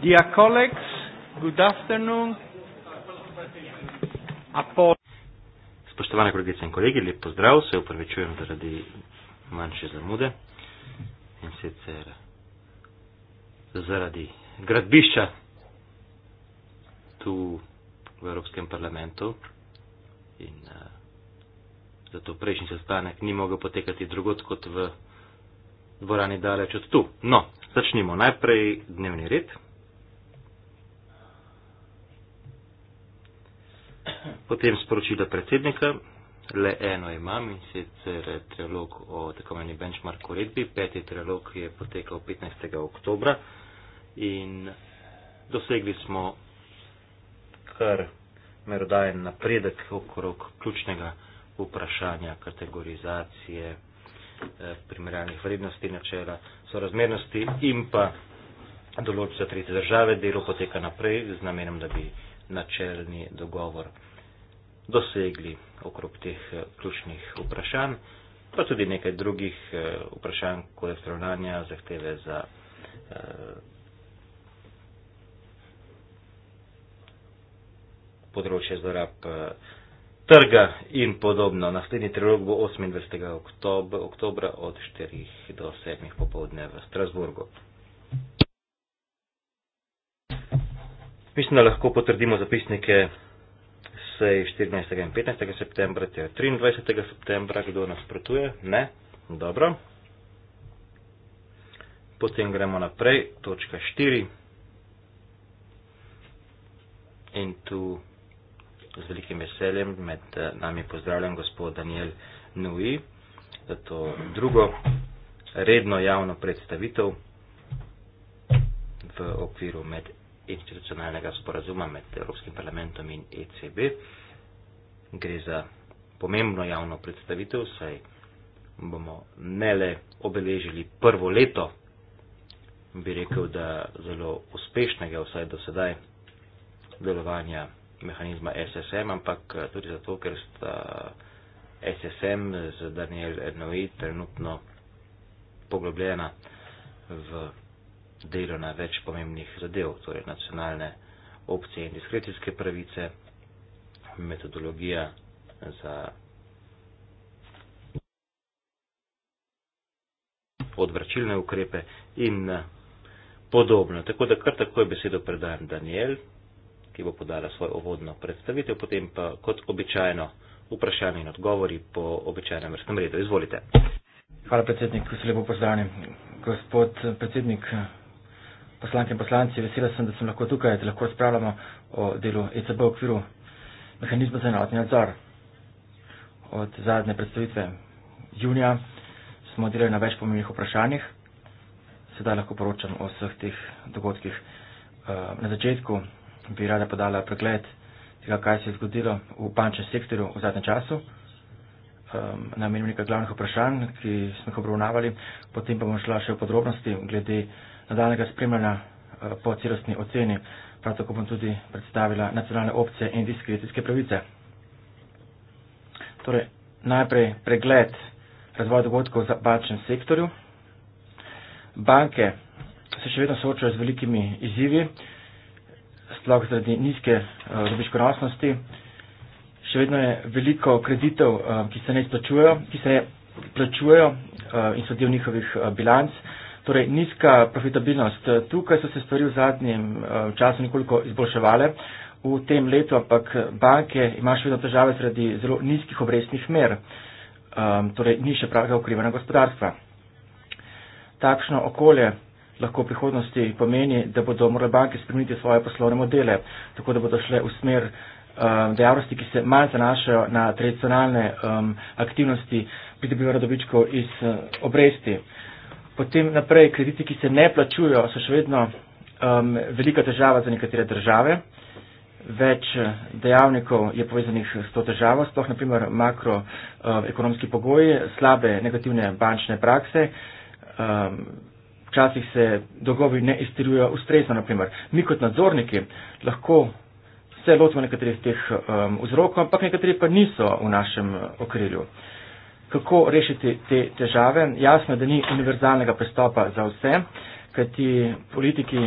Dear colleagues, good afternoon. Spoštovane kolegice in kolegi, lep pozdrav, se upravičujem zaradi manjše zamude in sicer zaradi gradbišča tu v Evropskem parlamentu in uh, zato prejšnji sestanek ni mogel potekati drugot kot v dvorani daleč od tu. No, začnimo najprej dnevni red. Potem sporočila predsednika, le eno imam in sicer trialog o tako meni benchmark uredbi. Peti trialog je potekal 15. oktobra in dosegli smo kar merodajen napredek okrog ključnega vprašanja kategorizacije eh, primerjalnih vrednosti, načela sorazmernosti in pa določitev tretje države. Delo poteka naprej z namenom, da bi načelni dogovor dosegli okrog teh eh, ključnih vprašanj, pa tudi nekaj drugih eh, vprašanj, kot je ravnanja, zahteve za eh, področje zlorab trga in podobno. Naslednji trilog bo 28. oktobra od 4. do 7. popovdne v Strasburgu. Mislim, da lahko potrdimo zapisnike sej 14. in 15. septembra, te 23. septembra, kdo nasprotuje? Ne. Dobro. Potem gremo naprej, točka 4. In tu z velikim veseljem med eh, nami pozdravljam gospod Daniel Nui za to drugo redno javno predstavitev v okviru med institucionalnega sporazuma med Evropskim parlamentom in ECB. Gre za pomembno javno predstavitev, saj bomo ne le obeležili prvo leto, bi rekel, da zelo uspešnega vsaj do sedaj delovanja mehanizma SSM, ampak eh, tudi zato, ker sta SSM z Daniel Ernoy trenutno poglobljena v delo na več pomembnih zadev, torej nacionalne opcije in diskrecijske pravice, metodologija za odvračilne ukrepe in podobno. Tako da kar takoj besedo predajam Daniel, ki bo podala svojo uvodno predstavitev, potem pa kot običajno vprašanje in odgovori po običajnem vrstnem redu. Izvolite. Hvala predsednik, vse lepo pozdravljeni. Gospod predsednik, poslanke in poslanci, vesela sem, da sem lahko tukaj, da lahko spravljamo o delu ECB v okviru mehanizma za enotni nadzor. Od zadnje predstavitve junija smo delali na več pomembnih vprašanjih, sedaj lahko poročam o vseh teh dogodkih. Eh, na začetku bi rada podala pregled tega, kaj se je zgodilo v bančnem sektorju v zadnjem času. Um, ehm, Namenim nekaj glavnih vprašanj, ki smo jih obravnavali, potem pa bom šla še v podrobnosti glede uh, nadaljnega spremljanja eh, po celostni oceni. Prav tako bom tudi predstavila nacionalne opcije in diskrecijske pravice. Torej, najprej pregled razvoja dogodkov v bančnem sektorju. Banke se še vedno soočajo z velikimi izzivi, sploh zaradi nizke eh, dobičkonosnosti. Še vedno je veliko kreditov, eh, ki se ne izplačujejo, ki se plačujejo in so del njihovih bilanc. Torej, nizka profitabilnost. Tukaj so se stvari v zadnjem eh, času nekoliko izboljševale v tem letu, ampak eh, banke imajo še vedno težave zaradi zelo nizkih obrestnih mer. Um, torej, ni še pravega ukrivanja gospodarstva. Takšno okolje lahko v prihodnosti pomeni, da bodo morale banke spremeniti svoje poslovne modele, tako da bodo šle v smer um, dejavnosti, ki se manj zanašajo na tradicionalne um, aktivnosti pridobivanja dobičkov iz uh, obresti. Potem naprej, krediti, ki se ne plačujejo, so še vedno um, velika težava za nekatere države. Več eh, dejavnikov je povezanih s to težavo, sploh naprimer makroekonomski eh, uh, pogoji, slabe negativne bančne prakse. Um, včasih se dolgovi ne izterjujo ustrezno. Naprimer. Mi kot nadzorniki lahko se lotimo nekaterih teh um, vzrokov, ampak nekateri pa niso v našem eh, okrilju. Uh, kako rešiti te težave. Jasno, da ni univerzalnega pristopa za vse, ker ti politiki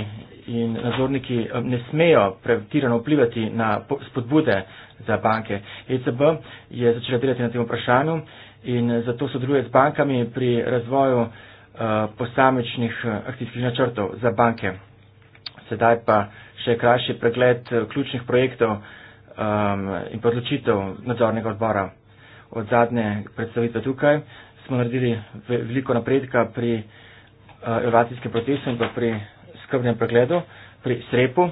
in nadzorniki eh, ne smejo pretirano vplivati na spodbude za banke. ECB je začela delati na tem vprašanju in eh, zato sodeluje z bankami pri razvoju uh, eh, posamečnih akcijskih načrtov za banke. Sedaj pa še krajši pregled ključnih projektov um, in podločitev nadzornega odbora od zadnje predstavitve tukaj, smo naredili veliko napredka pri uh, eh, evakuacijskem procesu in pa pri skrbnem pregledu, pri srepu, uh,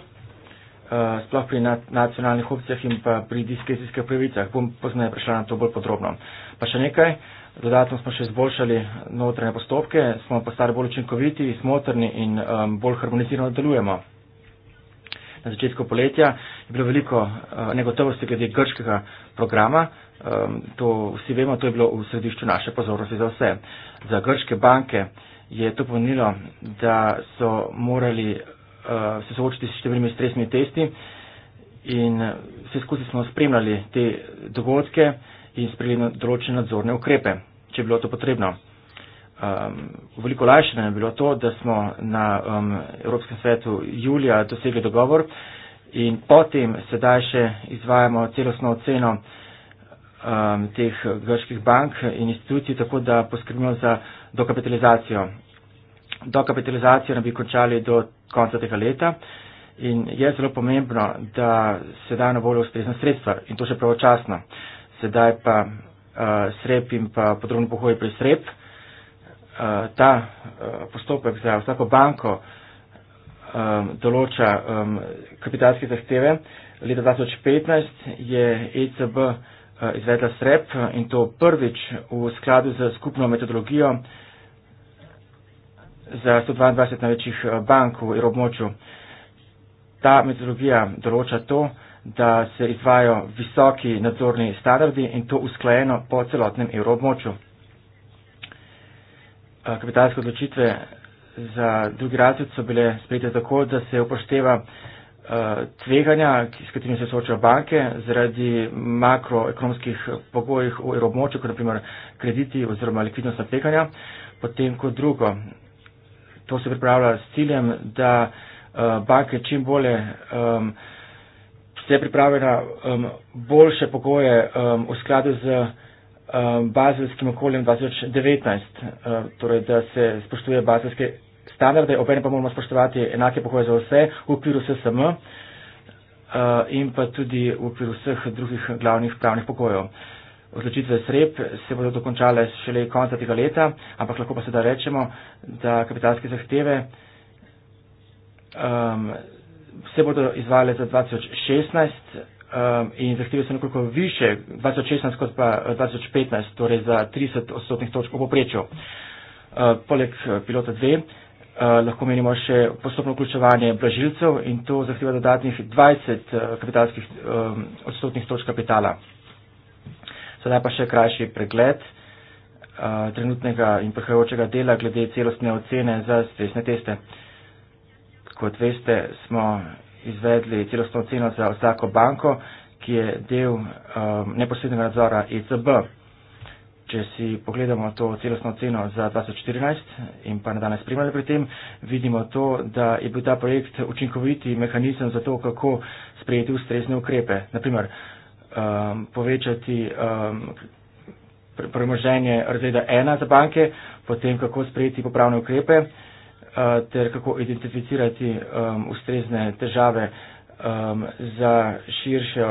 sploh pri nad, nacionalnih opcijah in pa pri diskrecijskih pravicah. Bom pozneje prišla na to bolj podrobno. Pa še nekaj, dodatno smo še izboljšali notranje postopke, smo postali bolj učinkoviti, smotrni in um, bolj harmonizirano delujemo. Na začetku poletja je bilo veliko uh, negotovosti glede grškega programa, um, to vsi vemo, to je bilo v središču naše pozornosti za vse. Za grške banke je to pomenilo, da so morali uh, se soočiti s številnimi stresnimi testi in vse skozi smo spremljali te dogodke in sprejeli no-, določene nadzorne ukrepe, če je bilo to potrebno. Um, veliko lažje nam je bilo to, da smo na um, Evropskem svetu julija dosegli dogovor in potem sedaj še izvajamo celostno oceno uh, um, teh grških bank in institucij, tako da poskrbimo za dokapitalizacijo. Dokapitalizacijo nam bi končali do konca tega leta in je zelo pomembno, da se da na voljo ustrezna sredstva in to še pravočasno. Sedaj pa uh, srep in pa podrobni pohoji pri srep. Uh, ta uh, postopek za vsako banko um, določa um, kapitalske zahteve. Leta 2015 je ECB Eh, izvedla SREP eh, in to prvič v skladu z skupno metodologijo za 122 največjih eh, bank v Evropmoču. Ta metodologija določa to, da se izvajo visoki nadzorni standardi in to usklajeno po celotnem Evropmoču. Kapitalske odločitve za drugi razred so bile sprejete tako, da se upošteva Eh, tveganja, s katerimi se soočajo banke zaradi makroekonomskih pogojih v evroobmočju, kot naprimer krediti oziroma likvidnostna tveganja. Potem kot drugo, to se pripravlja s ciljem, da eh, banke čim bolje um, se priprave na um, boljše pogoje um, v skladu z um, bazilskim okoljem 2019, um, eh, torej da se spoštuje bazilske standarde, obene pa moramo spoštovati enake pohoje za vse v okviru SSM eh, in pa tudi v okviru vseh drugih glavnih pravnih pokojev. Odločitve SREP se bodo dokončale šele konca tega leta, ampak lahko pa sedaj rečemo, da kapitalske zahteve um, se bodo izvale za 2016 um, ehm, in zahteve so nekoliko više 2016 kot pa 2015, eh, torej za 30 odstotnih točk v poprečju. Uh, eh, poleg pilota 2. Eh, lahko menimo še postopno vključevanje blažilcev in to zahteva dodatnih 20 eh, kapitalskih eh, odstotnih točk kapitala. Sedaj pa še krajši pregled trenutnega in prihajajočega dela glede celostne ocene za stresne teste. Kot veste, smo izvedli celostno oceno za vsako banko, ki je del neposrednega nadzora ECB. Če si pogledamo to celostno ceno za 2014 in pa na danes spremljali pri tem, vidimo to, da je bil ta projekt učinkoviti mehanizem za to, kako sprejeti ustrezne ukrepe. Naprimer, um, povečati um, premoženje razreda 1 za banke, potem kako sprejeti popravne ukrepe uh, ter kako identificirati um, ustrezne težave um, za širše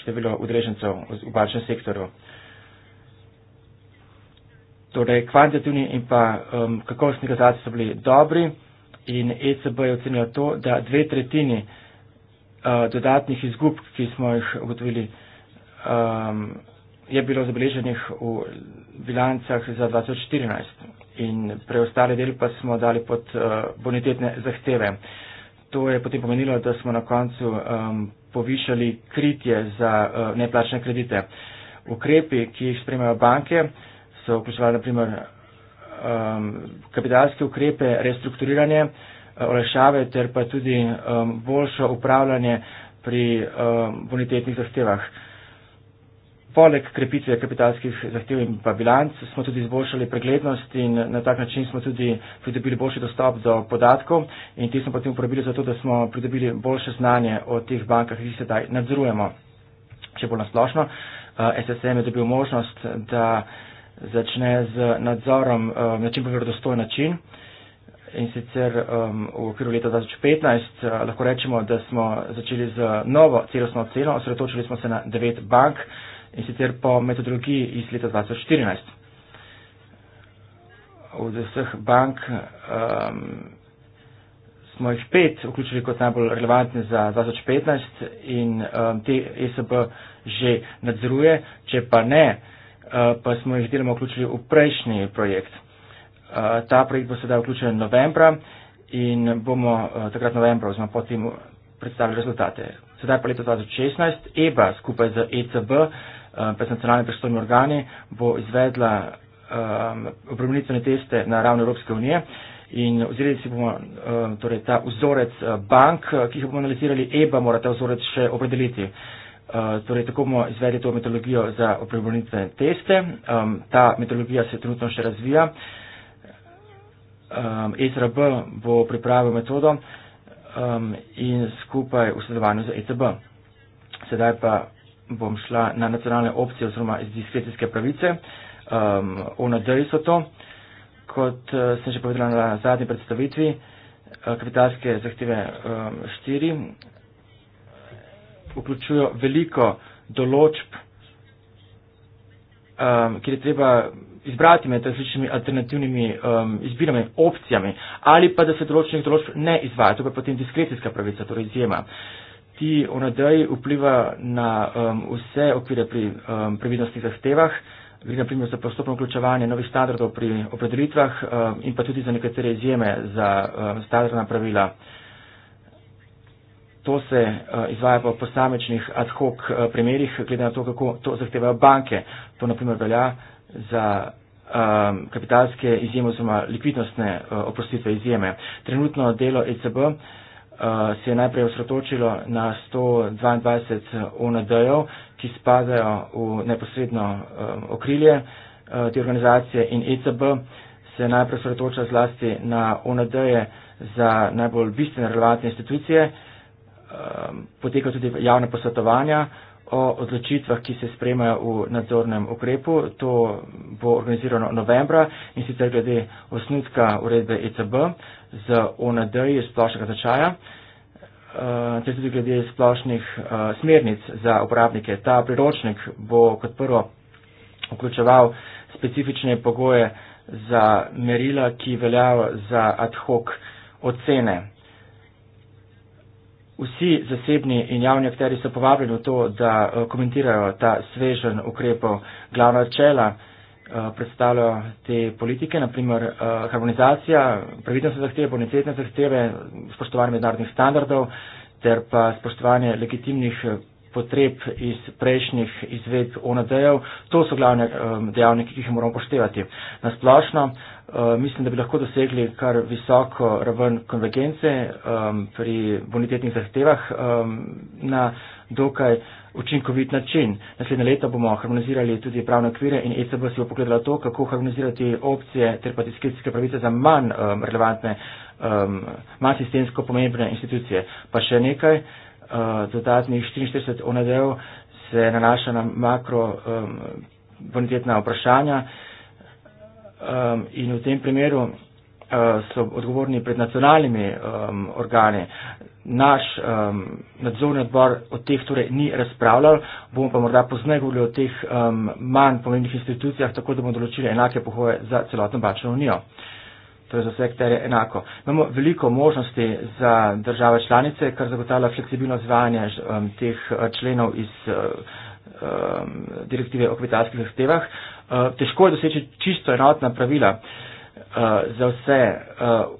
število udeležencev v bančnem sektorju. Torej, kvantitativni in pa um, kakovostni rezultati so bili dobri in ECB je ocenil to, da dve tretjini uh, dodatnih izgub, ki smo jih ugotovili, um, je bilo zabeleženih v bilancah za 2014 in preostale del pa smo dali pod uh, bonitetne zahteve. To je potem pomenilo, da smo na koncu um, povišali kritje za uh, neplačne kredite. Ukrepi, ki jih spremajo banke, uh, so vključevali naprimer um, kapitalske ukrepe, restrukturiranje, uh, olajšave ter pa tudi um, boljšo upravljanje pri um, bonitetnih zahtevah. Poleg krepitve kapitalskih zahtev in pa bilanc smo tudi izboljšali preglednost in na tak način smo tudi pridobili boljši dostop do podatkov in ti smo potem uporabili za to, da smo pridobili boljše znanje o teh bankah, ki jih sedaj nadzorujemo. Še bolj nasplošno, uh, SSM je dobil možnost, da začne z nadzorom um, na čim bolj verodostojen način. In sicer um, v okviru leta 2015 uh, eh, lahko rečemo, da smo začeli z novo celostno oceno, osredotočili smo se na devet bank in sicer po metodologiji iz leta 2014. Od vseh bank um, smo jih pet vključili kot najbolj relevantne za 2015 in um, te ESB že nadzoruje, če pa ne. Eh, pa smo jih deloma vključili v prejšnji projekt. Eh, ta projekt bo sedaj vključen novembra in bomo eh, takrat novembra oziroma potem predstavili rezultate. Sedaj pa leto 2016 EBA skupaj z ECB, pač nacionalni prestorni organi, bo izvedla obremenitvene teste na ravni Evropske unije in vzeli si bomo torej, ta vzorec bank, ki jih bomo analizirali. EBA mora ta vzorec še opredeliti. Eh, torej tako bomo izvedli to metodologijo za opremljenitve teste. Um, ta metodologija se trenutno še razvija. Um, ECRB bo pripravil metodo um, in skupaj v sodelovanju z ECB. Sedaj pa bom šla na nacionalne opcije oziroma iz diskrecijske pravice. Um, ONDI so to, kot uh, sem že povedala na zadnji predstavitvi, uh, kapitalske zahteve 4. Um, vključujejo veliko določb, um, kjer je treba izbrati med različnimi alternativnimi um, izbirami, opcijami, ali pa da se določenih določb ne izvaja. To je potem diskrecijska pravica, torej izjema. Ti onadeji vpliva na um, vse okvire pri um, previdnostnih zahtevah, gre naprimer za postopno vključevanje novih standardov pri opredelitvah um, in pa tudi za nekatere izjeme za um, standardna pravila to se eh, izvaja pa v posamečnih ad hoc eh, primerjih, glede na to, kako to zahtevajo banke. To naprimer velja za eh, kapitalske izjeme oziroma likvidnostne oprostitve izjeme. Trenutno delo ECB se je najprej osredotočilo na 122 UND-jev, ki spadajo v neposredno okrilje te organizacije in ECB se najprej osredotoča zlasti na UND-je za najbolj bistvene relevantne institucije, um, potekajo tudi javne posvetovanja o odločitvah, ki se spremajo v nadzornem ukrepu. To bo organizirano novembra in sicer glede osnutka uredbe ECB z ONAD iz splošnega začaja, uh, ter tudi glede splošnih uh, smernic za uporabnike. Ta priročnik bo kot prvo vključeval specifične pogoje za merila, ki veljajo za ad hoc ocene. Vsi zasebni in javni akteri so povabljeni v to, da eh, komentirajo ta svežen ukrepov glavna čela eh, predstavljajo te politike, naprimer eh, harmonizacija, pravidnostne zahteve, bonitetne zahteve, spoštovanje mednarodnih standardov ter pa spoštovanje legitimnih potreb iz prejšnjih izvedb ONAD-jev. To so glavne dejavniki, ki jih moramo poštevati. Nasplošno Eh, mislim, da bi lahko dosegli kar visoko raven konvergence um, pri bonitetnih zahtevah um, na dokaj učinkovit način. Naslednje leto bomo harmonizirali tudi pravne okvire in ECB si bo pogledala to, kako harmonizirati opcije ter pa diskrecijske pravice za manj um, relevantne, um, manj sistemsko pomembne institucije. Pa še nekaj, uh, dodatnih 44 ONDO se nanaša na makro um, bonitetna vprašanja. Uh, um, in v tem primeru uh, so odgovorni pred nacionalnimi um, organi. Naš um, nadzorni odbor o teh torej ni razpravljal, bomo pa morda pozneje govorili o teh um, manj pomembnih institucijah, tako da bomo določili enake pohoje za celotno bačno unijo. To torej je za vse, ker je enako. Imamo veliko možnosti za države članice, kar zagotavlja fleksibilno zvajanje um, teh uh, členov iz uh, um, direktive o kapitalskih zahtevah. Uh, Eh, težko je doseči čisto enotna pravila uh, za vse. Uh,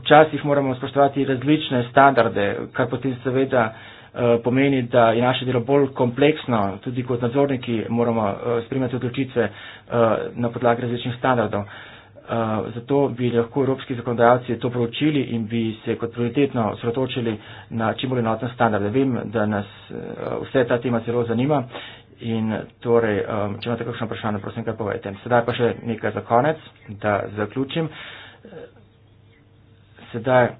včasih moramo spoštovati različne standarde, kar potem seveda uh, pomeni, da je naše delo bolj kompleksno, tudi kot nadzorniki moramo uh, spremljati odločitve uh, na podlagi različnih standardov. Uh, zato bi lahko evropski zakonodajalci to proučili in bi se kot prioritetno osredotočili na čim bolj enotne standarde. Vem, da nas uh, vse ta tema zelo zanima In torej, um, če imate kakšno vprašanje, prosim, kaj povejte. Sedaj pa še nekaj za konec, da zaključim. Sedaj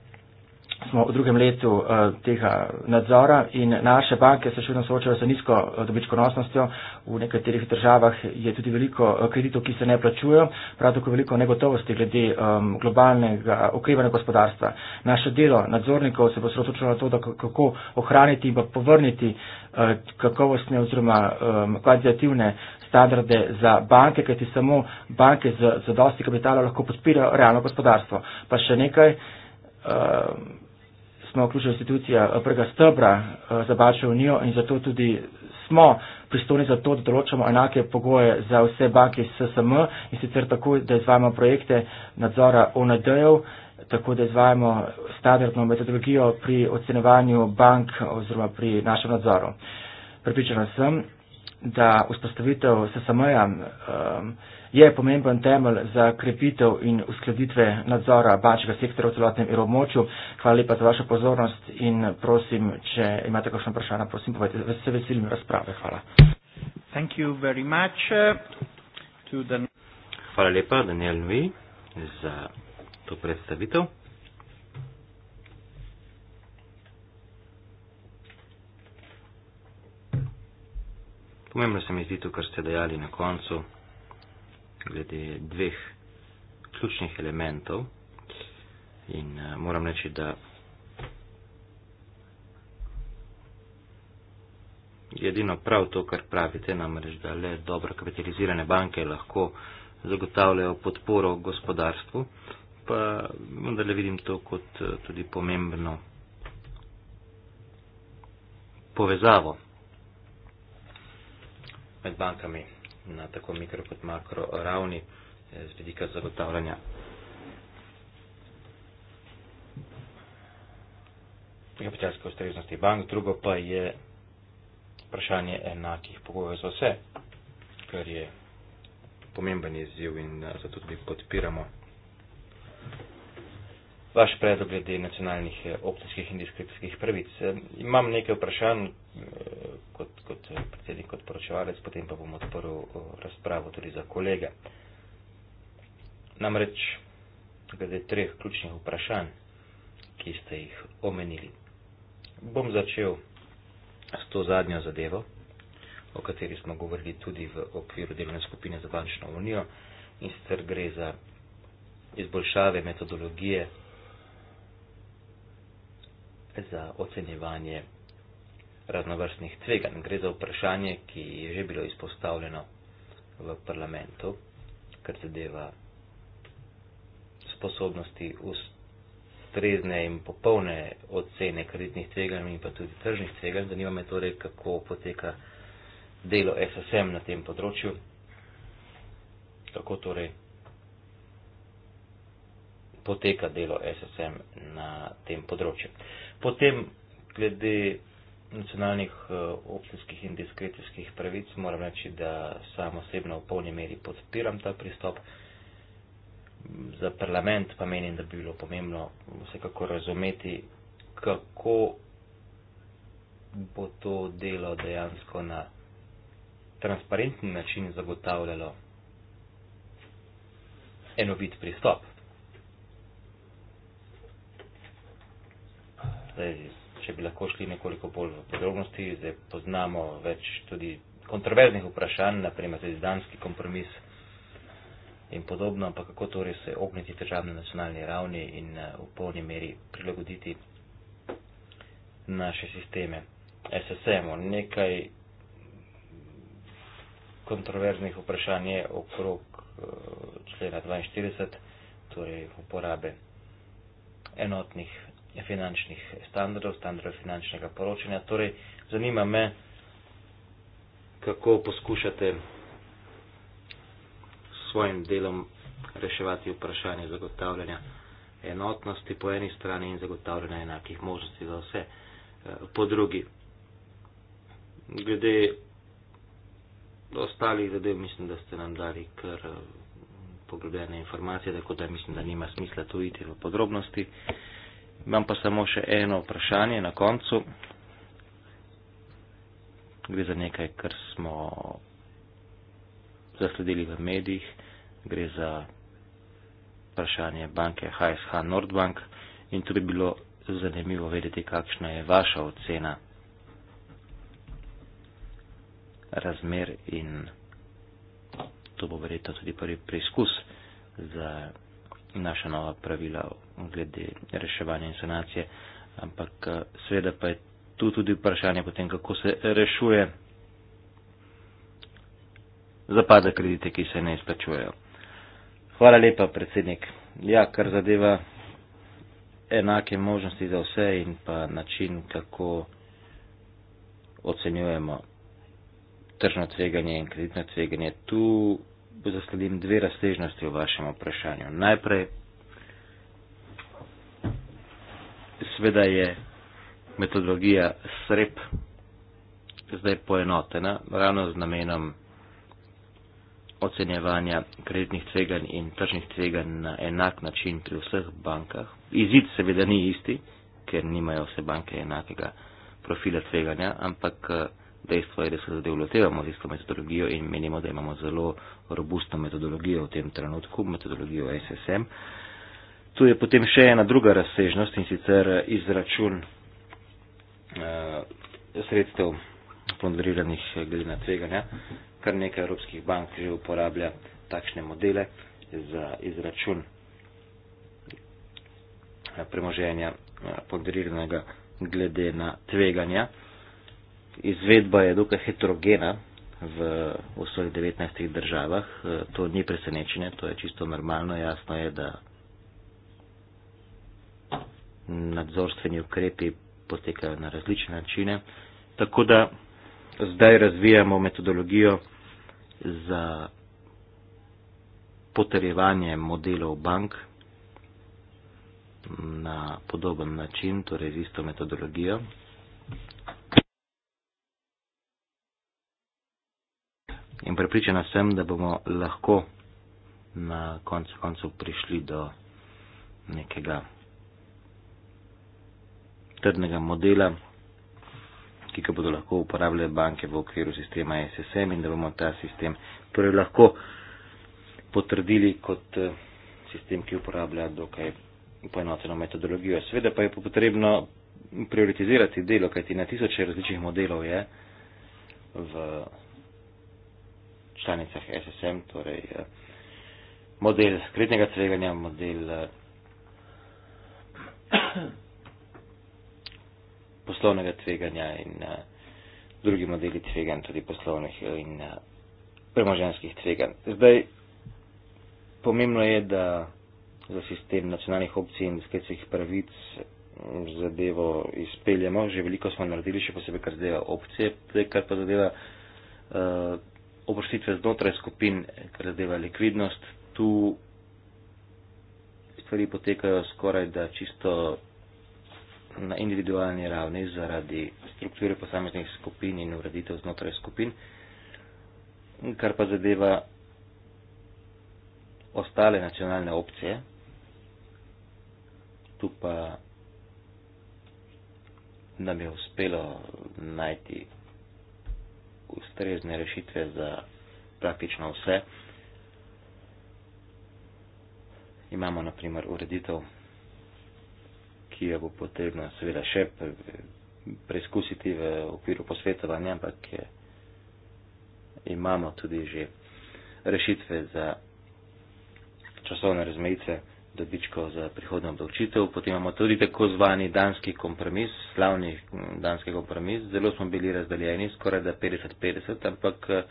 smo v drugem letu eh, tega nadzora in naše banke se še vedno soočajo z nizko eh, dobičkonosnostjo. V nekaterih državah je tudi veliko eh, kreditov, ki se ne plačujo, prav tako veliko negotovosti glede ehm, globalnega okrevanja gospodarstva. Naše delo nadzornikov se bo sročilo na to, kako ohraniti in povrniti kakovostne oziroma ehm, kvalitativne standarde za banke, kajti samo banke z, z dosti kapitala lahko podpirajo realno gospodarstvo. Pa še nekaj. Ehm, smo ključna institucija eh, prvega stebra eh, za bančno unijo in zato tudi smo pristojni za to, da določamo enake pogoje za vse banke iz SSM in sicer tako, da izvajamo projekte nadzora ONED-ov, tako da izvajamo standardno metodologijo pri ocenevanju bank oziroma pri našem nadzoru. Pripričana sem, da vzpostavitev SSM-ja. Um, ehm, je pomemben temelj za krepitev in uskladitve nadzora bančnega sektora v celotnem evromočju. Hvala lepa za vašo pozornost in prosim, če imate kakšno vprašanje, prosim, povedite, da se veselim razprave. Hvala. Uh, Hvala lepa, Daniel Nui, za to predstavitev. Pomembno se mi zdi to, kar ste dejali na koncu, glede dveh ključnih elementov in uh, moram reči, da edino prav to, kar pravite, namreč, da le dobro kapitalizirane banke lahko zagotavljajo podporo gospodarstvu, pa vendar le vidim to kot eh, tudi pomembno povezavo med bankami na tako mikro kot makro ravni eh, z vidika zagotavljanja kapitalske ustreznosti bank, drugo pa je vprašanje enakih pogojev za vse, kar je pomemben izziv in eh, zato tudi podpiramo vaš predlog glede nacionalnih eh, opcijskih in diskrepskih prvic. Eh, imam nekaj vprašanj eh, kot, kot predsednik, kot poročevalec, potem pa bom odprl razpravo tudi za kolega. Namreč, glede treh ključnih vprašanj, ki ste jih omenili, bom začel s to zadnjo zadevo, o kateri smo govorili tudi v okviru delovne skupine za bančno unijo in sicer gre za izboljšave metodologije za ocenjevanje raznovrstnih tveganj. Gre za vprašanje, ki je že bilo izpostavljeno v parlamentu, kar zadeva sposobnosti ustrezne in popolne ocene kreditnih tveganj in pa tudi tržnih tveganj. Zanima me torej, kako poteka delo SSM na tem področju. Kako torej poteka delo SSM na tem področju. Potem, glede nacionalnih eh, opcijskih in diskrecijskih pravic, moram reči, da sam osebno v polni meri podpiram ta pristop. Za parlament pa menim, da bi bilo pomembno vsekako razumeti, kako bo to delo dejansko na transparentni način zagotavljalo enovit pristop. Zdaj, če bi lahko šli nekoliko bolj v podrobnosti, zdaj poznamo več tudi kontroverznih vprašanj, naprimer tudi danski kompromis in podobno, ampak kako torej se ogniti težavno na nacionalni ravni in eh, v polni meri prilagoditi naše sisteme. SSM-o, nekaj kontroverznih vprašanj je okrog eh, člena 42, torej uporabe enotnih finančnih standardov, standardov finančnega poročanja. Torej, zanima me, kako poskušate s svojim delom reševati vprašanje zagotavljanja enotnosti po eni strani in zagotavljanja enakih možnosti za vse eh, po drugi. Glede ostalih zadev mislim, da ste nam dali kar eh, poglobljene informacije, tako da mislim, da nima smisla tu iti v podrobnosti. Imam pa samo še eno vprašanje na koncu. Gre za nekaj, kar smo zasledili v medijih. Gre za vprašanje banke HSH Nordbank in tu bi bilo zanimivo vedeti, kakšna je vaša ocena razmer in to bo verjetno tudi prvi preizkus za naša nova pravila glede reševanja in sanacije, ampak eh, seveda pa je tu tudi vprašanje potem, kako se rešuje zapada kredite, ki se ne izplačujejo. Hvala lepa, predsednik. Ja, kar zadeva enake možnosti za vse in pa način, kako ocenjujemo tržno tveganje in kreditno tveganje. Tu zasledim dve razsežnosti v vašem vprašanju. Najprej sveda je metodologija SREP zdaj poenotena ravno z namenom ocenjevanja kreditnih tveganj in tržnih tveganj na enak način pri vseh bankah. Izid seveda ni isti, ker nimajo vse banke enakega profila tveganja, ampak eh, dejstvo je, da se zadev lotevamo z isto metodologijo in menimo, da imamo zelo robustno metodologijo v tem trenutku, metodologijo SSM. Uh, Tu je potem še ena druga razsežnost in sicer izračun uh, sredstev ponderiranih glede na tveganja. Kar nekaj evropskih bank že uporablja takšne modele za izračun eh, premoženja eh, ponderiranega glede na tveganja. Izvedba je dokaj heterogena v vseh 19 državah. To ni presenečenje, to je čisto normalno. Jasno je, da nadzorstveni ukrepi potekajo na različne načine. Tako da zdaj razvijamo metodologijo za potrjevanje modelov bank na podoben način, torej z isto metodologijo. In prepričana sem, da bomo lahko na koncu koncev prišli do nekega trdnega modela, ki ga bodo lahko uporabljale banke v okviru sistema SSM in da bomo ta sistem torej lahko potrdili kot eh, sistem, ki uporablja dokaj poenoteno metodologijo. Sveda pa je potrebno prioritizirati delo, kajti na tisoče različnih modelov je v članicah SSM, torej eh, model kreditnega tveganja, model. Eh, poslovnega tveganja in uh, drugi modeli tveganj, tudi poslovnih eh, in uh, eh, premoženskih tveganj. Zdaj, pomembno je, da za sistem nacionalnih opcij in diskrecijskih pravic mm, zadevo izpeljemo. Že veliko smo naredili, še posebej kar zadeva opcije, zdaj kar pa zadeva uh, oprostitve znotraj skupin, kar zadeva likvidnost. Tu stvari potekajo skoraj da čisto na individualni ravni zaradi strukture posameznih skupin in ureditev znotraj skupin, kar pa zadeva ostale nacionalne opcije. Tu pa nam je uspelo najti ustrezne rešitve za praktično vse. Imamo naprimer ureditev ki jo bo potrebno seveda še preizkusiti v okviru posvetovanja, ampak je, imamo tudi že rešitve za časovne razmejice dobičko za prihodno obdavčitev. Potem imamo tudi tako zvani danski kompromis, slavni danski kompromis. Zelo smo bili razdeljeni, skoraj da 50-50, ampak eh,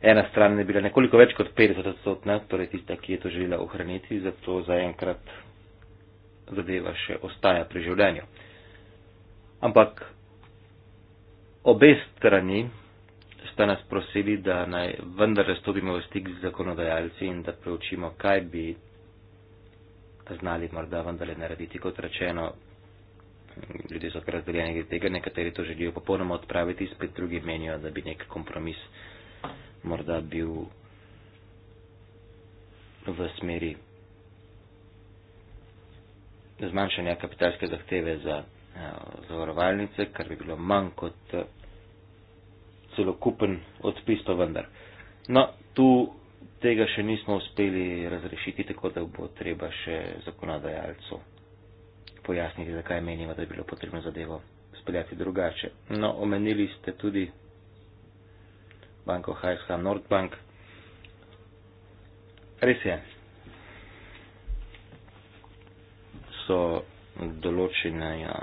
ena stran je bila nekoliko več kot 50 odstotna, torej tista, ki je to želela ohraniti, zato zaenkrat zadeva še ostaja pri življenju. Ampak obe strani sta nas prosili, da naj vendar stopimo v stik z zakonodajalci in da preučimo, kaj bi znali morda vendarle narediti. Kot rečeno, ljudje so razdeljeni glede tega, nekateri to želijo popolnoma odpraviti, spet drugi menijo, da bi nek kompromis morda bil v smeri zmanjšanja kapitalske zahteve za eh, zavarovalnice, kar bi bilo manj kot eh, celokupen odpis, pa vendar. No, tu tega še nismo uspeli razrešiti, tako da bo treba še zakonodajalcu pojasniti, zakaj menimo, da je bilo potrebno zadevo speljati drugače. No, omenili ste tudi Banko HSH Nordbank. Res je, so določene ja,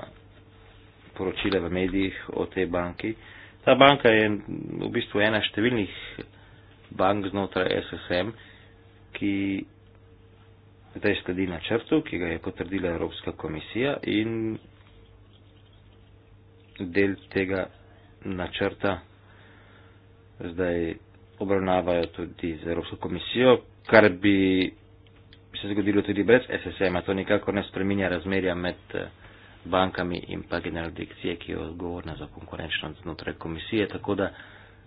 poročile v medijih o tej banki. Ta banka je v bistvu ena številnih bank znotraj SSM, ki zdaj sledi na črtu, ki ga je potrdila Evropska komisija in del tega načrta zdaj obravnavajo tudi z Evropsko komisijo, kar bi bi se zgodilo tudi brez SSM-a, to nikakor ne spreminja razmerja med eh, bankami in pa general dikcije, ki je odgovorna za konkurenčnost znotraj komisije, tako da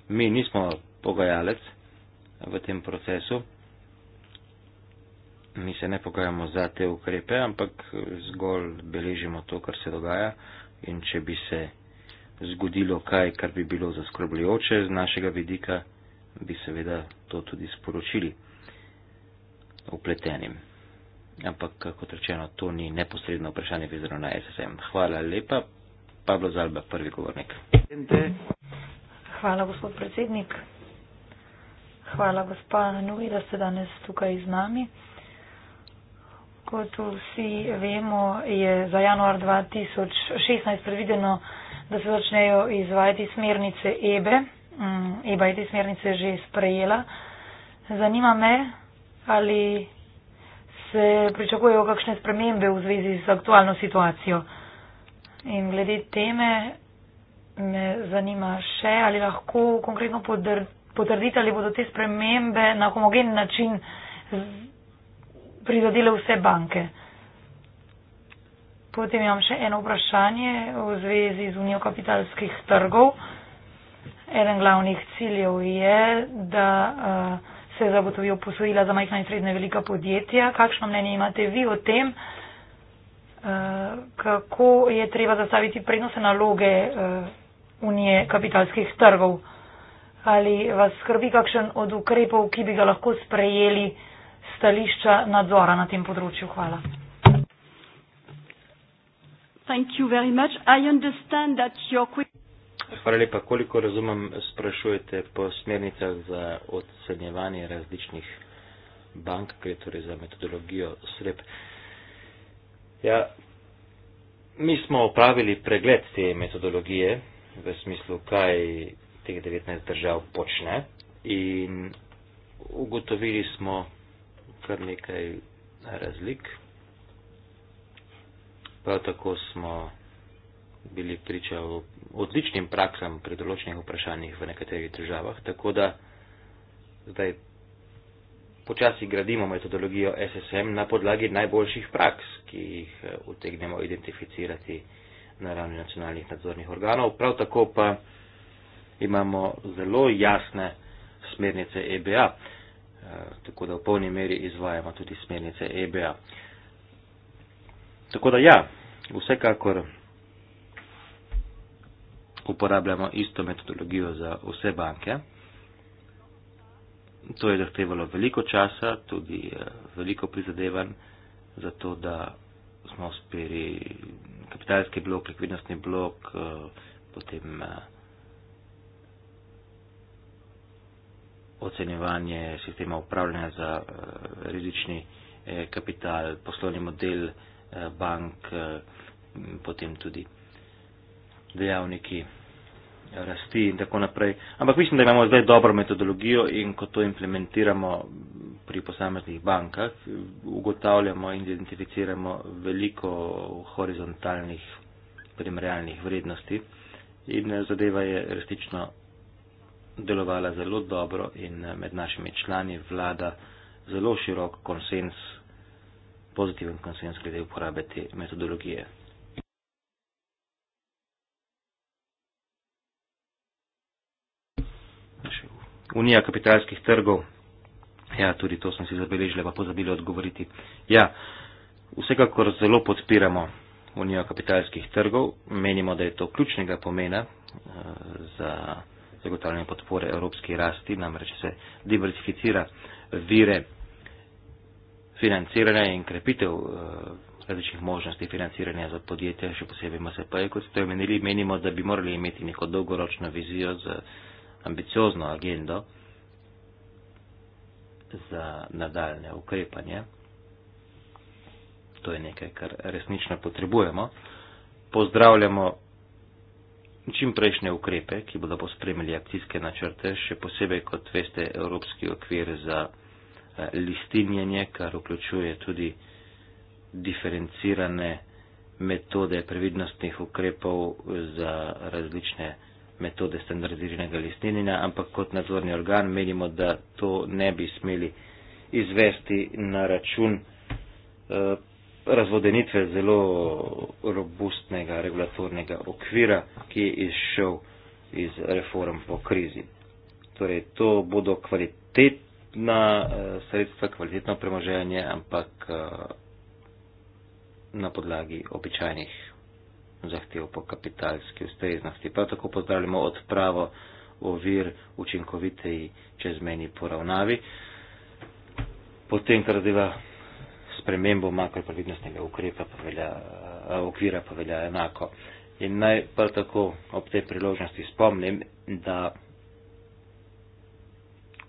mi nismo pogajalec eh, v tem procesu. Mi se ne pogajamo za te ukrepe, ampak eh, zgolj beležimo to, kar se dogaja in če bi se zgodilo kaj, kar bi bilo zaskrbljujoče z našega vidika, bi seveda to tudi sporočili upletenim. Ampak, kot rečeno, to ni neposredno vprašanje vezano na SSM. Hvala lepa. Pablo Zalba, prvi govornik. Hvala, gospod predsednik. Hvala, gospa Nuri, da ste danes tukaj z nami. Kot vsi vemo, je za januar 2016 predvideno, da se začnejo izvajati smernice EBE. EBA je te smernice že sprejela. Zanima me, ali se pričakujejo kakšne spremembe v zvezi z aktualno situacijo. In glede teme me zanima še, ali lahko konkretno potrdite, ali bodo te spremembe na homogen način prizadele vse banke. Potem imam še eno vprašanje v zvezi z unijo kapitalskih trgov. Eden glavnih ciljev je, da. Uh, se je zagotovil posojila za majhna in srednje velika podjetja. Kakšno mnenje imate vi o tem, eh, kako je treba zastaviti prednose naloge eh, Unije kapitalskih trgov? Ali vas skrbi kakšen od ukrepov, ki bi ga lahko sprejeli stališča nadzora na tem področju? Hvala. Thank you very much. I understand that your question. Hvala lepa. Koliko razumem, sprašujete po smernicah za ocenjevanje različnih bank, gre torej za metodologijo SREP. Ja, mi smo opravili pregled te metodologije v smislu, kaj teh 19 držav počne in ugotovili smo kar nekaj razlik. Prav tako smo bili priča odličnim praksam pri določenih vprašanjih v nekaterih državah, tako da zdaj počasi gradimo metodologijo SSM na podlagi najboljših praks, ki jih eh, utegnemo identificirati na ravni nacionalnih nadzornih organov. Prav tako pa imamo zelo jasne smernice EBA, eh, tako da v polni meri izvajamo tudi smernice EBA. Tako da ja, vsekakor uporabljamo isto metodologijo za vse banke. To je zahtevalo veliko časa, tudi eh, veliko prizadevanj za to, da smo uspeli kapitalski blok, likvidnostni blok, eh, potem eh, ocenjevanje sistema upravljanja za rizični kapital, poslovni model bank, potem tudi dejavniki rasti in tako naprej. Ampak mislim, da imamo zdaj dobro metodologijo in ko to implementiramo pri posameznih bankah, ugotavljamo in identificiramo veliko horizontalnih primerjalnih vrednosti in eh, zadeva je resnično delovala zelo dobro in eh, med našimi člani vlada zelo širok konsens, pozitiven konsens glede uporabe te metodologije. še unija kapitalskih trgov. Ja, tudi to sem si zabeležila, pa pozabili odgovoriti. Ja, vsekakor zelo podpiramo unijo kapitalskih trgov. Menimo, da je to ključnega pomena eh, za zagotavljanje podpore evropski rasti, namreč se diversificira vire financiranja in krepitev eh, različnih možnosti financiranja za podjetja, še posebej MSP-je, kot ste omenili, menimo, da bi morali imeti neko dolgoročno vizijo za ambiciozno agendo za nadaljne ukrepanje. To je nekaj, kar resnično potrebujemo. Pozdravljamo čim prejšnje ukrepe, ki bodo pospremili akcijske načrte, še posebej kot veste Evropski okvir za eh, listinjenje, kar vključuje tudi diferencirane metode previdnostnih ukrepov za različne metode standardiziranega listninjenja, ampak kot nadzorni organ menimo, da to ne bi smeli izvesti na račun eh, razvodenitve zelo robustnega regulatornega okvira, ki je izšel iz reform po krizi. Torej, to bodo kvalitetna eh, sredstva, kvalitetno premoženje, ampak eh, na podlagi običajnih zahtev po kapitalski ustreznosti. Prav tako pozdravljamo odpravo ovir učinkoviteji čezmeni poravnavi. Potem, kar zadeva spremembo makroprovidnostnega ukrepa, pa velja, eh, okvira pa velja enako. In naj pa tako ob tej priložnosti spomnim, da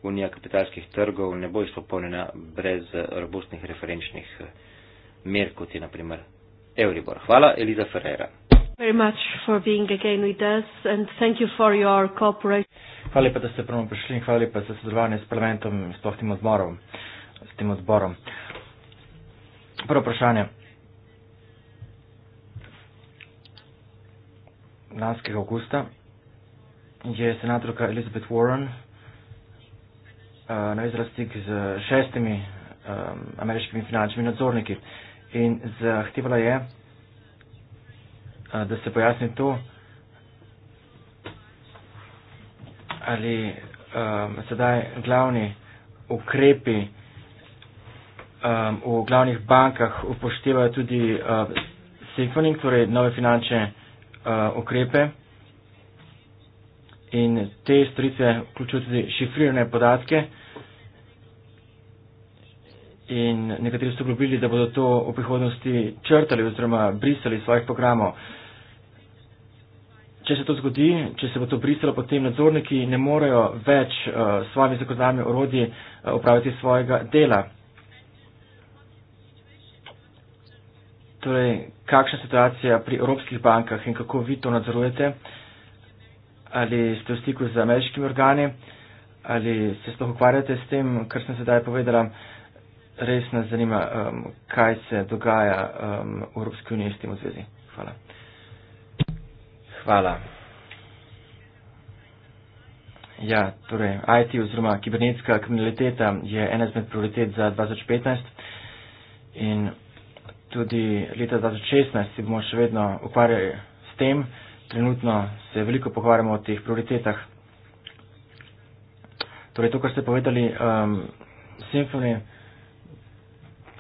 Unija kapitalskih trgov ne bo izpopolnjena brez robustnih referenčnih eh, mer, kot je naprimer Euribor. Hvala, Eliza Ferreira very much for being again with us and thank you for your cooperation. Hvala lepa, da ste ponovno prišli in hvala lepa za sodelovanje s parlamentom in sploh tem odborom. S tem odborom. Prvo vprašanje. Lanskega augusta je senatorka Elizabeth Warren eh, navezala stik z šestimi eh, ameriškimi finančnimi nadzorniki in zahtevala je, da se pojasni to, ali um, sedaj glavni ukrepi um, v glavnih bankah upoštevajo tudi uh, Symfoning, torej nove finančne uh, ukrepe. In te storitve vključujejo tudi šifrirane podatke. In nekateri so obljubili, da bodo to v prihodnosti črtali oziroma brisali iz svojih programov. Uh, če se to zgodi, če se bo to brisalo, potem nadzorniki ne morejo več eh, s uh, svojimi zakonodajami orodji upraviti eh, uh, svojega dela. Torej, kakšna je situacija pri evropskih bankah in kako vi to nadzorujete? Ali ste v stiku z ameriškimi organi, ali se sploh ukvarjate s tem, kar sem sedaj povedala? Res nas zanima, um, kaj se dogaja um, v Evropski uniji s tem v zvezi. Hvala. Hvala. Ja, torej, IT oziroma kibernetska kriminaliteta je ena izmed prioritet za 2015 in tudi leta 2016 se bomo še vedno ukvarjali s tem. Trenutno se veliko pogovarjamo o teh prioritetah. Torej, to, kar ste povedali, um, Symfony,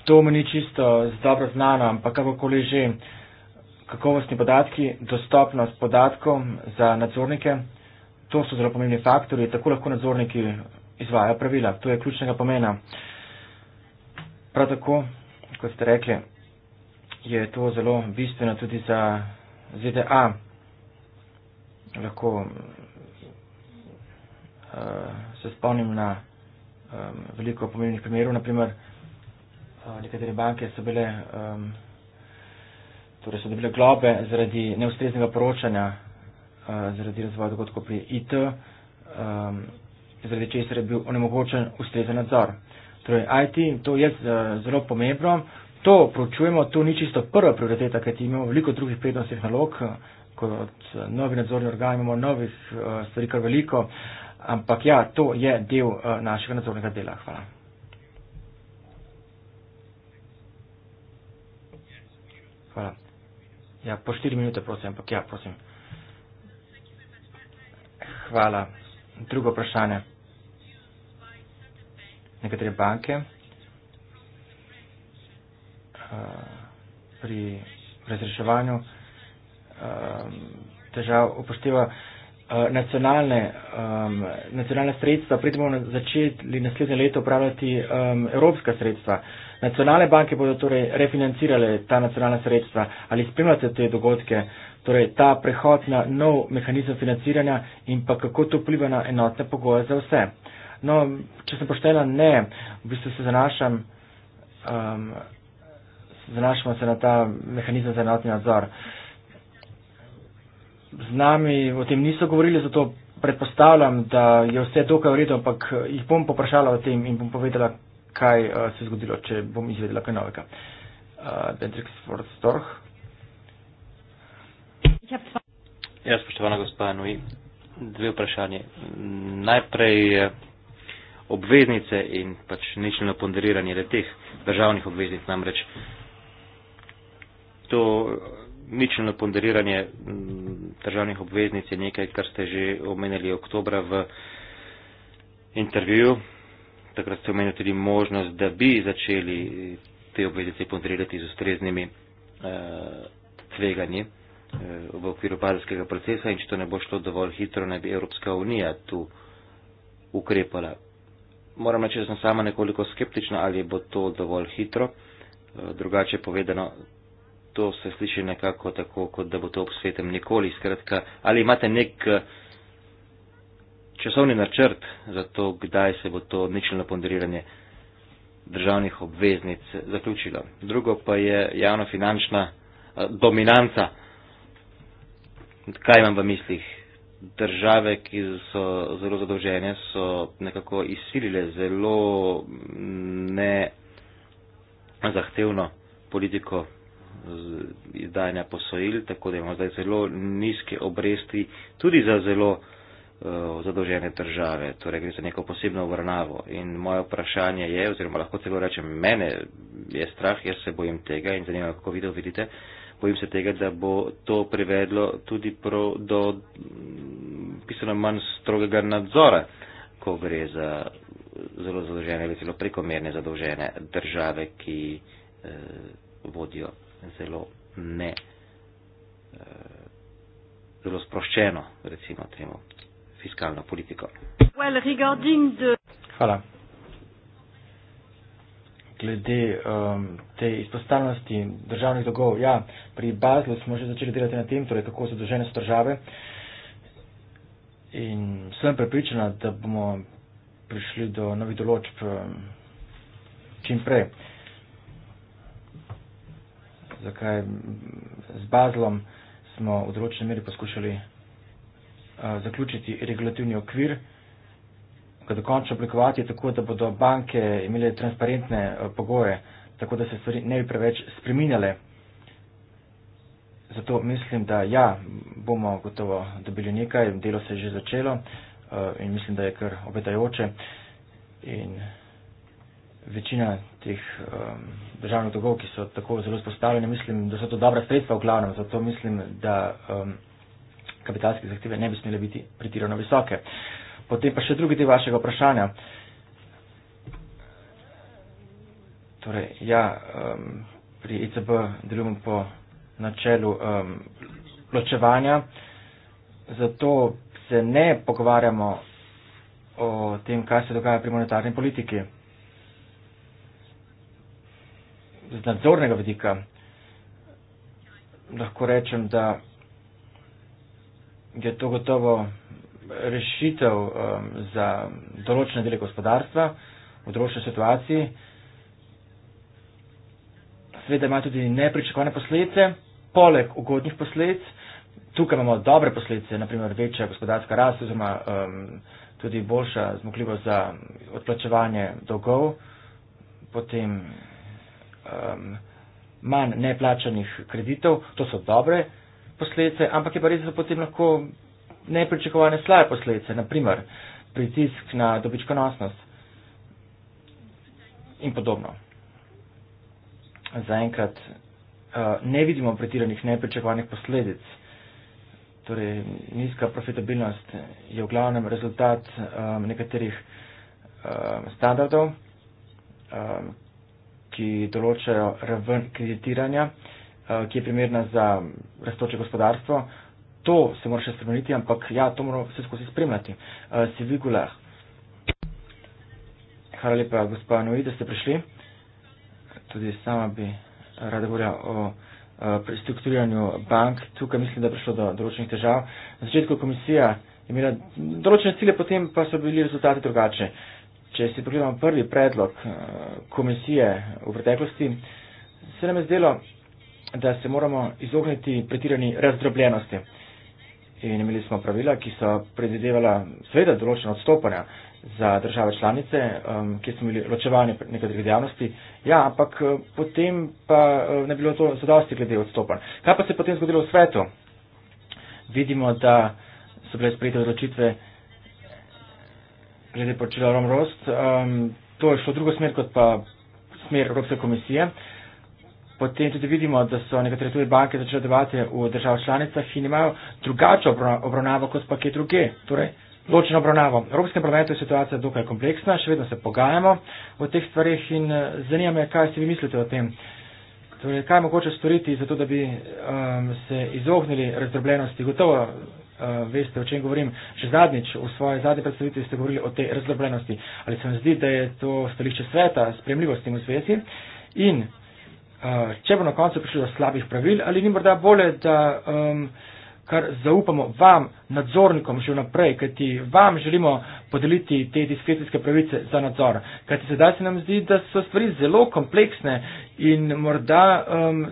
to mi ni čisto dobro znano, ampak kakokoli že kakovostni podatki, dostopnost podatkom za nadzornike. To so zelo pomembni faktori, tako lahko nadzorniki izvajajo pravila. To je ključnega pomena. Prav tako, kot ste rekli, je to zelo bistveno tudi za ZDA. Lahko uh, se spomnim na um, veliko pomembnih primerov, naprimer, uh, eh, nekatere banke so bile. Um, torej so dobile globe zaradi neustreznega poročanja, uh, zaradi razvoja dogodkov pri IT, um, ehm, zaradi česar je bil onemogočen ustrezen nadzor. Torej, IT, to je eh, zelo pomembno, to proučujemo, to ni čisto prva prioriteta, ker imamo veliko drugih prednostnih nalog, eh, kot novi nadzorni organ, imamo novih uh, stvari kar veliko, ampak ja, to je del uh, našega nadzornega dela. Hvala. Ja, po štiri minute, prosim, ampak ja, prosim. Hvala. Drugo vprašanje. Nekatere banke eh, pri razreševanju eh, težav upošteva eh, nacionalne, um, nacionalne sredstva, pridemo začeti naslednje leto upravljati um, evropska sredstva. Uh, Nacionalne banke bodo torej refinancirale ta nacionalna sredstva. Ali spremljate te dogodke, torej ta prehod na nov mehanizem financiranja in pa kako to vpliva na enotne pogoje za vse? No, če sem poštena, ne. V bistvu se zanašam. Um, Zanašamo se na ta mehanizem za enotni nadzor. Z nami o tem niso govorili, zato predpostavljam, da je vse dokaj v redu, ampak jih bom poprašala o tem in bom povedala, kaj uh, se je zgodilo, če bom izvedela kaj novega. Bendrik eh, uh, Svorstorh. Ja, spoštovana gospa Nui, dve vprašanje. Najprej eh, obveznice in pač nično ponderiranje le teh državnih obveznic namreč. To nično ponderiranje mm, državnih obveznic je nekaj, kar ste že omenili oktobra v intervjuju takrat ste omenili tudi možnost, da bi začeli te obveznice ponderirati z ustreznimi uh, tveganji uh, v okviru parskega procesa in če to ne bo šlo dovolj hitro, naj bi Evropska unija tu ukrepala. Moram reči, da sem sama nekoliko skeptična, ali bo to dovolj hitro. Uh, drugače povedano, to se sliši nekako tako, kot da bo to ob svetem nikoli. Skratka, ali imate nek. Uh, časovni načrt za to, kdaj se bo to ničelno ponderiranje državnih obveznic zaključilo. Drugo pa je javnofinančna eh, dominanca. Kaj imam v mislih? Države, ki so zelo zadolžene, so nekako izsilile zelo nezahtevno politiko izdajanja posojil, tako da imamo zdaj zelo nizke obresti, tudi za zelo Eh, zadolžene države, torej gre za neko posebno obravnavo. In moje vprašanje je, oziroma lahko celo rečem, mene je strah, jaz se bojim tega in zanimivo, kako vi to vidite, bojim se tega, da bo to privedlo tudi do pisano mm, manj strogega nadzora, ko gre za zelo zadolžene ali celo prekomerne zadolžene države, ki eh, vodijo zelo ne. Eh, Zelo sproščeno, recimo, fiskalno politiko. Well, the... Hvala. Glede um, te izpostavljenosti državnih dolgov, ja, pri Baslu smo že začeli delati na tem, torej kako zadržene so države. In sem prepričana, da bomo prišli do novih določb um, čim prej. Zakaj? Z Bazlom smo v določenem meri poskušali zaključiti regulativni okvir, ga dokončno oblikovati tako, da bodo banke imele transparentne pogoje, tako da se stvari ne bi preveč spreminjale. Zato mislim, da ja, bomo gotovo dobili nekaj, delo se je že začelo in mislim, da je kar obetajoče. In večina teh um, državnih dolgov, ki so tako zelo spostavljene, mislim, da so to dobra sredstva v glavnem, zato mislim, da um, kapitalske zahteve ne bi smele biti pretirano visoke. Potem pa še drugi del vašega vprašanja. Torej, ja, um, pri ECB delujemo po načelu um, ločevanja, zato se ne pogovarjamo o tem, kaj se dogaja pri monetarni politiki. Z nadzornega vidika lahko rečem, da je to gotovo rešitev um, za določene dele gospodarstva v določeni situaciji. Sveda ima tudi nepričakovane posledice, poleg ugodnih posledic. Tukaj imamo dobre posledice, naprimer večja gospodarska rast oziroma um, tudi boljša zmogljivost za odplačevanje dolgov, potem um, manj neplačanih kreditov. To so dobre posledice posledice, ampak je pa res, da so potem lahko nepričakovane slabe posledice, naprimer pritisk na dobičkonosnost in podobno. Zaenkrat uh, ne vidimo pretiranih nepričakovanih posledic. Torej, nizka profitabilnost je v glavnem rezultat um, nekaterih um, standardov, um, ki določajo raven kreditiranja. Uh, Eh, ki je primerna za raztoče gospodarstvo. To se mora še spremeniti, ampak ja, to moramo vse skozi spremljati. Uh, eh, si Vigula. Hvala lepa, gospa Noji, da ste prišli. Tudi sama bi rada govorila o eh, prestrukturiranju bank. Tukaj mislim, da je prišlo do določenih težav. Na začetku komisija je imela določene cilje, potem pa so bili rezultati drugačni. Če si pogledamo prvi predlog komisije v preteklosti, se nam je zdelo, da se moramo izogniti pretirani razdrobljenosti. In imeli smo pravila, ki so predvidevala sveda določena odstopanja za države članice, um, ki smo imeli ločevanje nekaterih dejavnosti. Ja, ampak uh, potem pa uh, ne bilo to zadosti glede odstopanj. Kaj pa se je potem zgodilo v svetu? Vidimo, da so bile sprejete odločitve glede počela Rom Rost. Um, to je šlo v drugo smer kot pa smer Evropske komisije. Potem tudi vidimo, da so nekatere tudi banke začele debate v državah članicah in imajo drugačno obravnavo kot pa kje druge. Torej, ločeno obravnavo. V Evropskem parlamentu je situacija dokaj kompleksna, še vedno se pogajamo o teh stvarih in eh, zanima me, kaj si vi mislite o tem. Torej, kaj je mogoče storiti, zato da bi um, se izognili razdrobljenosti? Gotovo uh, veste, o čem govorim. Še zadnjič v svoji zadnji predstavitvi ste govorili o tej razdrobljenosti. Ali se vam zdi, da je to stališče sveta, spremljivost v tem zvezi? In Eh, če bo na koncu prišlo do slabih pravil, ali ni morda bolje, da um, kar zaupamo vam, nadzornikom, že vnaprej, kajti vam želimo podeliti te diskrecijske pravice za nadzor. Kajti sedaj se nam zdi, da so stvari zelo kompleksne in morda. Um,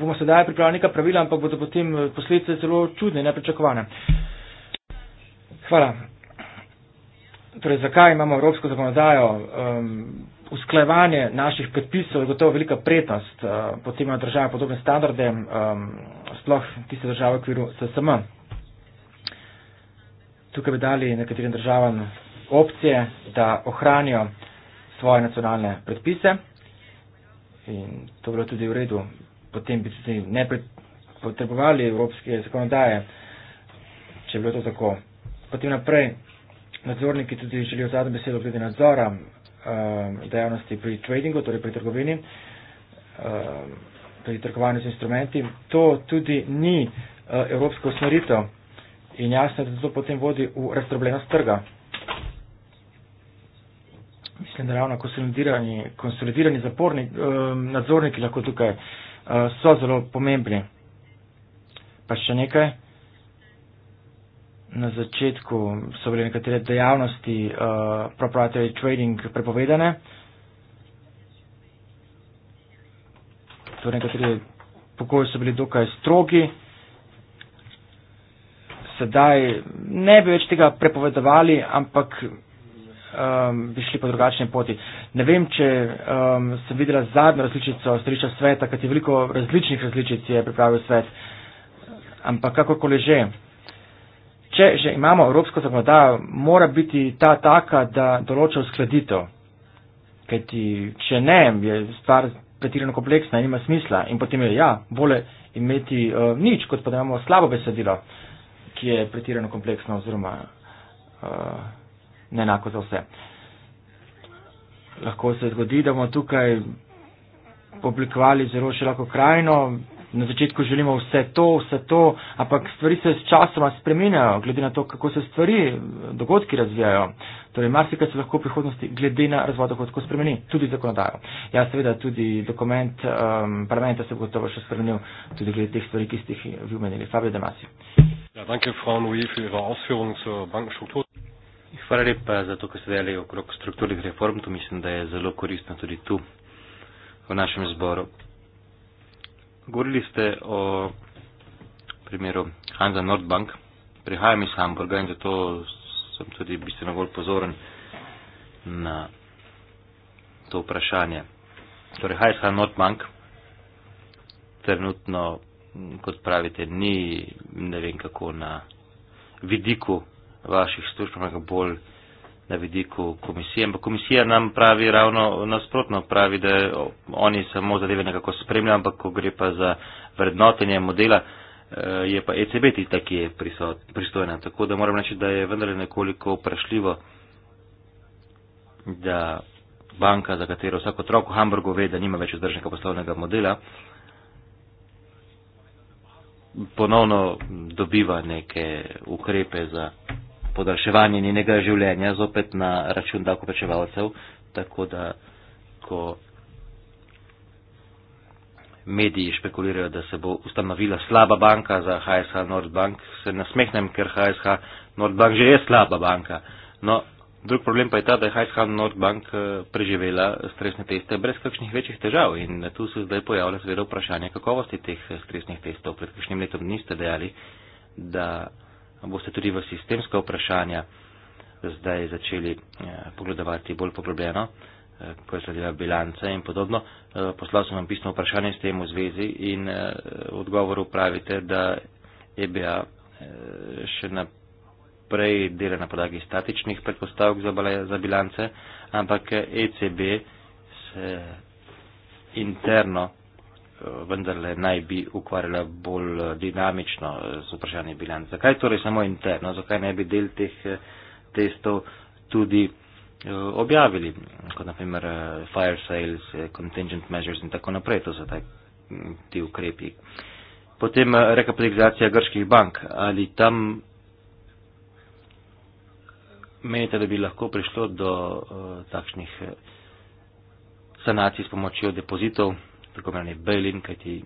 bomo sedaj pripravili neka pravila, ampak bodo potem eh, posledice zelo čudne, nepričakovane. Hvala. Torej, zakaj imamo evropsko zakonodajo? Um, usklajevanje naših predpisov je gotovo velika prednost, eh, potem imajo države podobne standarde, eh, sploh tiste države v okviru SSM. Tukaj bi dali nekaterim državam opcije, da ohranijo svoje nacionalne predpise in to bilo tudi v redu, potem bi se ne potrebovali evropske zakonodaje, če bi bilo to tako. Potem naprej, nadzorniki tudi želijo zadnjo besedo glede nadzora, Um, dejavnosti pri tradingu, torej pri trgovini, um, pri trgovanju z instrumenti. To tudi ni uh, evropsko usmeritev in jasno, da to potem vodi v razdrobljenost trga. Mislim, da ravno konsolidirani, konsolidirani zaporni, um, nadzorniki lahko tukaj uh, so zelo pomembni. Pa še nekaj na začetku so bile nekatere dejavnosti uh, proprietary trading prepovedane. Torej nekateri pokoji so bili dokaj strogi. Sedaj ne bi več tega prepovedovali, ampak um, bi šli po drugačni poti. Ne vem, če um, sem videla zadnjo različico središča sveta, kajti veliko različnih različic je pripravil svet. Ampak kakorkoli že če že imamo evropsko zakonodajo, mora biti ta taka, da določa uskladitev. Ker ti, če ne, je stvar pretirano kompleksna in ima smisla. In potem je, ja, bolje imeti uh, nič, kot pa da imamo slabo besedilo, ki je pretirano kompleksno oziroma uh, neenako za vse. Lahko se zgodi, da bomo tukaj oblikovali zelo široko krajino, na začetku želimo vse to, vse to, ampak stvari se s časoma spremenjajo, glede na to, kako se stvari, dogodki razvijajo. Torej, marsikaj se lahko v prihodnosti, glede na razvoj dogodkov, spremeni, tudi zakonodajo. Ja, seveda, tudi dokument um, parlamenta se bo gotovo še spremenil, tudi glede teh stvari, ki ste jih vi omenili. Fabio Demasi. Ja, Hvala lepa za to, kar ste delali okrog strukturnih reform. To mislim, da je zelo koristno tudi tu, v našem zboru govorili ste o primeru Hansa Nordbank. Prihajam iz Hamburga in zato sem tudi bistveno bolj pozoren na to vprašanje. Torej, Hansa Nordbank trenutno, kot pravite, ni ne vem kako na vidiku vaših služb, ampak bolj na vidiku komisije, ampak komisija nam pravi ravno nasprotno, pravi, da oni samo zadeve nekako spremljajo, ampak ko gre pa za vrednotenje modela, eh, je pa ECB ti tak je pristojna. Tako da moram reči, da je vendar nekoliko vprašljivo, da banka, za katero vsako otrok v Hamburgu ve, da nima več vzdržnega poslovnega modela, ponovno dobiva neke ukrepe za podaljševanje njenega življenja zopet na račun davkoplačevalcev, tako da ko mediji špekulirajo, da se bo ustanovila slaba banka za HSH Nordbank, se nasmehnem, ker HSH Nordbank že je slaba banka. No, drug problem pa je ta, da je HSH Nordbank eh, preživela stresne teste brez kakšnih večjih težav in tu se zdaj pojavlja seveda vprašanje kakovosti teh eh, stresnih testov. Pred kakšnim letom niste dejali, da boste tudi v sistemska vprašanja zdaj začeli eh, pogledovati bolj poglobljeno, eh, ko je sledila bilanca in podobno. Eh, poslal sem vam pisno vprašanje s tem v zvezi in v odgovoru pravite, da EBA še naprej dela na podlagi statičnih predpostavk za bilance, ampak ECB se interno vendarle naj bi ukvarjala bolj dinamično z vprašanje bilance. Zakaj torej samo interno, zakaj ne bi del teh testov tudi eh, objavili, kot naprimer eh, fire sales, eh, contingent measures in tako naprej, to so taj, mm, ti ukrepi. Potem rekapitalizacija grških bank, ali tam menite, da bi lahko prišlo do uh, takšnih sanacij s pomočjo depozitov? tako imenovani Belin, kajti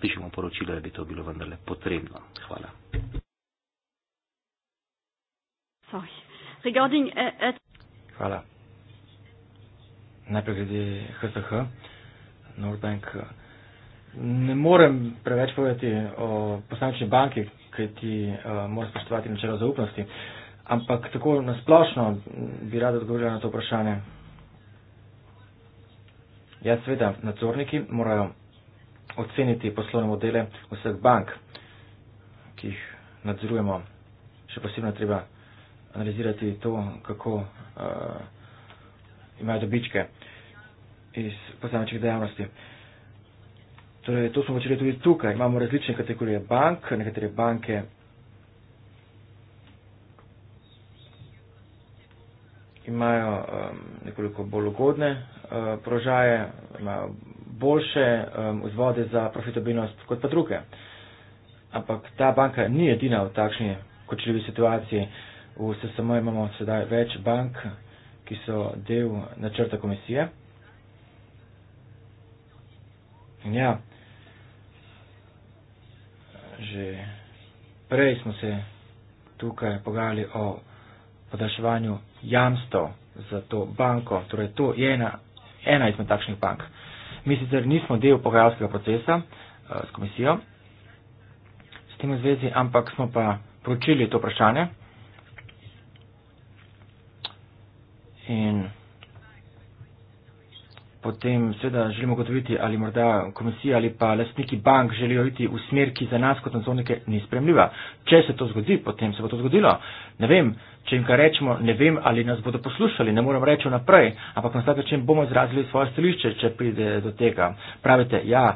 slišimo poročilo, da bi to bilo vendarle potrebno. Hvala. Eh, eh, Hvala. Najprej glede HSH, Nordbank. Ne morem preveč povedati o posamični banki, kajti uh, mora spoštovati načelo zaupnosti, ampak tako nasplošno bi rada odgovorila na to vprašanje. Ja, seveda, nadzorniki morajo oceniti poslovne modele vseh bank, ki jih nadzorujemo. Še posebno treba analizirati to, kako uh, imajo dobičke iz posamečnih dejavnosti. Torej, to smo počeli tudi tukaj. Imamo različne kategorije bank, nekatere banke imajo um, nekoliko bolj ugodne uh, prožaje, imajo boljše um, vzvode za profitabilnost kot pa druge. Ampak ta banka ni edina v takšni kočljivi situaciji. V SSM imamo sedaj več bank, ki so del načrta komisije. Ja, že prej smo se tukaj pogajali o podaljševanju jamstov za to banko. Torej, to je ena, ena izmed takšnih bank. Mi sicer nismo del pogajalskega procesa uh, s komisijo s tem v zvezi, ampak smo pa pročili to vprašanje. In potem seveda želimo gotoviti, ali morda komisija ali pa lastniki bank želijo iti v smer, ki za nas kot nadzornike ni spremljiva. Če se to zgodi, potem se bo to zgodilo. Ne vem, če jim kaj rečemo, ne vem, ali nas bodo poslušali, ne moram reči naprej, ampak na vsak način bomo izrazili svoje stališče, če pride do tega. Pravite, ja,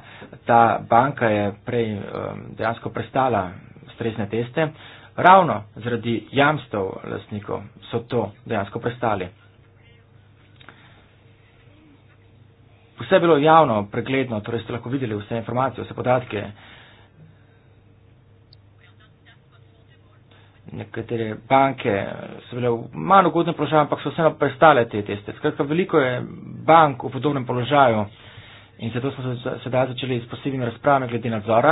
ta banka je prej um, dejansko prestala stresne teste, ravno zaradi jamstev lastnikov so to dejansko prestali. Vse je bilo javno, pregledno, torej ste lahko videli vse informacije, vse podatke. Nekatere banke so bile v manj ugodnem položaju, ampak so vseeno prestale te teste. Skratka, veliko je bank v podobnem položaju in zato smo se sedaj začeli s posebnimi razpravami glede nadzora.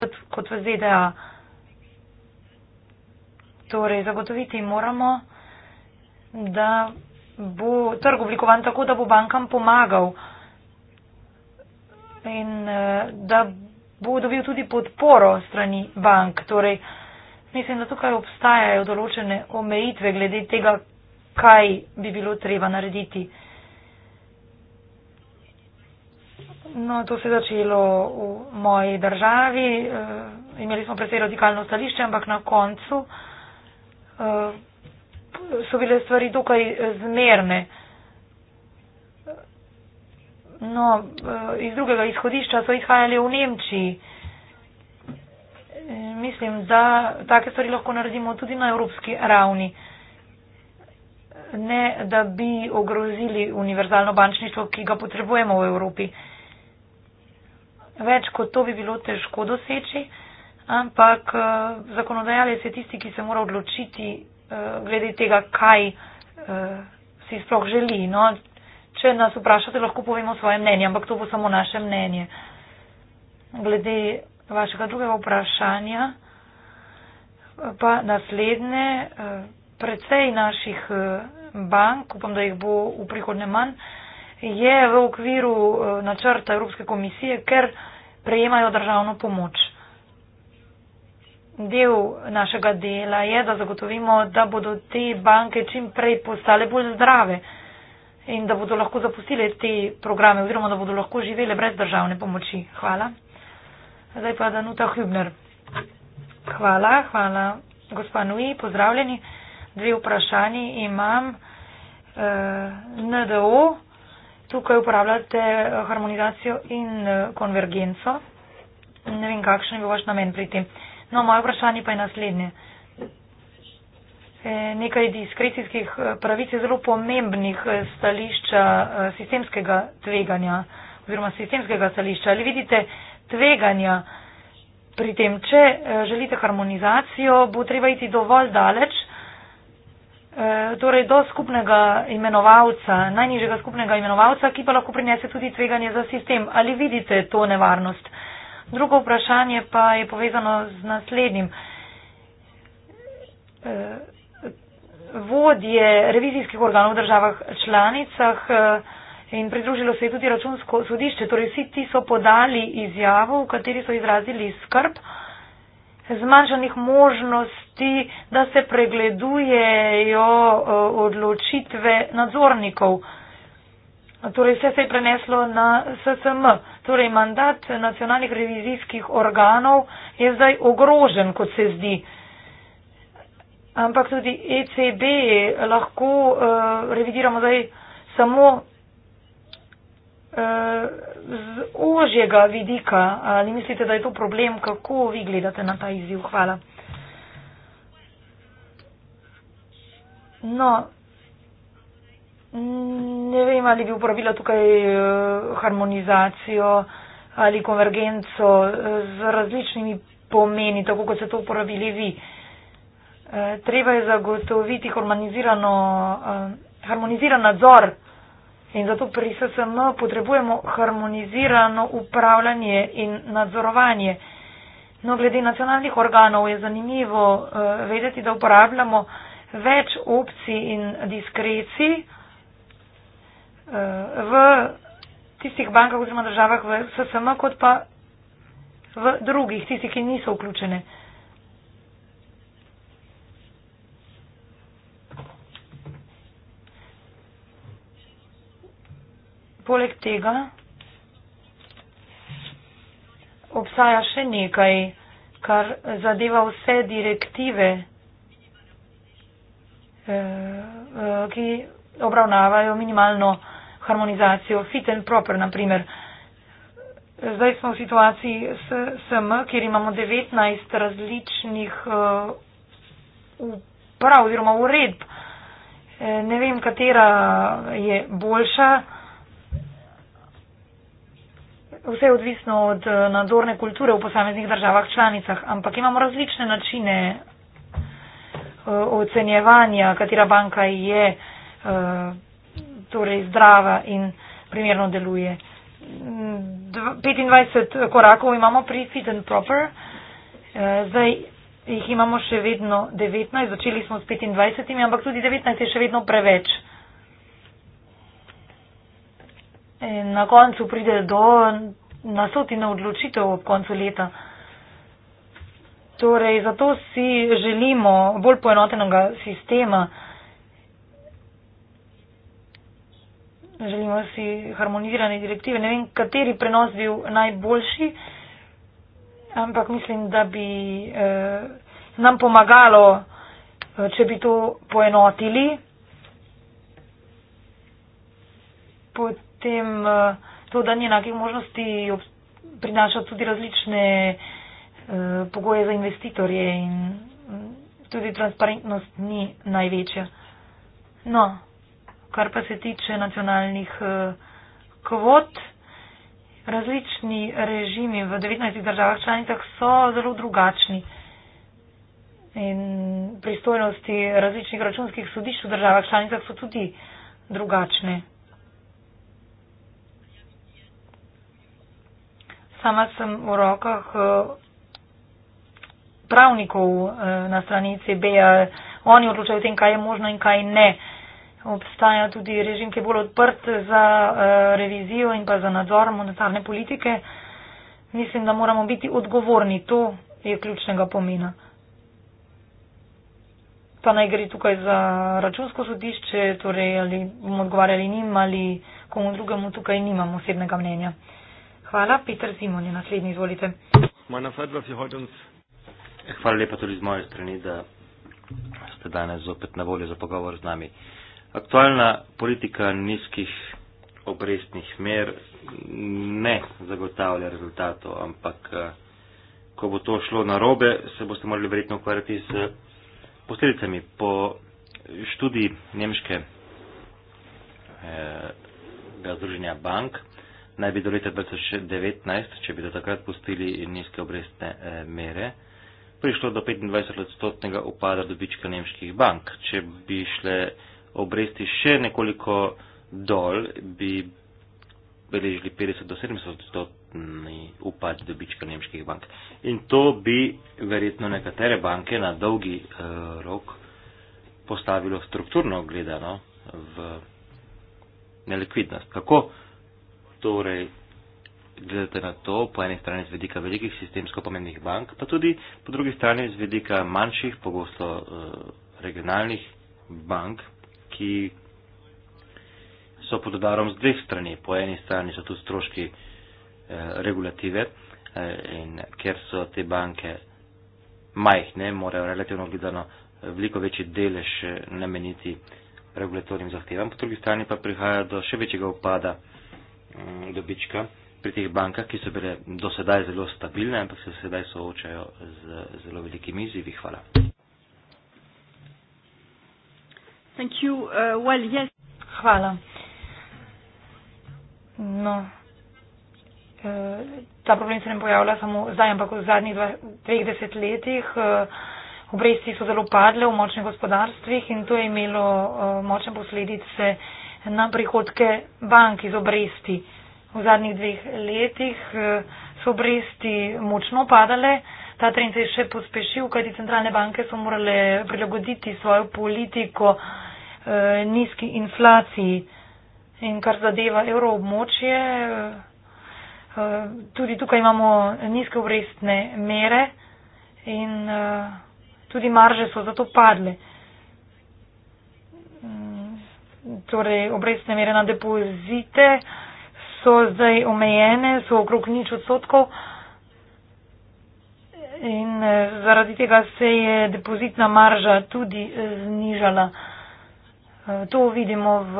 kot, kot v ZDA. Torej, zagotoviti moramo, da bo trg oblikovan tako, da bo bankam pomagal in eh, da bo dobil tudi podporo strani bank. Torej, mislim, da tukaj obstajajo določene omejitve glede tega, kaj bi bilo treba narediti. No, to se je začelo v moji državi. E, imeli smo precej radikalno stališče, ampak na koncu e, so bile stvari dokaj eh, zmerne. No, e, iz drugega izhodišča so izhajali v Nemčiji. E, mislim, da take stvari lahko naredimo tudi na evropski ravni. Ne, da bi ogrozili univerzalno bančništvo, ki ga potrebujemo v Evropi. Več kot to bi bilo težko doseči, ampak eh, zakonodajalec je tisti, ki se mora odločiti eh, glede tega, kaj eh, si sploh želi. No, če nas vprašate, lahko povemo svoje mnenje, ampak to bo samo naše mnenje. Glede vašega drugega vprašanja, pa naslednje, precej naših bank, upam, da jih bo v prihodne manj, je v okviru eh, načrta Evropske komisije, ker prejemajo državno pomoč. Del našega dela je, da zagotovimo, da bodo te banke čim prej postale bolj zdrave in da bodo lahko zapustile te programe oziroma da bodo lahko živele brez državne pomoči. Hvala. Zdaj pa Danuta Hübner. Hvala, hvala. Gospa Nui, pozdravljeni. Dve vprašanji imam. E, eh, NDO tukaj uporabljate eh, harmonizacijo in eh, konvergenco. Ne vem, kakšen je bi vaš namen pri tem. No, moje vprašanje pa je naslednje. Eh, nekaj diskrecijskih pravic je zelo pomembnih stališča sistemskega tveganja oziroma sistemskega stališča. Ali vidite tveganja pri tem, če želite harmonizacijo, bo treba iti dovolj daleč, Eh, torej do skupnega imenovalca, najnižjega skupnega imenovalca, ki pa lahko prinese tudi tveganje za sistem. Ali vidite to nevarnost? Drugo vprašanje pa je povezano z naslednjim. Eh, vodje revizijskih organov v državah članicah eh, in pridružilo se je tudi računsko sodišče, torej vsi ti so podali izjavo, v kateri so izrazili skrb, zmanjšanih možnosti, da se pregledujejo e, odločitve nadzornikov. Torej, vse se je preneslo na SSM. Torej, mandat nacionalnih revizijskih organov je zdaj ogrožen, kot se zdi. Ampak tudi ECB lahko uh, revidiramo zdaj samo Eh, z ožjega vidika. Ali mislite, da je to problem, kako vi gledate na ta izziv? Hvala. No, ne vem, ali bi uporabila tukaj eh, harmonizacijo ali konvergenco eh, z različnimi pomeni, tako kot ste to uporabili vi. Treba je zagotoviti harmonizirano, harmoniziran nadzor In zato pri SSM potrebujemo harmonizirano upravljanje in nadzorovanje. No, glede nacionalnih organov je zanimivo uh, vedeti, da uporabljamo več opcij in diskreci uh, eh, v tistih bankah oziroma državah v SSM kot pa v drugih, tistih, ki niso vključene. Uh, poleg tega obstaja še nekaj, kar zadeva vse direktive, eh, eh, ki obravnavajo minimalno harmonizacijo fit and proper, naprimer. Zdaj smo v situaciji s SM, kjer imamo 19 različnih eh, uprav oziroma uredb. Ne vem, katera je boljša vse je odvisno od eh, nadzorne kulture v posameznih državah članicah, ampak imamo različne načine eh, ocenjevanja, katera banka je eh, torej zdrava in primerno deluje. 25 korakov imamo pri fit and proper, zdaj jih imamo še vedno 19, začeli smo s 25, ampak tudi 19 je še vedno preveč. In na koncu pride do na sotino odločitev ob koncu leta. Torej, zato si želimo bolj poenotenega sistema. Želimo si harmonizirane direktive. Ne vem, kateri prenos bil najboljši, ampak mislim, da bi eh, nam pomagalo, eh, če bi to poenotili. Potem. Eh, to danje enakih možnosti prinaša tudi različne eh, pogoje za investitorje in mm, tudi transparentnost ni največja. No, kar pa se tiče nacionalnih eh, kvot, različni režimi v 19 državah članicah so zelo drugačni in pristojnosti različnih računskih sodišč v državah članicah so tudi drugačne. Sama sem v rokah eh, pravnikov eh, na stranici BA. Oni odločajo o tem, kaj je možno in kaj ne. Obstaja tudi režim, ki je bolj odprt za eh, revizijo in pa za nadzor monetarne politike. Mislim, da moramo biti odgovorni. To je ključnega pomena. Pa naj gre tukaj za računsko sodišče, torej ali bomo odgovarjali njim ali komu drugemu, tukaj nimam osebnega mnenja. Hvala. Peter Simon je naslednji, izvolite. Hvala lepa tudi z moje strani, da ste danes zopet na voljo za pogovor z nami. Aktualna politika nizkih obrestnih mer ne zagotavlja rezultatov, ampak eh, ko bo to šlo na robe, se boste morali verjetno ukvarjati z posledicami. Po študiji nemške eh, združenja bank, naj bi do leta 2019, če bi do takrat pustili nizke obrestne eh, mere, prišlo do 25-odstotnega upada dobička nemških bank. Če bi šle obresti še nekoliko dol, bi beležili 50-70-odstotni upad dobička nemških bank. In to bi verjetno nekatere banke na dolgi eh, rok postavilo strukturno gledano v nelikvidnost. Kako? torej gledate na to, po eni strani zvedika velikih sistemsko pomembnih bank, pa tudi po drugi strani zvedika manjših, pogosto eh, regionalnih bank, ki so pod udarom z dveh strani. Po eni strani so tu stroški eh, regulative eh, in ker so te banke majhne, morajo relativno gledano veliko večji delež nameniti regulatornim zahtevam, po drugi strani pa prihaja do še večjega upada Eh, dobička pri teh bankah, ki so bile do sedaj zelo stabilne, ampak se sedaj soočajo z zelo velikimi izzivi. Hvala. Uh, well, yes. Hvala. No. Eh, ta problem se ne pojavlja samo zdaj, ampak v zadnjih dva, dveh desetletjih. Eh, obresti so zelo padle v močnih gospodarstvih in to je imelo močne posledice na prihodke bank iz obresti. V zadnjih dveh letih eh, so obresti močno padale, ta trend se je še pospešil, kajti centralne banke so morale prilagoditi svojo politiko eh, nizki inflaciji. In kar zadeva evroobmočje, eh, tudi tukaj imamo nizke obrestne mere in tudi marže so zato padle torej obrestne mere na depozite so zdaj omejene, so okrog nič odstotkov in eh, zaradi tega se je depozitna marža tudi eh, znižala. Eh, to vidimo v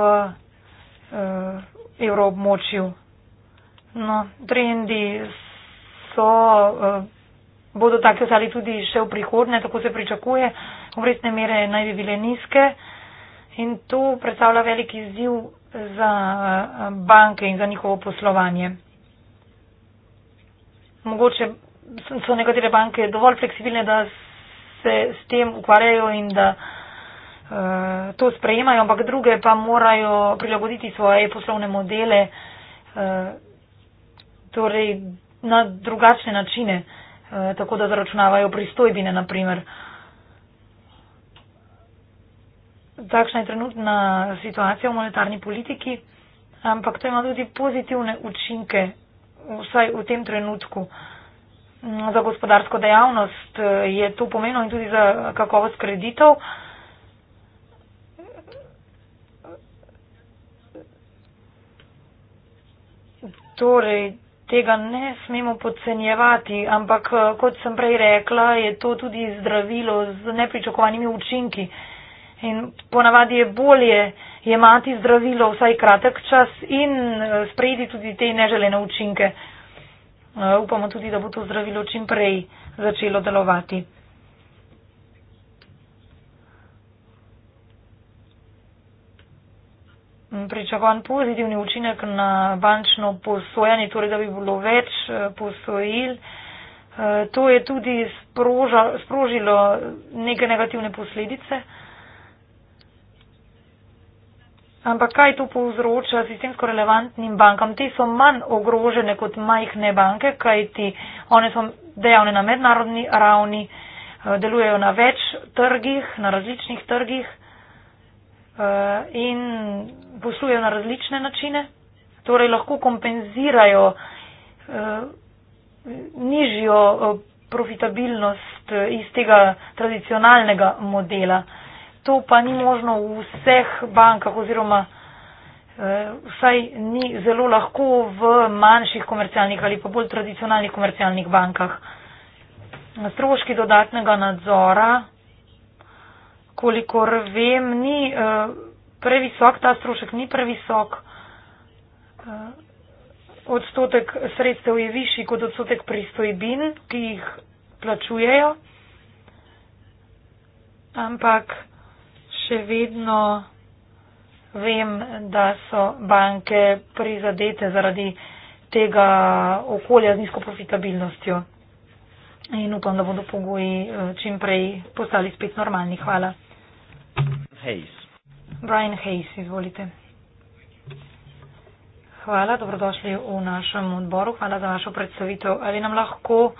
evroobmočju. No, trendi so, bodo tako ali tudi še v prihodne, tako se pričakuje. Obrestne mere naj bi bile nizke in to predstavlja veliki izziv za eh, banke in za njihovo poslovanje. Mogoče so nekatere banke dovolj fleksibilne, da se s tem ukvarjajo in da uh, to sprejemajo, ampak druge pa morajo prilagoditi svoje poslovne modele uh, torej na drugačne načine, uh, tako da zaračunavajo pristojbine, naprimer. Uh, takšna je trenutna situacija v monetarni politiki, ampak to ima tudi pozitivne učinke, vsaj v tem trenutku. Za gospodarsko dejavnost eh, je to pomenilo in tudi za kakovost kreditov. Torej, tega ne smemo podcenjevati, ampak eh, kot sem prej rekla, je to tudi zdravilo z nepričakovanimi učinki. Uh, In ponavadi je bolje jemati zdravilo vsaj kratek čas in eh, sprejeti tudi te neželene učinke. Eh, upamo tudi, da bo to zdravilo čim prej začelo delovati. Mm, pričakovan pozitivni učinek na bančno posojanje, torej da bi bilo več eh, posojil, to je tudi sprožilo neke negativne posledice. Ampak kaj to povzroča sistemsko relevantnim bankam? Te so manj ogrožene kot majhne banke, kajti one so dejavne na mednarodni ravni, eh, delujejo na več trgih, na različnih trgih eh, in poslujejo na različne načine. Torej lahko kompenzirajo eh, nižjo profitabilnost iz tega tradicionalnega modela to pa ni možno v vseh bankah oziroma eh, vsaj ni zelo lahko v manjših komercialnih ali pa bolj tradicionalnih komercialnih bankah. Stroški dodatnega nadzora, kolikor vem, ni eh, previsok, ta strošek ni previsok. Eh, odstotek sredstev je višji kot odstotek pristojbin, ki jih plačujejo. Ampak še vedno vem, da so banke prizadete zaradi tega okolja z nizko profitabilnostjo. In upam, da bodo pogoji eh, čim prej postali spet normalni. Hvala. Hayes. Brian Hayes, izvolite. Hvala, dobrodošli v našem odboru. Hvala za vašo predstavitev. Ali nam lahko uh,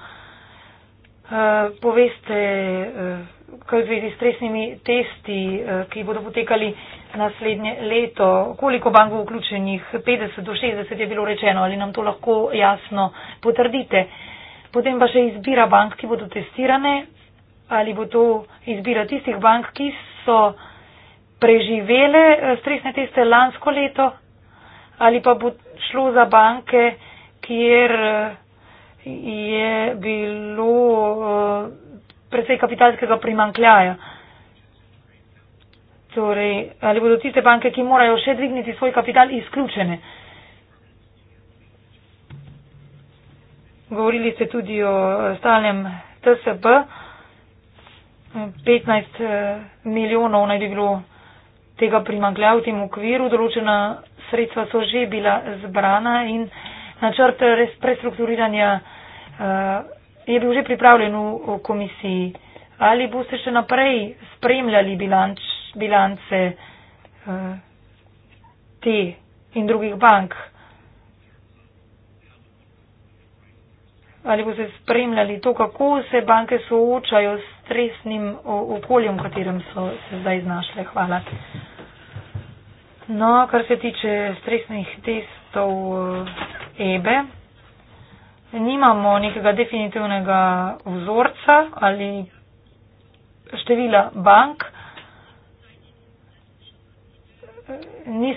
poveste. Uh, kaj zvezi s stresnimi testi, eh, ki bodo potekali naslednje leto, koliko bank bo vključenih, 50 do 60 je bilo rečeno, ali nam to lahko jasno potrdite. Potem pa še izbira bank, ki bodo testirane, ali bo to izbira tistih bank, ki so preživele eh, stresne teste lansko leto, ali pa bo šlo za banke, kjer eh, je bilo precej kapitalskega primankljaja. Torej, ali bodo tiste banke, ki morajo še dvigniti svoj kapital, izključene? Govorili ste tudi o eh, stalnem TSB. 15 eh, milijonov naj bi bilo tega primankljaja v tem okviru. Določena sredstva so že bila zbrana in načrt res prestrukturiranja. Uh, je bil že pripravljen v, v komisiji. Ali boste še naprej spremljali bilanč, bilance uh, te in drugih bank? Ali boste spremljali to, kako se banke soočajo s stresnim okoljem, v katerem so se zdaj znašle? Hvala. No, kar se tiče stresnih testov eh, EBE. Uh, nimamo nekega definitivnega vzorca ali števila bank.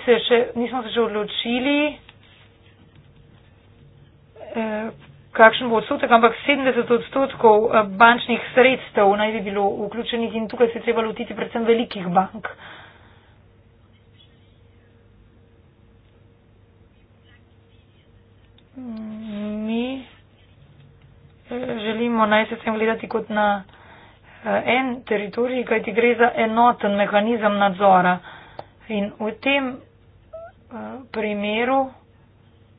Še, nismo se še odločili, eh, kakšen bo odstotek, ampak 70 odstotkov eh, bančnih sredstev naj bi bilo vključenih in tukaj se je treba lotiti predvsem velikih bank. Hmm mi eh, želimo naj se vsem gledati kot na eh, en teritorij, kajti gre za enoten mehanizem nadzora. In v tem eh, primeru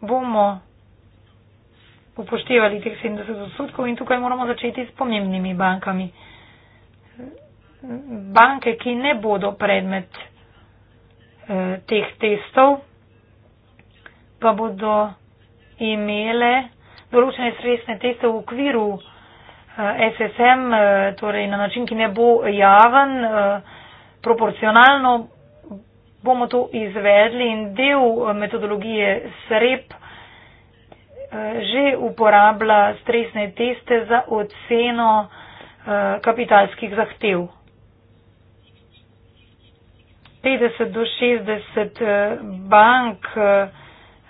bomo upoštevali teh 70 odstotkov in tukaj moramo začeti s pomembnimi bankami. Banke, ki ne bodo predmet eh, teh testov, pa bodo imele določene stresne teste v okviru eh, SSM, eh, torej na način, ki ne bo javen, eh, proporcionalno bomo to izvedli in del metodologije SREP že uporablja stresne teste za oceno kapitalskih zahtev. 50 do 60 bank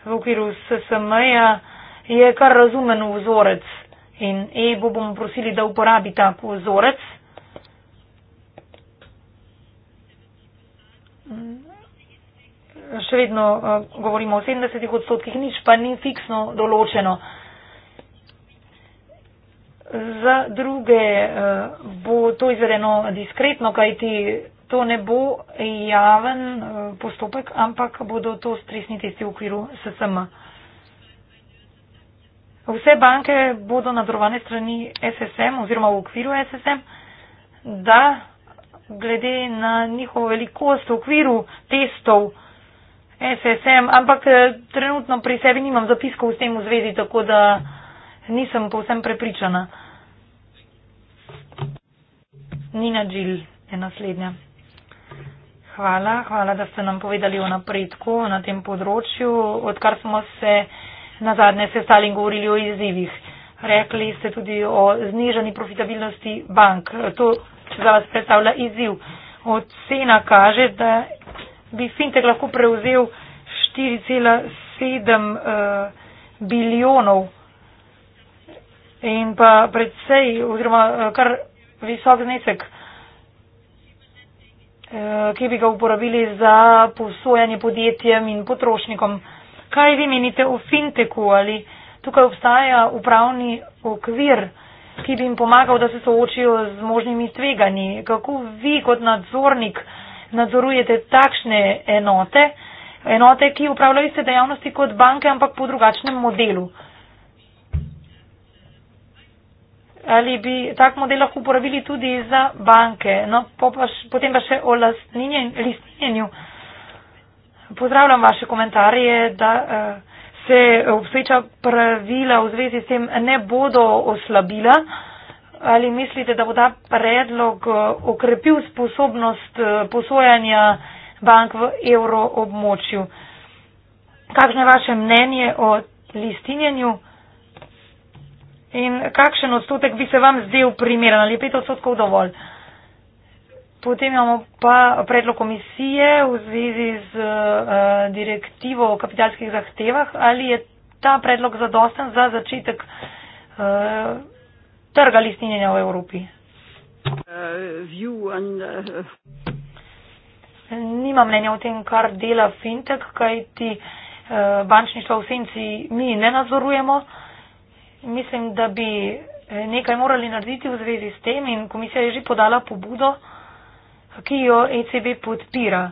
v okviru SSM-ja, je kar razumen vzorec in EBO bomo prosili, da uporabi tak vzorec. Še vedno uh, govorimo o 70 odstotkih, nič pa ni fiksno določeno. Za druge uh, bo to izvedeno diskretno, kajti to ne bo javen eh, postopek, ampak bodo to stresni testi v okviru SSM. Vse banke bodo nadrovane strani SSM oziroma v okviru SSM, da glede na njihovo velikost v okviru testov SSM, ampak eh, trenutno pri sebi nimam zapiskov s tem v zvezi, tako da nisem povsem prepričana. Nina Džil je naslednja. Hvala, hvala, da ste nam povedali o napredku na tem področju, odkar smo se na zadnje sestali in govorili o izzivih. Rekli ste tudi o znižani profitabilnosti bank. To za vas predstavlja izziv. Ocena kaže, da bi Fintech lahko prevzel 4,7 eh, bilijonov in pa predvsej, oziroma eh, kar visok znesek. Eh, ki bi ga uporabili za posojanje podjetjem in potrošnikom. Kaj vi menite o finteku ali tukaj obstaja upravni okvir, ki bi jim pomagal, da se soočijo z možnimi tveganji? Kako vi kot nadzornik nadzorujete takšne enote, enote, ki upravljajo iste dejavnosti kot banke, ampak po drugačnem modelu? ali bi tak model lahko uporabili tudi za banke. No, po pa š, potem pa še o lastninjenju. Pozdravljam vaše komentarje, da eh, se obstoječa pravila v zvezi s tem ne bodo oslabila. Ali mislite, da bo ta predlog eh, okrepil sposobnost eh, posojanja bank v evroobmočju? Kakšno je vaše mnenje o listinjenju? In kakšen odstotek bi se vam zdel primeren? Ali je pet odstotkov dovolj? Potem imamo pa predlog komisije v zvezi z uh, direktivo o kapitalskih zahtevah. Ali je ta predlog zadosten za začetek uh, trga listinjenja v Evropi? Uh, and, uh... Nima mnenja o tem, kar dela fintech, kajti uh, bančništva v senci mi ne nadzorujemo. Uh, mislim, da bi eh, nekaj morali narediti v zvezi s tem in komisija je že podala pobudo, ki jo ECB podpira.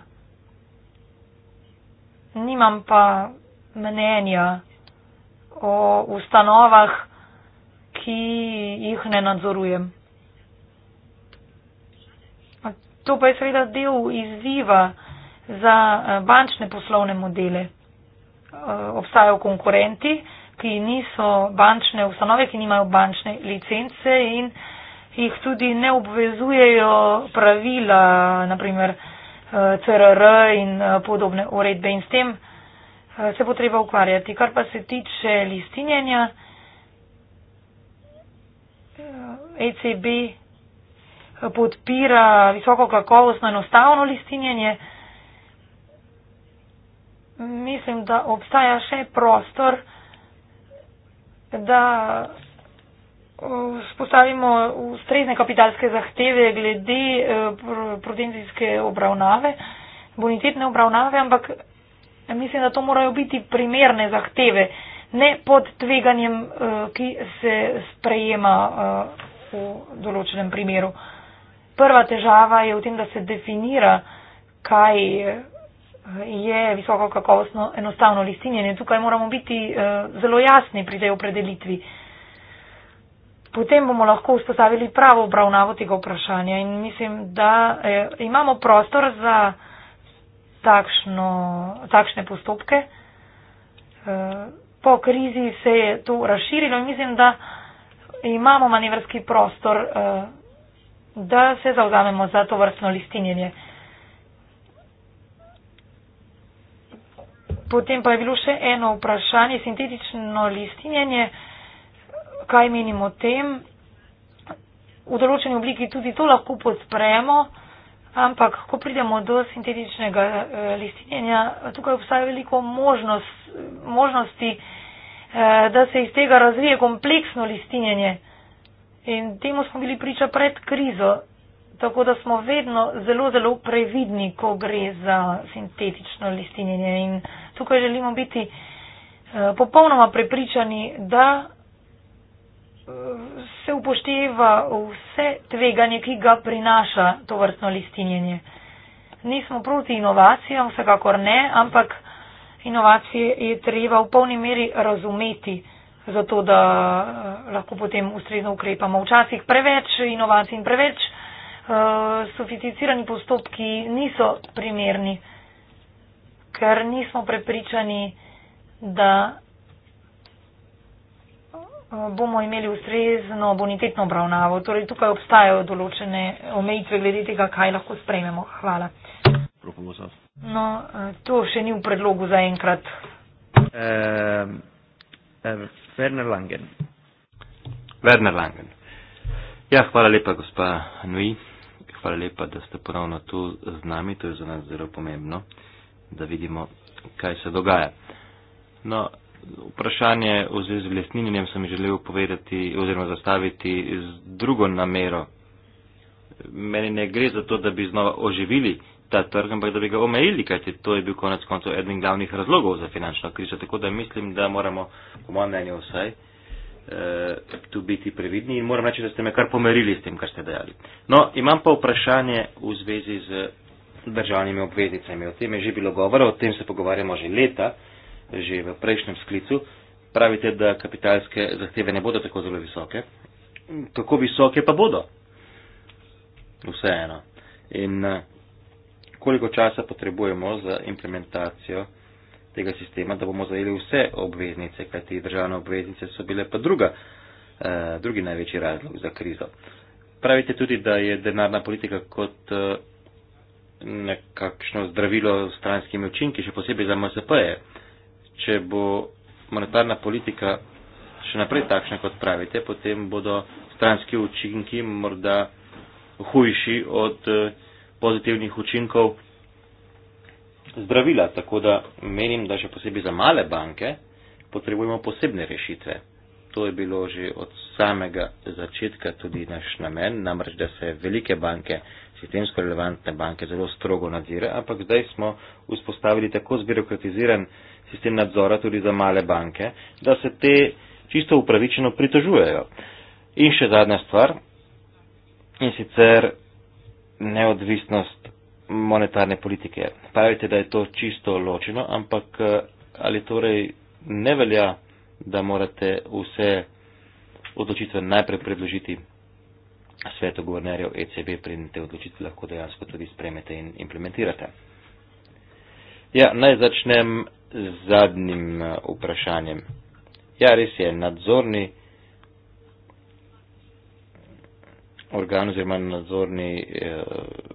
Nimam pa mnenja o ustanovah, ki jih ne nadzorujem. To pa je seveda del izziva za eh, bančne poslovne modele. Eh, obstajajo konkurenti, ki niso bančne ustanove, ki nimajo bančne licence in jih tudi ne obvezujejo pravila, naprimer eh, CRR in eh, podobne uredbe in s tem eh, se bo treba ukvarjati. Kar pa se tiče listinjenja, ECB e podpira visoko kakovostno enostavno listinjenje. Mislim, da obstaja še prostor, da spostavimo uh, ustrezne kapitalske zahteve glede uh, prudencijske obravnave, bonitetne obravnave, ampak mislim, da to morajo biti primerne zahteve, ne pod tveganjem, uh, ki se sprejema v določenem primeru. Prva težava je v tem, da se definira, kaj je je visoko kakovostno enostavno listinjenje. Tukaj moramo biti eh, zelo jasni pri tej opredelitvi. Potem bomo lahko vzpostavili pravo obravnavo tega vprašanja in mislim, da eh, imamo prostor za takšno, takšne postopke. Eh, po krizi se je to razširilo in mislim, da imamo manevrski prostor, da se zauzamemo za to vrstno listinjenje. Potem pa je bilo še eno vprašanje, sintetično listinjenje, kaj menimo o tem. V določeni obliki tudi to lahko podpremo, ampak ko pridemo do sintetičnega eh, listinjenja, tukaj obstaja veliko možnost, možnosti, eh, da se iz tega razvije kompleksno listinjenje. In temu smo bili priča pred krizo, tako da smo vedno zelo, zelo previdni, ko gre za sintetično listinjenje. In Tukaj želimo biti eh, popolnoma prepričani, da eh, se upošteva vse tveganje, ki ga prinaša to vrstno listinjenje. Nismo proti inovacijam, vsekakor ne, ampak inovacije je treba v polni meri razumeti, zato da eh, lahko potem ustrezno ukrepamo. Včasih preveč inovacij in preveč uh, sofisticirani postopki niso primerni ker nismo prepričani, da eh, bomo imeli ustrezno bonitetno obravnavo. Torej, tukaj obstajajo določene omejitve glede tega, kaj lahko sprejmemo. Hvala. No, eh, to še ni v predlogu za enkrat. Ehm, eh, Werner Langen. Werner Langen. Ja, hvala lepa, gospa Nui. Hvala lepa, da ste ponovno tu z nami. To je za nas zelo pomembno da vidimo, kaj se dogaja. No, vprašanje v zvezi z lesninjenjem sem želel povedati oziroma zastaviti z drugo namero. Meni ne gre za to, da bi znova oživili ta trg, ampak da bi ga omejili, kajti to je bil konec koncev eden glavnih razlogov za finančno krizo. Tako da mislim, da moramo, po mojem mnenju vsaj, eh, tu biti previdni in moram reči, da ste me kar pomerili s tem, kar ste dejali. No, imam pa vprašanje v zvezi z državnimi obveznicami. O tem je že bilo govora, o tem se pogovarjamo že leta, že v prejšnjem sklicu. Pravite, da kapitalske zahteve ne bodo tako zelo visoke. Kako visoke pa bodo? Vseeno. In eh, koliko časa potrebujemo za implementacijo tega sistema, da bomo zajeli vse obveznice, kajti državne obveznice so bile pa druga, eh, drugi največji razlog za krizo. Pravite tudi, da je denarna politika kot eh, nekakšno zdravilo s stranskimi učinki, še posebej za MSP-je. Če bo monetarna politika še naprej takšna, kot pravite, potem bodo stranski učinki morda hujši od eh, pozitivnih učinkov zdravila. Tako da menim, da še posebej za male banke potrebujemo posebne rešitve. To je bilo že od samega začetka tudi naš namen, namreč da se velike banke sistemsko relevantne banke zelo strogo nadzira, ampak zdaj smo vzpostavili tako zbirokratiziran sistem nadzora tudi za male banke, da se te čisto upravičeno pritožujejo. In še zadnja stvar, in sicer neodvisnost monetarne politike. Pravite, da je to čisto ločeno, ampak eh, ali torej ne velja, da morate vse odločitve najprej predložiti svetu guvernerjev ECB, preden te odločitve lahko dejansko tudi spremete in implementirate. Ja, naj začnem z zadnjim eh, vprašanjem. Ja, res je, nadzorni organ oziroma nadzorni eh,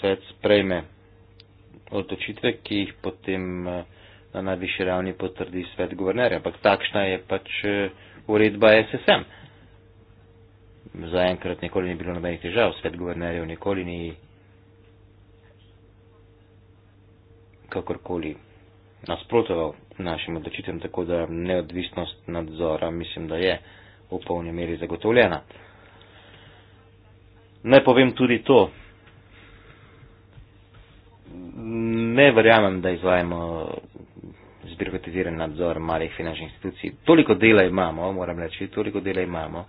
svet sprejme odločitve, ki jih potem eh, na najvišji ravni potrdi svet guvernerja, ampak takšna je pač eh, uredba SSM. Eh, zaenkrat nikoli ni bilo nobenih težav, svet guvernerjev nikoli ni kakorkoli nasprotoval našim odločitvam, tako da neodvisnost nadzora mislim, da je v polni meri zagotovljena. Naj povem tudi to. Ne verjamem, da izvajamo zbirokratiziran nadzor malih finančnih institucij. Toliko dela imamo, moram reči, toliko dela imamo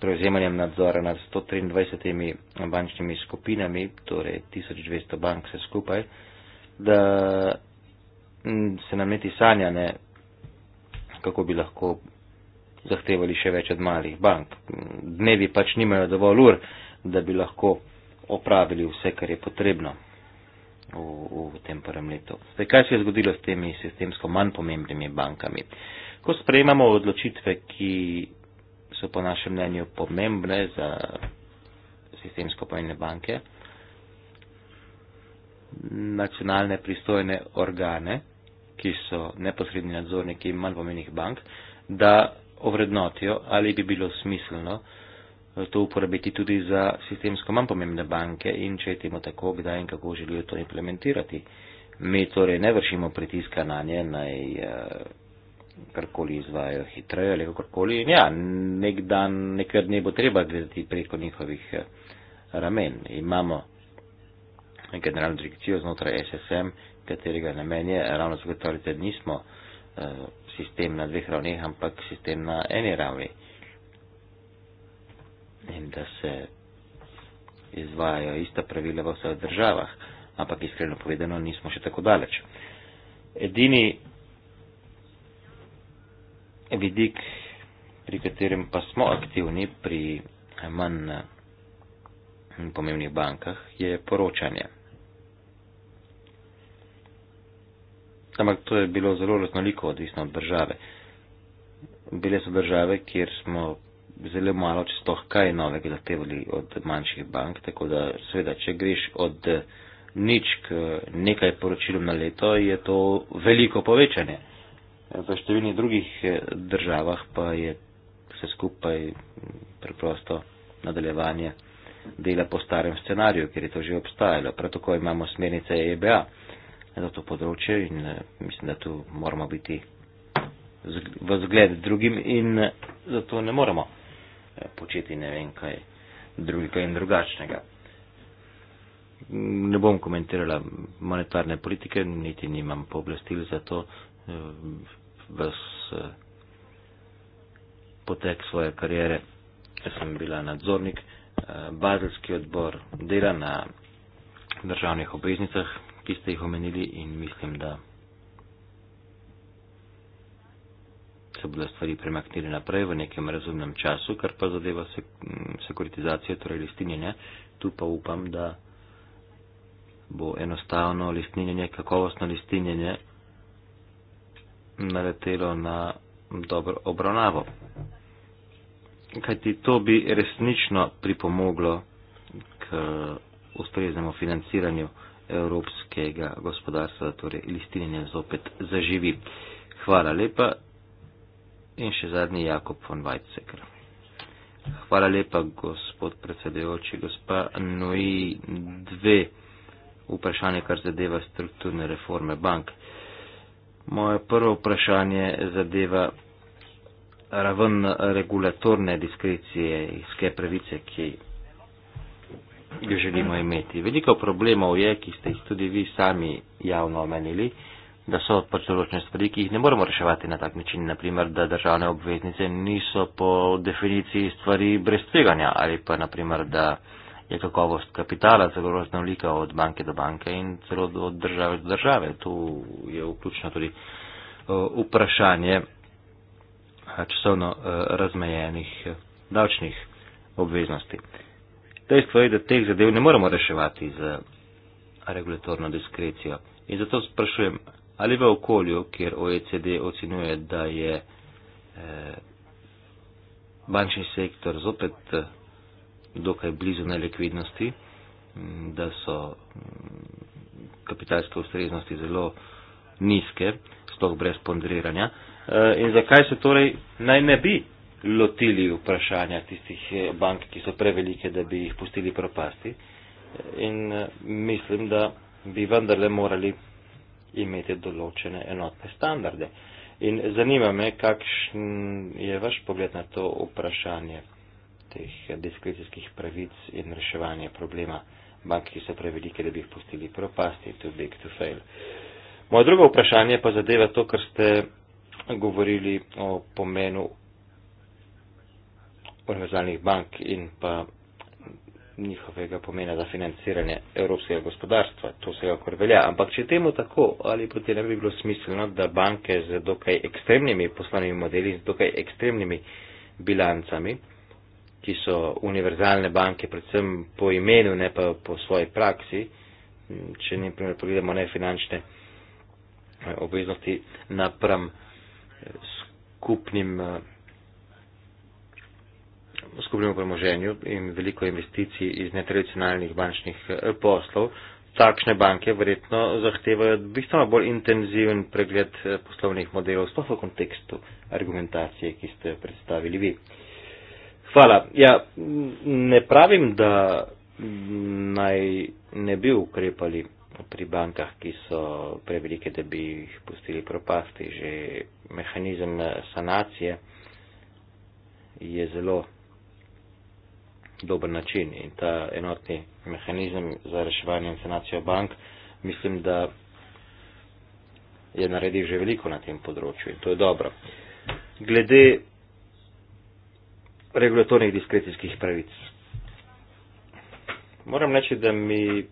prevzemanjem nadzora nad 123 bančnimi skupinami, torej 1200 bank vse skupaj, da se nam niti sanja ne, kako bi lahko zahtevali še več od malih bank. Dnevi pač nimajo dovolj ur, da bi lahko opravili vse, kar je potrebno v, v tem prvem letu. Zdaj, kaj se je zgodilo s temi sistemsko manj pomembnimi bankami? Ko sprejemamo odločitve, ki so po našem mnenju pomembne za sistemsko pomembne banke, nacionalne pristojne organe, ki so neposredni nadzorniki manj pomembnih bank, da ovrednotijo, ali bi bilo smiselno eh, to uporabiti tudi za sistemsko manj pomembne banke in če je temu tako, kdaj in kako želijo to implementirati. Mi torej ne vršimo pritiska na nje, naj. Uh, karkoli izvajo hitreje ali kakorkoli. In ja, nek dan, nekaj dne bo treba gledati preko njihovih eh, ramen. Imamo generalno direkcijo znotraj SSM, katerega namen je ravno zagotoviti, da nismo uh, sistem na dveh ravneh, ampak sistem na eni ravni. In da se izvajajo ista pravila v vseh državah, ampak iskreno povedano, nismo še tako daleč. Edini vidik, pri katerem pa smo aktivni pri manj pomembnih bankah, je poročanje. Ampak to je bilo zelo raznoliko odvisno od države. Bile so države, kjer smo zelo malo, če sploh kaj novega zahtevali od manjših bank, tako da seveda, če greš od nič k nekaj poročilom na leto, je to veliko povečanje v številnih drugih eh, državah pa je vse skupaj preprosto nadaljevanje dela po starem scenariju, ker je to že obstajalo. Prav tako imamo smernice EBA za to področje in eh, mislim, da tu moramo biti v zgled drugim in eh, zato ne moremo početi ne vem kaj drugega in drugačnega. Mm, ne bom komentirala monetarne politike, niti nimam pooblastil za to, ves eh, potek svoje karijere, ker sem bila nadzornik. Eh, bazelski odbor dela na državnih obveznicah, ki ste jih omenili in mislim, da se bodo stvari premaknili naprej v nekem razumnem času, kar pa zadeva sek mm, sekuritizacijo, torej listinjenje. Tu pa upam, da bo enostavno listinjenje, kakovostno listinjenje naletelo na dobro obravnavo. Kajti to bi resnično pripomoglo k ustreznemu financiranju evropskega gospodarstva, torej listinjenje zopet zaživi. Hvala lepa. In še zadnji Jakob von Weizsäcker. Hvala lepa, gospod predsedujoči. Gospa Noji, dve vprašanje, kar zadeva strukturne reforme bank. Moje prvo vprašanje zadeva raven regulatorne diskrecije, iske pravice, ki jo želimo imeti. Veliko problemov je, ki ste jih tudi vi sami javno omenili, da so pač določene stvari, ki jih ne moremo reševati na tak način, naprimer, da državne obveznice niso po definiciji stvari brez tveganja ali pa naprimer, da je kakovost kapitala zelo raznolika od banke do banke in celo od države do države. Tu je vključno tudi eh, vprašanje eh, časovno eh, razmejenih davčnih obveznosti. Dejstvo je, da teh zadev ne moremo reševati z regulatorno diskrecijo. In zato sprašujem, ali v okolju, kjer OECD ocenjuje, da je eh, bančni sektor zopet dokaj blizu nelikvidnosti, mm, da so mm, kapitalske ustreznosti zelo nizke, sploh brez ponderiranja. Eh, in zakaj se torej naj ne bi lotili vprašanja tistih eh, bank, ki so prevelike, da bi jih pustili propasti. Eh, in mislim, da bi vendarle morali imeti določene enotne standarde. In zanima me, kakšen je vaš pogled na to vprašanje teh diskrecijskih pravic in reševanje problema. Banki so prevelike, da bi jih pustili propasti, too big to fail. Moje drugo vprašanje pa zadeva to, kar ste govorili o pomenu univerzalnih bank in pa njihovega pomena za financiranje evropskega gospodarstva. To se kakor velja. Ampak če temu tako, ali potem ne bi bilo smiselno, da banke z dokaj ekstremnimi poslovnimi modeli, z dokaj ekstremnimi bilancami, ki so univerzalne banke, predvsem po imenu, ne pa po svoji praksi, če ne primer pogledamo nefinančne eh, obveznosti napram eh, skupnim, eh, skupnim premoženju in veliko investicij iz netradicionalnih bančnih poslov. Takšne banke verjetno zahtevajo bistveno bolj intenziven pregled poslovnih modelov, sploh v kontekstu argumentacije, ki ste predstavili vi. Hvala. Ja, ne pravim, da naj ne bi ukrepali pri bankah, ki so prevelike, da bi jih pustili propasti. Že mehanizem sanacije je zelo dober način in ta enotni mehanizem za reševanje in sanacijo bank, mislim, da je naredil že veliko na tem področju in to je dobro. Glede regulatornih diskrecijskih pravic. Moram reči, da mi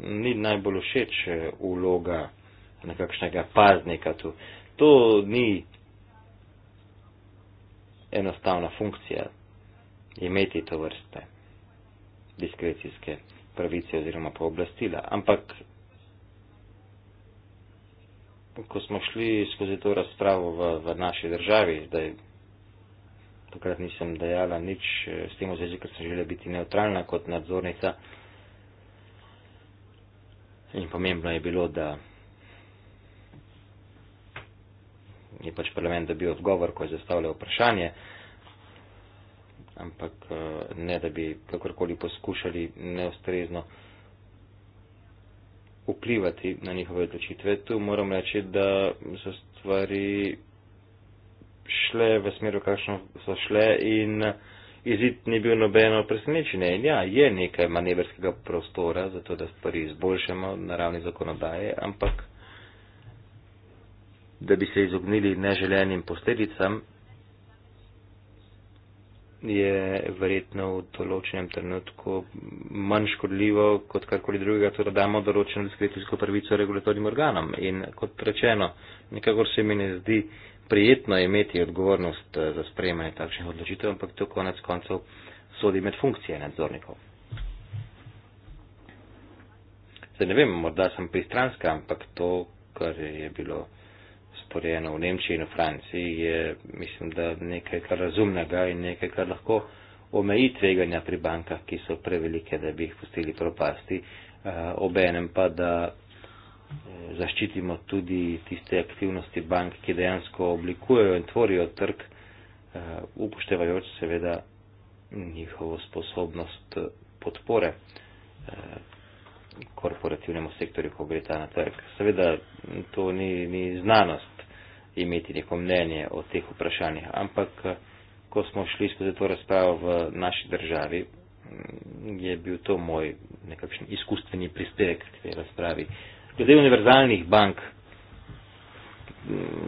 ni najbolj všeč uloga eh, nekakšnega paznika tu. To ni enostavna funkcija imeti to vrste diskrecijske pravice oziroma pooblastila. Ampak, ko smo šli skozi to razpravo v, v naši državi, zdaj takrat nisem dejala nič eh, s tem v zvezi, ker sem želela biti neutralna kot nadzornica. In pomembno je bilo, da je pač parlament dobil odgovor, ko je zastavljal vprašanje, ampak eh, ne, da bi kakorkoli poskušali neustrezno vplivati na njihove odločitve. Tu moram reči, da so stvari šle v smeru, kakšno so šle in izid ni bil nobeno presenečenje. In ja, je nekaj manevrskega prostora za to, da stvari izboljšamo na ravni zakonodaje, ampak da bi se izognili neželenim posledicam, je verjetno v določenem trenutku manj škodljivo kot karkoli drugega, to da damo določeno diskretijsko pravico regulatornim organom. In kot rečeno, nekako se mi ne zdi, prijetno imeti odgovornost eh, za sprejemanje takšnih odločitev, ampak to konec koncev sodi med funkcije nadzornikov. Zdaj ne vem, morda sem pristranska, ampak to, kar je bilo sporejeno v Nemčiji in v Franciji, je mislim, da nekaj kar razumnega in nekaj kar lahko omeji tveganja pri bankah, ki so prevelike, da bi jih pustili propasti, eh, ob enem pa, da zaščitimo tudi tiste aktivnosti bank, ki dejansko oblikujejo in tvorijo trg, eh, upoštevajoč seveda njihovo sposobnost eh, podpore eh, korporativnemu sektorju, ko gre ta na trg. Seveda to ni, ni znanost imeti neko mnenje o teh vprašanjih, ampak ko smo šli skozi to razpravo v naši državi, mm, je bil to moj nekakšen izkustveni prispevek k tej razpravi. Uh, Glede univerzalnih bank,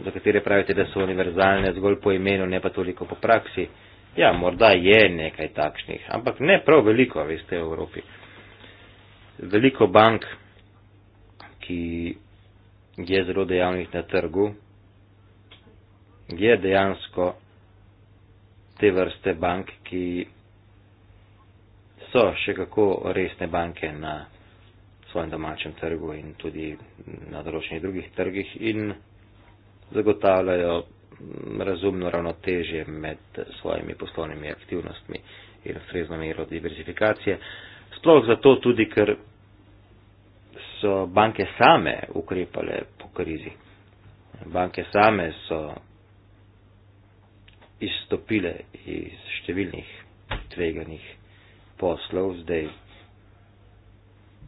za katere pravite, da so univerzalne zgolj po imenu, ne pa toliko po praksi, ja, morda je nekaj takšnih, ampak ne prav veliko, veste, v Evropi. Veliko bank, ki je zelo dejavnih na trgu, je dejansko te vrste bank, ki so še kako resne banke na svojem domačem trgu in tudi na določenih drugih trgih in zagotavljajo mm, razumno ravnotežje med svojimi poslovnimi aktivnostmi in ustrezno mero diversifikacije. Sploh zato tudi, ker so banke same ukrepale po krizi. Banke same so izstopile iz številnih tveganih poslov, zdaj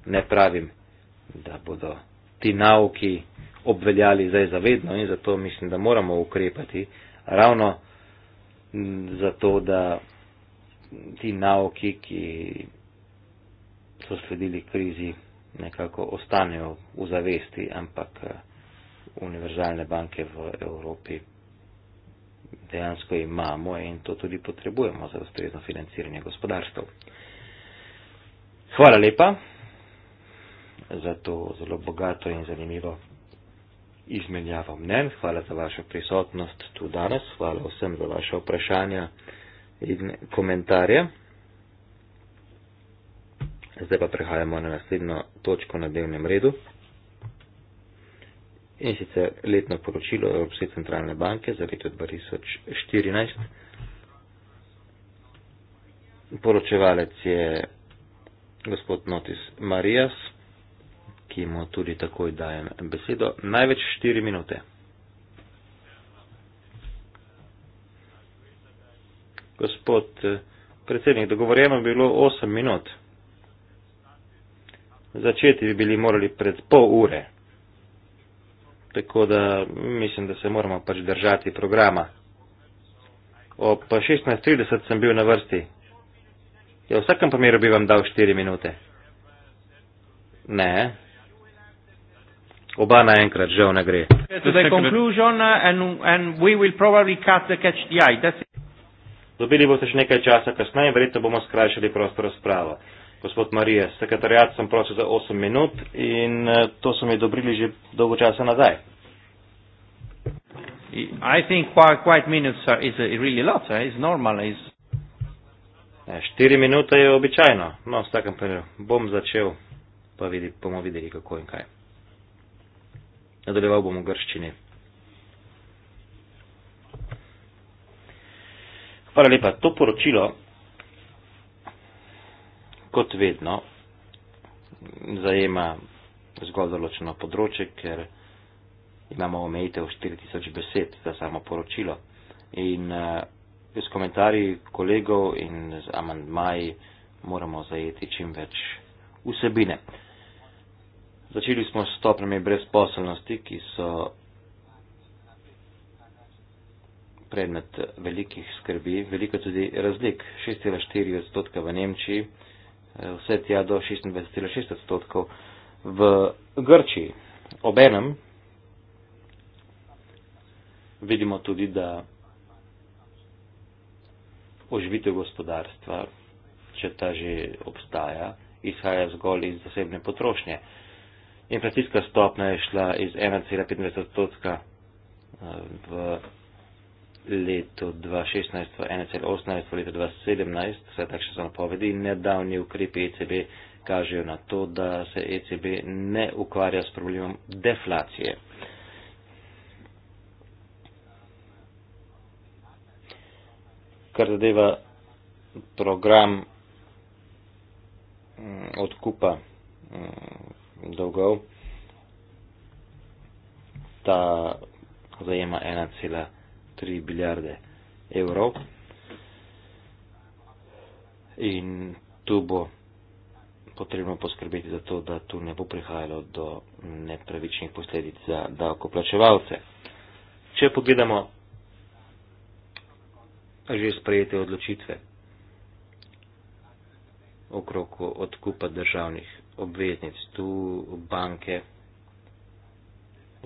ne pravim, da bodo ti nauki obveljali zdaj zavedno in zato mislim, da moramo ukrepati ravno zato, da ti nauki, ki so sledili krizi, nekako ostanejo v zavesti, ampak eh, univerzalne banke v Evropi dejansko imamo in to tudi potrebujemo za ustrezno financiranje gospodarstva. Hvala lepa za to zelo bogato in zanimivo izmenjavo mnen. Hvala za vašo prisotnost tu danes. Hvala vsem za vaše vprašanja in komentarje. Zdaj pa prehajamo na naslednjo točko na dnevnem redu. In sicer letno poročilo Evropske centralne banke za leto 2014. Poročevalec je gospod Notis Marijas, ki mu tudi takoj dajem besedo. Največ 4 minute. Gospod eh, predsednik, dogovorjeno je bilo 8 minut. Začeti bi bili morali pred pol ure. Tako da mislim, da se moramo pač držati programa. Ob 16.30 sem bil na vrsti. Ja, v vsakem primeru bi vam dal 4 minute. Ne oba naenkrat žal ne gre. Dobili boste še nekaj časa kasneje in verjetno bomo skrajšali prosto razpravo. Gospod Marije, sekretarjat sem prosil za 8 minut in eh, to so mi dobrili že dolgo časa nazaj. Štiri minute je običajno, no v vsakem primeru bom začel, pa vidi, bomo videli kako in kaj. Nadaljeval bom v grščini. Hvala lepa. To poročilo, kot vedno, zajema zgolj določeno področje, ker imamo omejitev 4000 besed za samo poročilo. In uh, s komentarji kolegov in z amandmaji moramo zajeti čim več vsebine. Uh, Začeli smo s stopnjami brezposelnosti, ki so predmet velikih skrbi, veliko tudi razlik. 6,4 odstotka v Nemčiji, vse tja do 26,6 odstotkov v Grčiji. Obenem vidimo tudi, da oživitev gospodarstva, če ta že obstaja, izhaja zgolj iz zasebne potrošnje. Inflacijska stopnja je šla iz 1,25 odstotka eh, v letu 2016 v 1,18 v letu 2017, vse takšne so napovedi in nedavni ukrepi ECB kažejo na to, da se ECB ne ukvarja s problemom deflacije. Kar zadeva program mm, odkupa mm, dolgov. Ta zajema 1,3 milijarde evrov. In tu bo potrebno poskrbeti za to, da tu ne bo prihajalo do nepravičnih posledic za davkoplačevalce. Če pogledamo že sprejete odločitve okrog odkupa državnih obveznic. Tu banke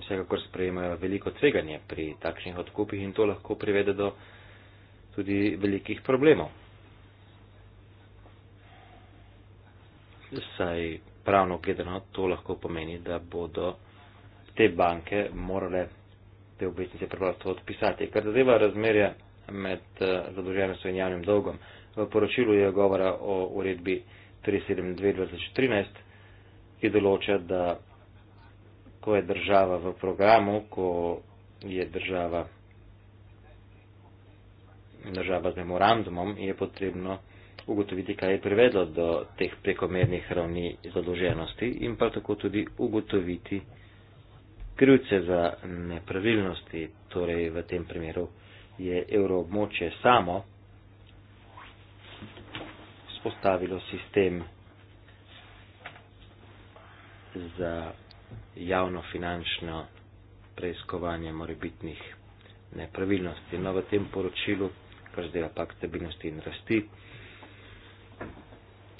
vsekakor sprejemajo veliko tveganje pri takšnih odkupih in to lahko privede do tudi velikih problemov. Saj pravno gledano to lahko pomeni, da bodo te banke morale te obveznice preprosto odpisati. Kar zadeva razmerje med eh, zadolženostjo in javnim dolgom, v poročilu je govora o uredbi 372-2013, ki določa, da ko je država v programu, ko je država, država z memorandumom, je potrebno ugotoviti, kaj je privedlo do teh prekomernih ravni zadolženosti in pa tako tudi ugotoviti krivce za nepravilnosti, torej v tem primeru je evroobmočje samo vzpostavilo sistem za javno finančno preiskovanje morebitnih nepravilnosti. No, v tem poročilu, kar zdaj pak stabilnosti in rasti,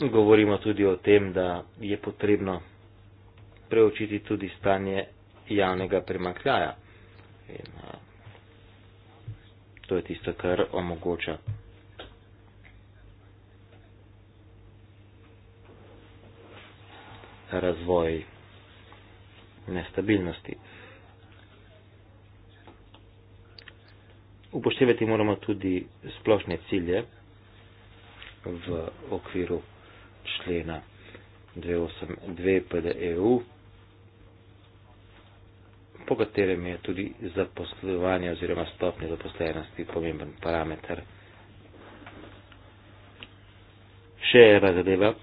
govorimo tudi o tem, da je potrebno preučiti tudi stanje javnega primakljaja. In, a, to je tisto, kar omogoča razvoj nestabilnosti. Upoštevati moramo tudi splošne cilje v okviru člena 282 PDEU, po katerem je tudi zaposlovanje oziroma stopnje zaposlenosti pomemben parameter. Še ena zadeva,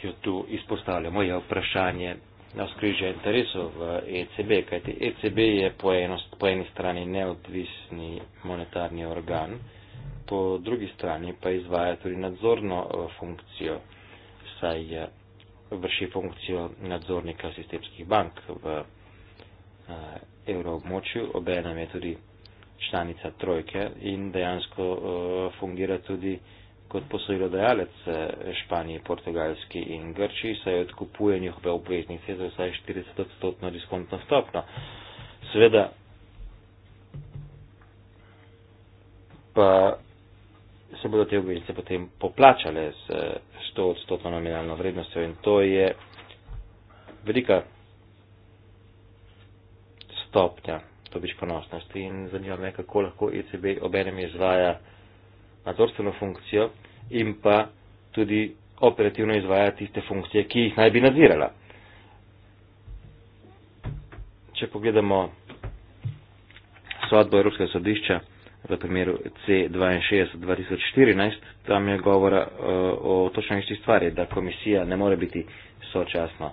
ki jo tu izpostavljamo, je vprašanje navskrižja interesov v ECB, kajti ECB je po, enost, po eni strani neodvisni monetarni organ, po drugi strani pa izvaja tudi nadzorno eh, funkcijo, saj eh, vrši funkcijo nadzornika sistemskih bank v eh, evroobmočju, obenem je tudi članica trojke in dejansko fungira tudi kot posojilodajalec eh, Španiji, Portugalski in Grčiji, saj odkupuje njihove obveznice za vsaj 40 odstotno diskontno stopno. Seveda pa se bodo te obveznice potem poplačale z 100 eh, odstotno nominalno vrednostjo in to je velika stopnja dobičkonosnosti in zanima me, kako lahko ECB obenem izvaja nadzorstveno funkcijo in pa tudi operativno izvaja tiste funkcije, ki jih naj bi nadzirala. Če pogledamo sodbo Evropskega sodišča v primeru C62-2014, tam je govora uh, o točno isti stvari, da komisija ne more biti sočasno uh,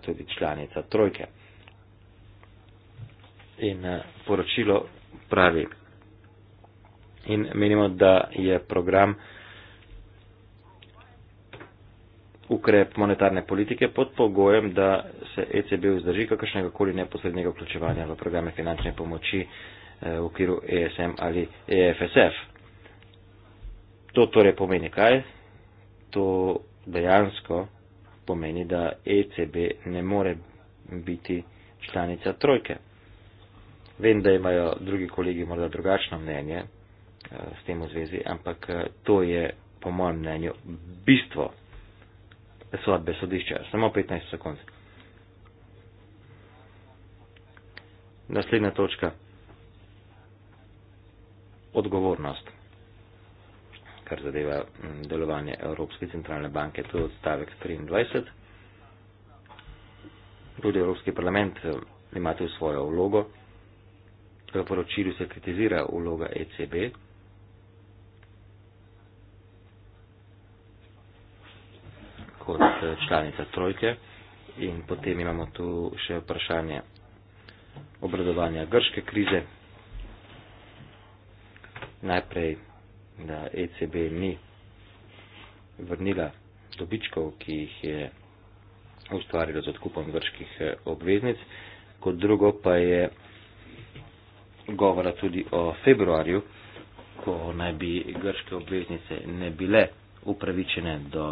tudi članica trojke. In uh, poročilo pravi, in menimo, da je program ukrep monetarne politike pod pogojem, da se ECB vzdrži kakršnega koli neposrednega vključevanja v programe finančne pomoči eh, v okviru ESM ali EFSF. To torej pomeni kaj? To dejansko pomeni, da ECB ne more biti članica trojke. Vem, da imajo drugi kolegi morda drugačno mnenje, Eh, s tem v zvezi, ampak eh, to je po mojem mnenju bistvo sodbe sodišča. Samo 15 sekund. Naslednja točka. Odgovornost, kar zadeva mm, delovanje Evropske centralne banke, to je odstavek 23. Tudi Evropski parlament eh, ima tu svojo vlogo. V poročilu se kritizira vloga ECB, kot eh, članica trojke. In potem imamo tu še vprašanje obradovanja grške krize. Najprej, da ECB ni vrnila dobičkov, ki jih je ustvarila z odkupom grških eh, obveznic. Kot drugo pa je govora tudi o februarju, ko naj bi grške obveznice ne bile upravičene do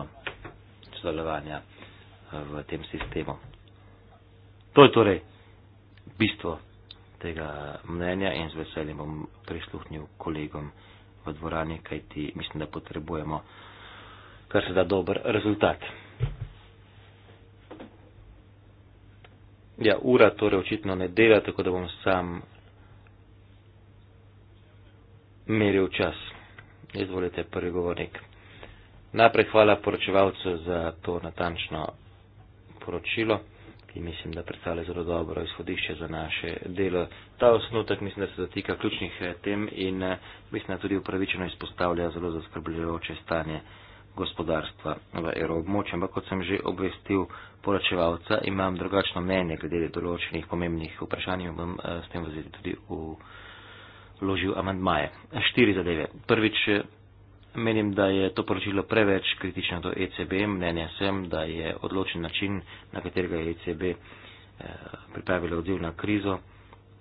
sodelovanja eh, v tem sistemu. To je torej bistvo tega mnenja in z veseljem bom prisluhnil kolegom v dvorani, kajti mislim, da potrebujemo kar se da dober rezultat. Ja, ura torej očitno ne dela, tako da bom sam meril čas. Izvolite, prvi govornik. Najprej hvala poročevalcu za to natančno poročilo, ki mislim, da predstavlja zelo dobro izhodišče za naše delo. Ta osnutek mislim, da se dotika ključnih eh, tem in eh, mislim, da tudi upravičeno izpostavlja zelo zaskrbljujoče stanje gospodarstva v evroobmočju. Ampak kot sem že obvestil poročevalca, imam drugačno mnenje glede določenih pomembnih vprašanj in bom eh, s tem vzeti tudi v ložil amandmaje. Štiri zadeve. Prvič, Menim, da je to poročilo preveč kritično do ECB. Mnenja sem, da je odločen način, na katerega je ECB eh, pripravila odziv na krizo,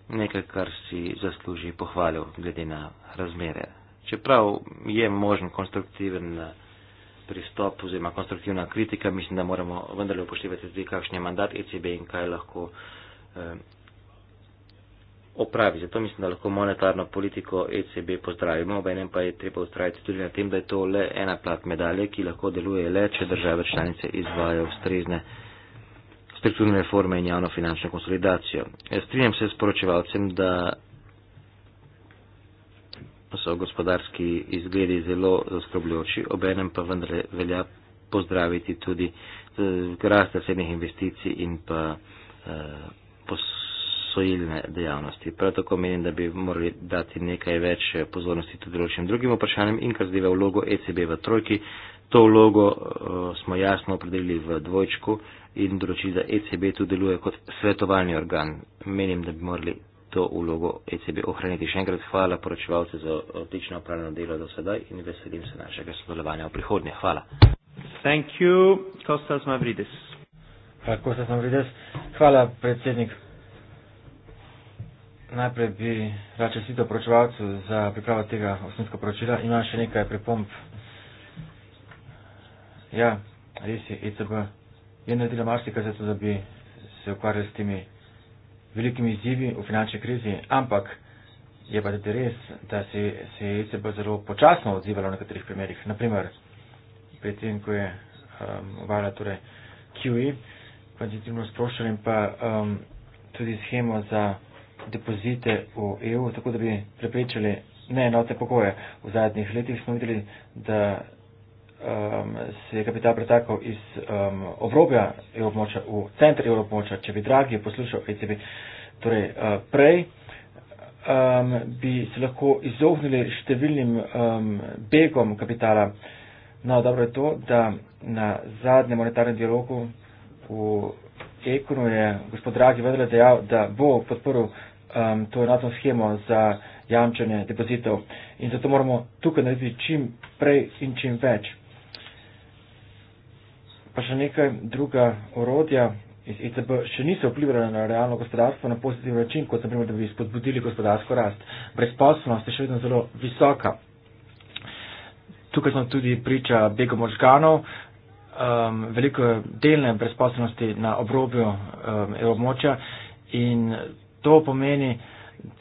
nekaj, kar si zasluži pohvalil glede na razmere. Čeprav je možen konstruktiven eh, pristop oziroma konstruktivna kritika, mislim, da moramo vendarle upoštevati tudi, kakšen je mandat ECB in kaj lahko eh, opravi. Zato mislim, da lahko monetarno politiko ECB pozdravimo, ob enem pa je treba ustrajati tudi na tem, da je to le ena plat medalje, ki lahko deluje le, če države članice izvajo ustrezne strukturne reforme in javno finančno konsolidacijo. Jaz strinjam se s poročevalcem, da so gospodarski izgledi zelo zaskrbljujoči, ob enem pa vendar velja pozdraviti tudi eh, rast naslednjih investicij in pa uh, posojilne dejavnosti. Prav tako menim, da bi morali dati nekaj več pozornosti tudi določenim drugim vprašanjem in kar zadeva vlogo ECB v trojki. To vlogo eh, smo jasno opredelili v dvojčku in določili, da ECB tu deluje kot svetovalni organ. Menim, da bi morali to vlogo ECB ohraniti. Še enkrat hvala poročevalce za odlično opravljeno delo do sedaj in veselim se našega sodelovanja v prihodnje. Hvala. Thank you, Kostas Mavridis. Kostas Mavridis. Hvala, predsednik najprej bi rad čestito poročevalcu za pripravo tega osnovnega poročila. Imam še nekaj pripomb. Ja, res je, ECB je naredila marsikaj zato, da bi se ukvarjali s temi velikimi izzivi v finančni krizi, ampak je pa tudi res, da se, se je ECB zelo počasno odzivalo v nekaterih primerih. Naprimer, pri tem, ko je uvajala um, torej QE, kvantitativno sproščanje in pa um, tudi schemo za depozite v EU, tako da bi preprečili neenote pokoje. V zadnjih letih smo videli, da um, se je kapital pretakal iz um, obrobja EU območja v center EU območja. Če bi dragi poslušal ECB torej, uh, prej, um, bi se lahko izognili številnim um, begom kapitala. No, dobro je to, da na zadnjem monetarnem dialogu v Ekonu je gospod Dragi vendarle dejal, da bo podporil um, to enotno schemo za jamčanje depozitov in zato moramo tukaj narediti čim prej in čim več. Pa še nekaj druga orodja iz ECB še niso vplivala na realno gospodarstvo na pozitiven način, kot naprimer, da bi spodbudili gospodarsko rast. Brezposobnost je še vedno zelo visoka. Tukaj smo tudi priča bega možganov, um, veliko delne brezposobnosti na obrobju um, območja in to pomeni,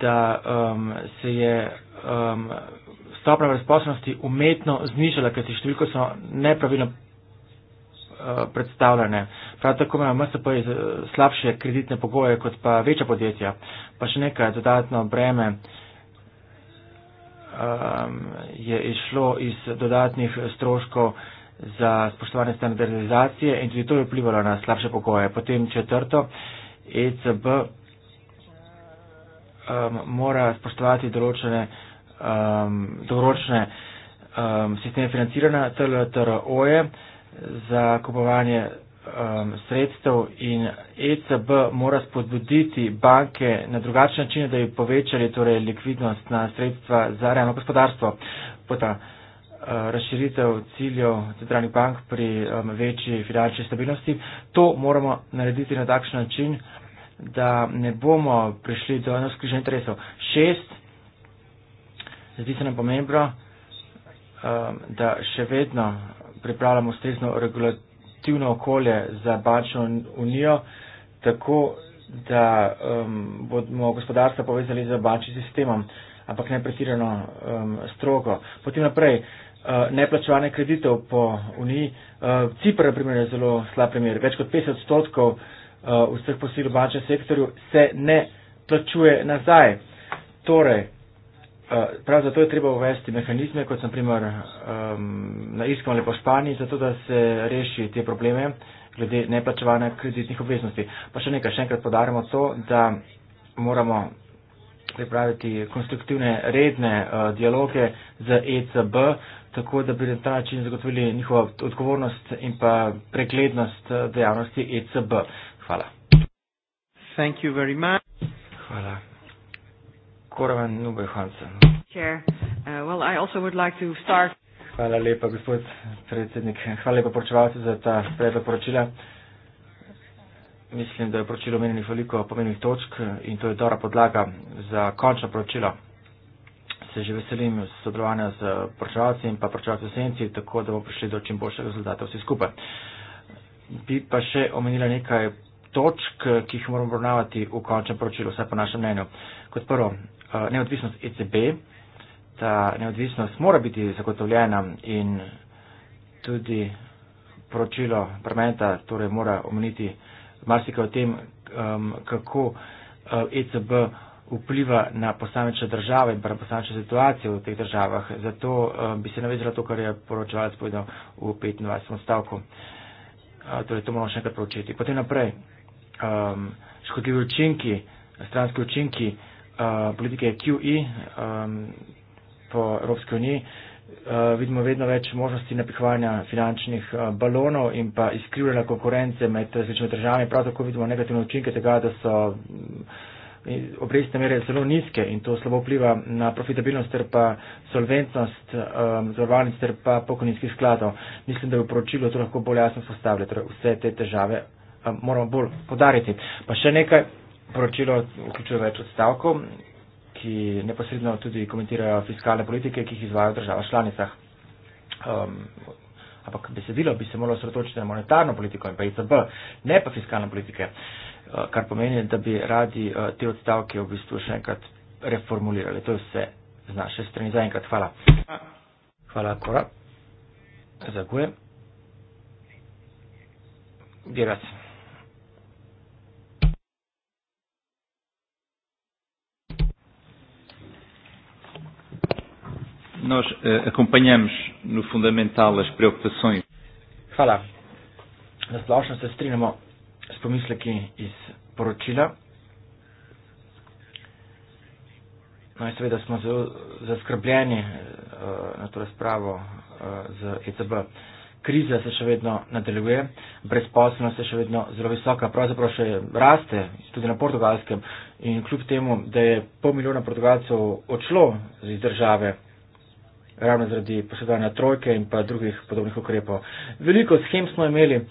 da um, se je um, stopna brezposobnosti umetno znižala, ker te številke so nepravilno uh, predstavljene. Prav tako imajo MSP uh, slabše kreditne pogoje kot pa večja podjetja. Pa še nekaj dodatno breme um, je išlo iz dodatnih stroškov za spoštovanje standardizacije in tudi to je vplivalo na slabše pogoje. Potem četrto, ECB um, mora spoštovati določene, um, določene um, sisteme financiranja TLTROE za kupovanje um, sredstev in ECB mora spodbuditi banke na drugačen način, da bi povečali torej, likvidnost na sredstva za realno gospodarstvo. Pota uh, razširitev ciljev centralnih bank pri um, večji finančni stabilnosti. To moramo narediti na takšen način, da ne bomo prišli do eno skrižnih interesov. Šest, zdi se nam pomembno, um, da še vedno pripravljamo ustrezno regulativno okolje za bančno unijo, tako da um, bomo gospodarstvo povezali z bančnim sistemom, ampak ne pretirano um, strogo. Potem naprej, uh, neplačevanje kreditov po uniji. Uh, Cipr, na primer, je zelo slab primer. Več kot 50 odstotkov uh, uh, vseh posil v bančnem sektorju, se ne plačuje nazaj. Torej, uh, prav zato je treba uvesti mehanizme, kot sem primer um, na Irskem ali po Španiji, zato da se reši te probleme glede neplačevanja kreditnih obveznosti. Pa še nekaj, še enkrat podarimo to, da moramo pripraviti konstruktivne, redne uh, dialoge z ECB, tako da bi na ta način zagotovili njihovo odgovornost in pa preglednost uh, dejavnosti ECB. Hvala. Thank you very much. Hvala. Korvan Nube Hansen. Chair, uh, well, I also would like to start. Hvala lepa, gospod predsednik. Hvala lepa poročevalcu za ta predlog poročila. Mislim, da je poročilo omenjenih veliko pomenih točk in to je dobra podlaga za končno poročilo. Se že veselim sodelovanja z poročevalci in pa poročevalci v senci, tako da bomo prišli do čim boljšega rezultata vsi skupaj. Bi pa še omenila nekaj točk, eh, ki jih moramo obravnavati v končnem poročilu, vsaj po našem mnenju. Kot prvo, eh, neodvisnost ECB. Ta neodvisnost mora biti zagotovljena in tudi poročilo parlamenta torej mora omeniti marsikaj o tem, ehm, kako ECB eh, e vpliva na posamečne države in pa na posamečne situacije v teh državah. Zato bi se navezala to, kar je poročevalec povedal v 25. stavku. Torej, to moramo še enkrat pročiti. Potem naprej um, škodljivi učinki, stranski učinki uh, politike QE um, po Evropski uniji. Uh, vidimo vedno več možnosti napihovanja finančnih uh, balonov in pa izkrivljanja konkurence med različnimi državami. Prav tako vidimo negativne učinke tega, da so mm, obrestne mere zelo nizke in to slabo vpliva na profitabilnost ter pa solventnost um, zavarovalnic ter pa pokojninskih skladov. Mislim, da bi v poročilu to lahko bolj jasno postavljati, torej vse te težave moramo bolj podariti. Pa še nekaj, poročilo vključuje več odstavkov, ki neposredno tudi komentirajo fiskalne politike, ki jih izvajo država članicah. Um, ampak besedilo bi se moralo sretočiti na monetarno politiko in pa ICB, ne pa fiskalne politike, uh, kar pomeni, da bi radi uh, te odstavke v bistvu še enkrat reformulirali. To je vse z naše strani. Za enkrat hvala. Hvala, Kora. Zagujem. Gerac. Nós uh, acompanhamos no fundamental as preocupações. Hvala. Na splošno se strinjamo s pomisleki iz poročila. No in seveda smo zelo zaskrbljeni uh, na to razpravo uh, z ECB. Kriza se še vedno nadaljuje, brezposobnost je še vedno zelo visoka, pravzaprav še raste, tudi na portugalskem. In kljub temu, da je pol milijona portugalcev odšlo iz države, ravno zaradi posedanja trojke in pa drugih podobnih ukrepov. Veliko schem smo imeli,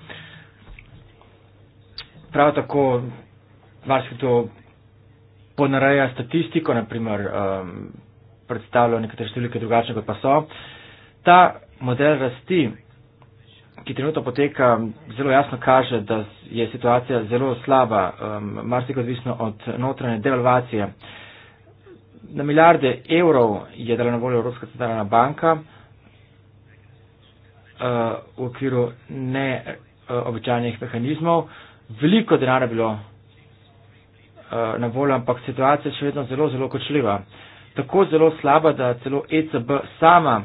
prav tako marsikdo ponareja statistiko, naprimer um, predstavlja nekatere številke drugačne, kot pa so. Ta model rasti, ki trenutno poteka, zelo jasno kaže, da je situacija zelo slaba, um, marsikdo odvisno od notranje devalvacije. Na milijarde evrov je dala na voljo Evropska centralna banka eh, v okviru neobičajnih mehanizmov. Veliko denara je bilo eh, na voljo, ampak situacija je še vedno zelo, zelo kočljiva. Tako zelo slaba, da celo ECB sama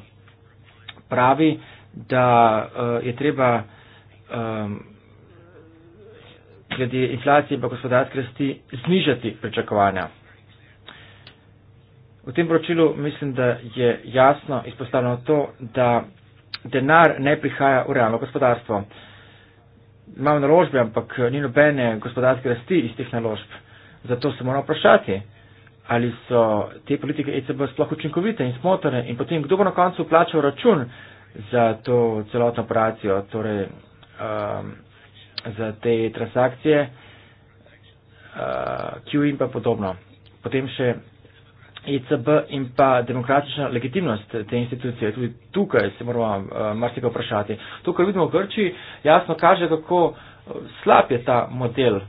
pravi, da eh, je treba ehm, glede inflacije in gospodarske rasti znižati pričakovanja. V tem poročilu mislim, da je jasno izpostavljeno to, da denar ne prihaja v realno gospodarstvo. Imamo naložbe, ampak ni nobene gospodarske rasti iz teh naložb. Zato se moramo vprašati, ali so te politike ECB sploh učinkovite in smotrne in potem kdo bo na koncu plačal račun za to celotno operacijo, torej um, za te transakcije, uh, QI in pa podobno. Potem še ECB in pa demokratična legitimnost te institucije. Tudi tukaj se moramo uh, marsikaj vprašati. To, kar vidimo v Grčiji, jasno kaže, kako eh, slab je ta model.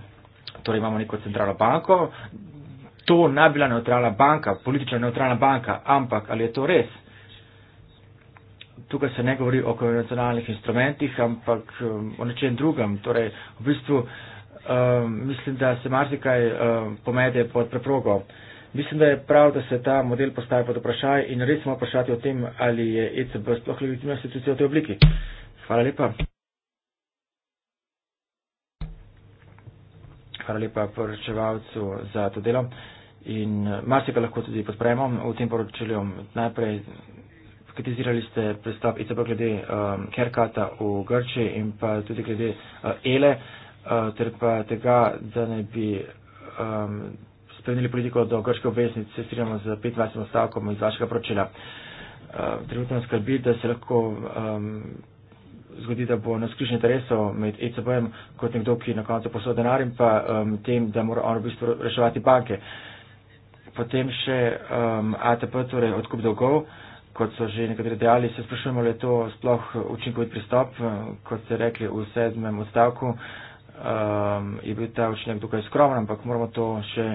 Torej imamo neko centralno banko, to naj bila neutralna banka, politično neutralna banka, ampak ali je to res? Tukaj se ne govori o konvencionalnih instrumentih, ampak um, o nečem drugem. Torej, v bistvu um, mislim, da se marsikaj um, pomede pod preprogo. Uh, Mislim, da je prav, da se ta model postavi pod vprašaj in res smo vprašati o tem, ali je ECB sploh legitimna institucija v tej obliki. Hvala lepa. Hvala lepa poročevalcu za to delo. In marsikaj lahko tudi podpremo v tem poročilju. Najprej kritizirali ste pristop ECB glede um, Kerkata v Grčiji in pa tudi glede uh, Ele, uh, ter pa tega, da ne bi. Um, sklenili politiko do grške obveznice, se strinjamo z 25 stavkom iz vašega pročila. Eh, trenutno skrbi, da se lahko um, zgodi, da bo naskrižen interesov med ECB-em kot nekdo, ki na koncu posod denar in pa um, tem, da mora on v bistvu reševati banke. Potem še um, ehm, ATP, torej odkup dolgov, kot so že nekateri dejali, se sprašujemo, ali je to sploh učinkovit pristop, kot ste rekli v sedmem odstavku, um, je bil ta učinek dokaj skromen, ampak moramo to še.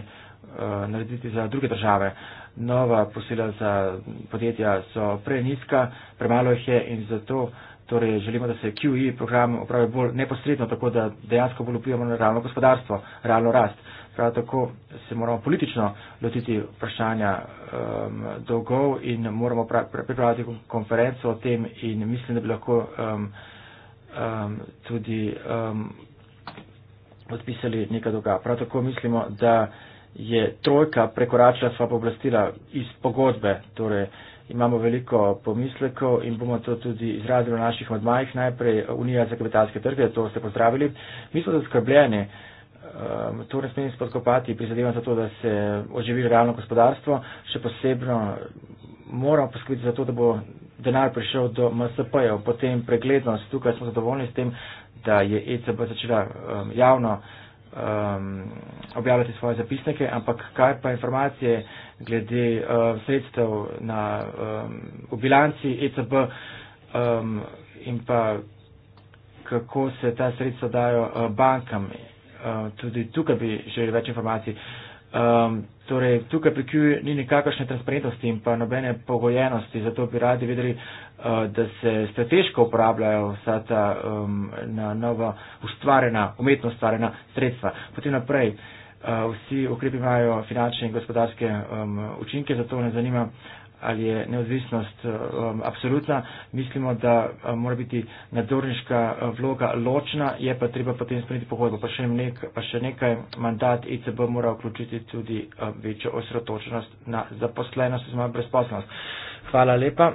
Eh, narediti za druge države. Nova posila za podjetja so preniska, premalo jih je in zato torej, želimo, da se QE program opravi bolj neposredno, tako da dejansko bolj vplivamo na realno gospodarstvo, realno rast. Prav tako se moramo politično lotiti vprašanja um, dolgov in moramo pra, pra, pripraviti konferenco o tem in mislim, da bi lahko um, um, tudi um, odpisali nekaj dolga. Prav tako mislimo, da je trojka prekoračila sva poblastila iz pogodbe. Torej, imamo veliko pomislekov in bomo to tudi izrazili v naših odmajih. Najprej Unija za kapitalske trge, to ste pozdravili. Mi smo zaskrbljeni, um, to ne smem spodkopati, prizadevam za to, da se oživi realno gospodarstvo, še posebno moramo poskrbiti za to, da bo denar prišel do MSP-jev. Potem preglednost, tukaj smo zadovoljni s tem, da je ECB začela um, javno um, objavljati svoje zapisnike, ampak kaj pa informacije glede um, sredstev na, um, v bilanci ECB um, in pa kako se ta sredstva dajo uh, bankam. Uh, tudi tukaj bi želeli več informacij. Um, torej, tukaj pri QE ni nikakršne transparentnosti in pa nobene pogojenosti, zato bi radi vedeli, uh, Eh, da se strateško uporabljajo vsa ta um, na nova ustvarjena, umetno ustvarjena sredstva. Potem naprej, uh, vsi ukrepi imajo finančne in gospodarske um, učinke, zato me zanima, ali je neodvisnost um, absolutna. Mislimo, da um, mora biti nadzorniška vloga ločna, je pa treba potem spremeniti pogodbo. Pa, pa še nekaj, mandat ICB mora vključiti tudi um, večjo osredotočenost na zaposlenost oziroma brezposlenost. Hvala lepa.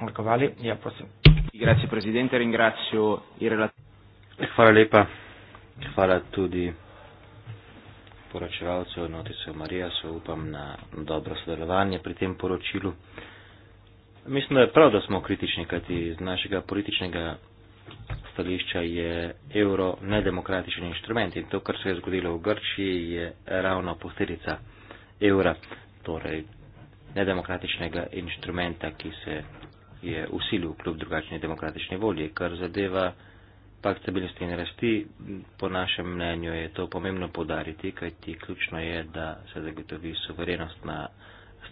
Marco Valli, e al ja, prossimo. Grazie Presidente, ringrazio i relatori. Hvala lepa. Hvala tudi poročevalcu Noticeo Marija, se upam na dobro sodelovanje pri tem poročilu. Mislim, da je prav, da smo kritični, kajti z našega političnega stališča je evro nedemokratičen inštrument in to, kar se je zgodilo v Grčiji, je ravno posledica evra, torej nedemokratičnega inštrumenta, ki se je usilil kljub drugačni demokratični volji. Kar zadeva pakt stabilnosti in rasti, po našem mnenju je to pomembno podariti, kajti ključno je, da se zagotovi suverenost na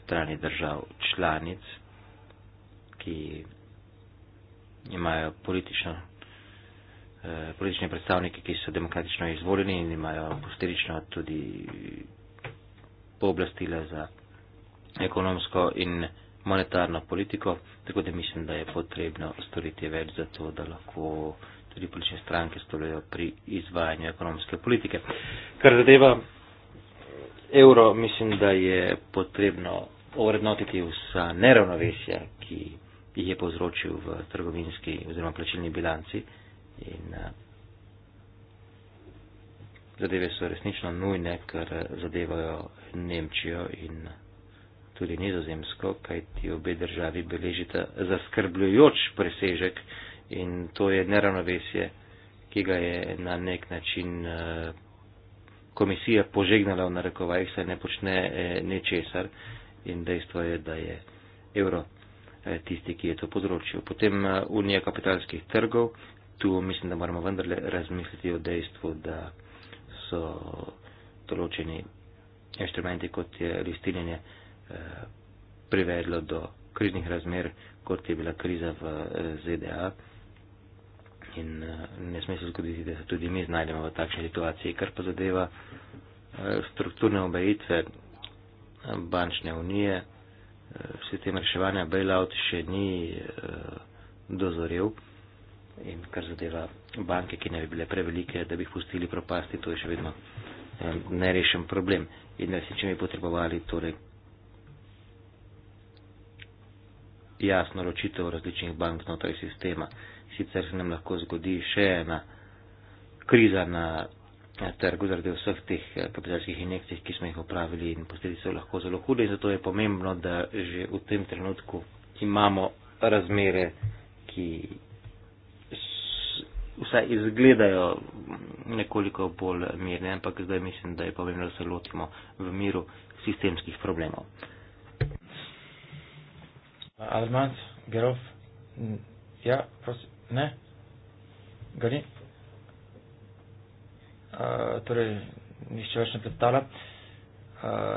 strani držav članic, ki imajo politično, eh, politične predstavnike, ki so demokratično izvoljeni in imajo posledično tudi pooblastila za ekonomsko in monetarno politiko, tako da mislim, da je potrebno storiti več za to, da lahko tudi politične stranke stolejo pri izvajanju ekonomske politike. Kar zadeva evro, mislim, da je potrebno ovrednotiti vsa neravnovesja, ki jih je povzročil v trgovinski oziroma plačilni bilanci in eh, zadeve so resnično nujne, ker eh, zadevajo Nemčijo in tudi nizozemsko, kaj ti obe državi beležita zaskrbljujoč presežek in to je neravnovesje, ki ga je na nek način eh, komisija požegnala v narekovajih, saj ne počne eh, nečesar in dejstvo je, da je evro eh, tisti, ki je to področil. Potem unija kapitalskih trgov, tu mislim, da moramo vendarle razmisliti o dejstvu, da so določeni inštrumenti, kot je listinjenje, privedlo do kriznih razmer, kot je bila kriza v eh, ZDA. In eh, ne sme se zgoditi, da se tudi mi znajdemo v takšni situaciji, kar pa zadeva eh, strukturne obejitve bančne unije. Sistem reševanja bailout še ni dozorel in kar zadeva banke, ki ne bi bile prevelike, da bi jih pustili propasti, to je še vedno nerešen problem. In da bi potrebovali torej jasno ročitev različnih bank znotraj sistema. Sicer se nam lahko zgodi še ena kriza na trgu zaradi vseh teh eh, kapitalskih injekcij, ki smo jih opravili in posledice so lahko zelo hude in zato je pomembno, da že v tem trenutku imamo razmere, ki vsaj izgledajo nekoliko bolj mirne, ampak zdaj mislim, da je pomembno, da se lotimo v miru sistemskih problemov. Almanc, Gerov, mm, ja, prosim, ne, ga ni, a, torej, nišče več ne predstavlja,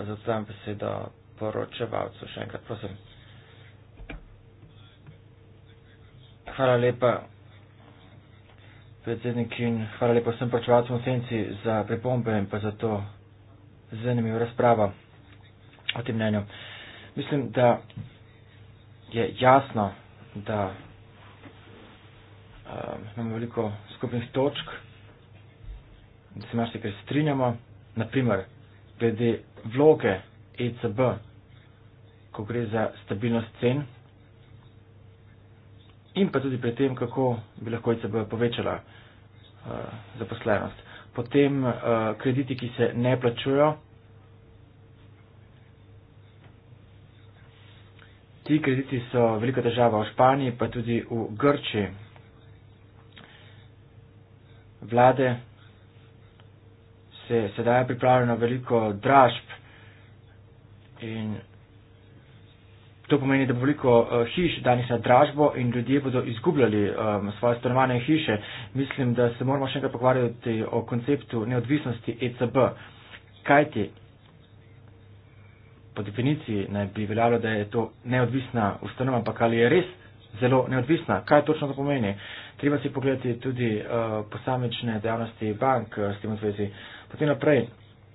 zato dajem besedo poročevalcu, še enkrat, prosim. Hvala lepa, predsednik in hvala lepa vsem poročevalcem v senci za pripombe in pa za to zanimivo razpravo o tem mnenju. Mislim, da je jasno, da um, imamo veliko skupnih točk, da se marsikaj strinjamo, naprimer, glede vloge ECB, ko gre za stabilnost cen in pa tudi pri tem, kako bi lahko ECB povečala uh, zaposlenost. Potem uh, krediti, ki se ne plačujo, Ti krediti so velika težava v Španiji, pa tudi v Grčiji. Vlade se sedaj pripravljajo na veliko dražb in to pomeni, da bo veliko eh, hiš danih na dražbo in ljudje bodo izgubljali um, svoje stanovanje in hiše. Mislim, da se moramo še enkrat pogovarjati o konceptu neodvisnosti ECB. Kajti, po definiciji naj bi veljalo, da je to neodvisna ustanova, ampak ali je res zelo neodvisna, kaj točno to pomeni. Treba si pogledati tudi uh, posamične dejavnosti bank eh, s tem v zvezi. Potem naprej,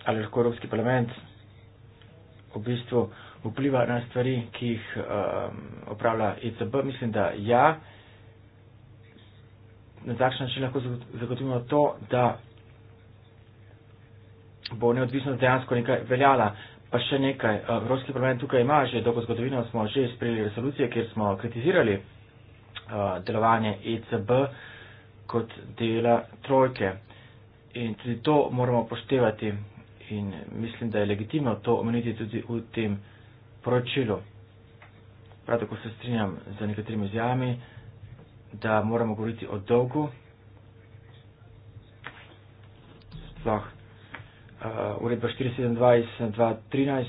ali lahko Evropski parlament v bistvu vpliva na stvari, ki jih um, opravlja ECB. Mislim, da ja, na takšen način lahko zagotovimo to, da bo neodvisnost dejansko nekaj veljala. Pa še nekaj. Eh, Evropski parlament tukaj ima že dolgo zgodovino, smo že sprejeli resolucije, kjer smo kritizirali uh, delovanje ECB kot dela trojke. In tudi to moramo poštevati in mislim, da je legitimno to omeniti tudi v tem poročilu. Prav tako se strinjam z nekaterimi izjavami, da moramo govoriti o dolgu. Sploh uh, uredba 472 iz 2013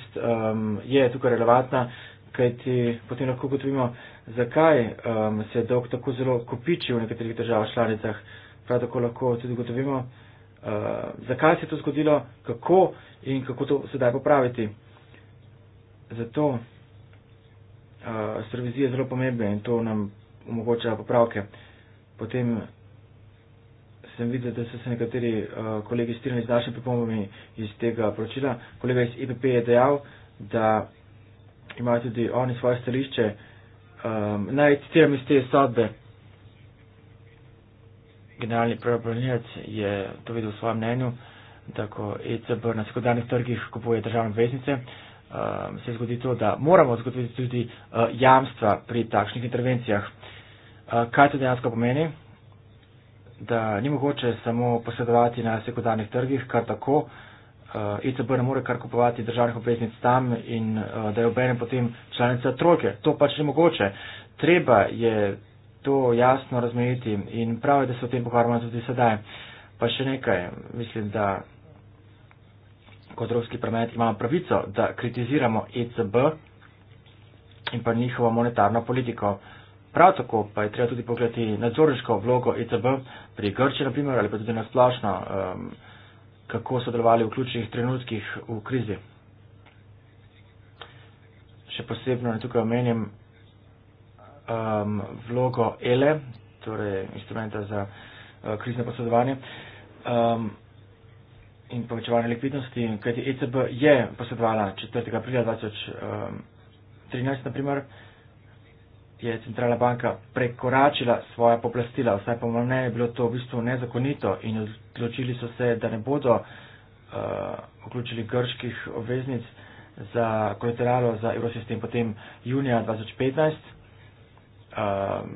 um, je tukaj relevantna, kajti potem lahko ugotovimo, zakaj um, se je dolg tako zelo kopičil v nekaterih državah članicah. Prav tako lahko tudi ugotovimo, uh, zakaj se je to zgodilo, kako in kako to sedaj popraviti. Zato uh, eh, so revizije zelo pomembne in to nam omogoča popravke. Potem sem videl, da so se nekateri uh, kolegi strinjali z našimi pripombami iz tega poročila. Kolega iz IPP e je dejal, da imajo tudi oni svoje stališče. Um, naj citiram iz te sodbe. Generalni pravobranilec je to videl v svojem mnenju, da ko ECB na sekundarnih trgih kupuje državne veznice, um, se zgodi to, da moramo zgoditi tudi uh, jamstva pri takšnih intervencijah. Uh, kaj to dejansko pomeni? da ni mogoče samo posredovati na sekundarnih trgih kar tako, ECB eh, e ne more kar kupovati državnih obveznic tam in eh, da je obenem potem članica trojke. To pač ni mogoče. Treba je to jasno razmejiti in prav je, da se o tem pogovarjamo tudi sedaj. Pa še nekaj, mislim, da kot ruski premet imamo pravico, da kritiziramo ECB in pa njihovo monetarno politiko. Uh, Prav tako pa je treba tudi pogledati nadzorniško vlogo ECB pri Grči, naprimer, ali pa tudi nasplošno, um, kako so delovali v ključnih trenutkih v krizi. Še posebno ne tukaj omenjam um, vlogo ELE, torej instrumenta za uh, eh, krizne posledovanje um, in povečevanje likvidnosti, kajti ECB je posledovala 4. aprila 2013, naprimer, je centralna banka prekoračila svoja poplastila, vsaj po mne je bilo to v bistvu nezakonito in odločili so se, da ne bodo uh, vključili grških obveznic za kolateralo za evrosistem potem junija 2015. Uh, um,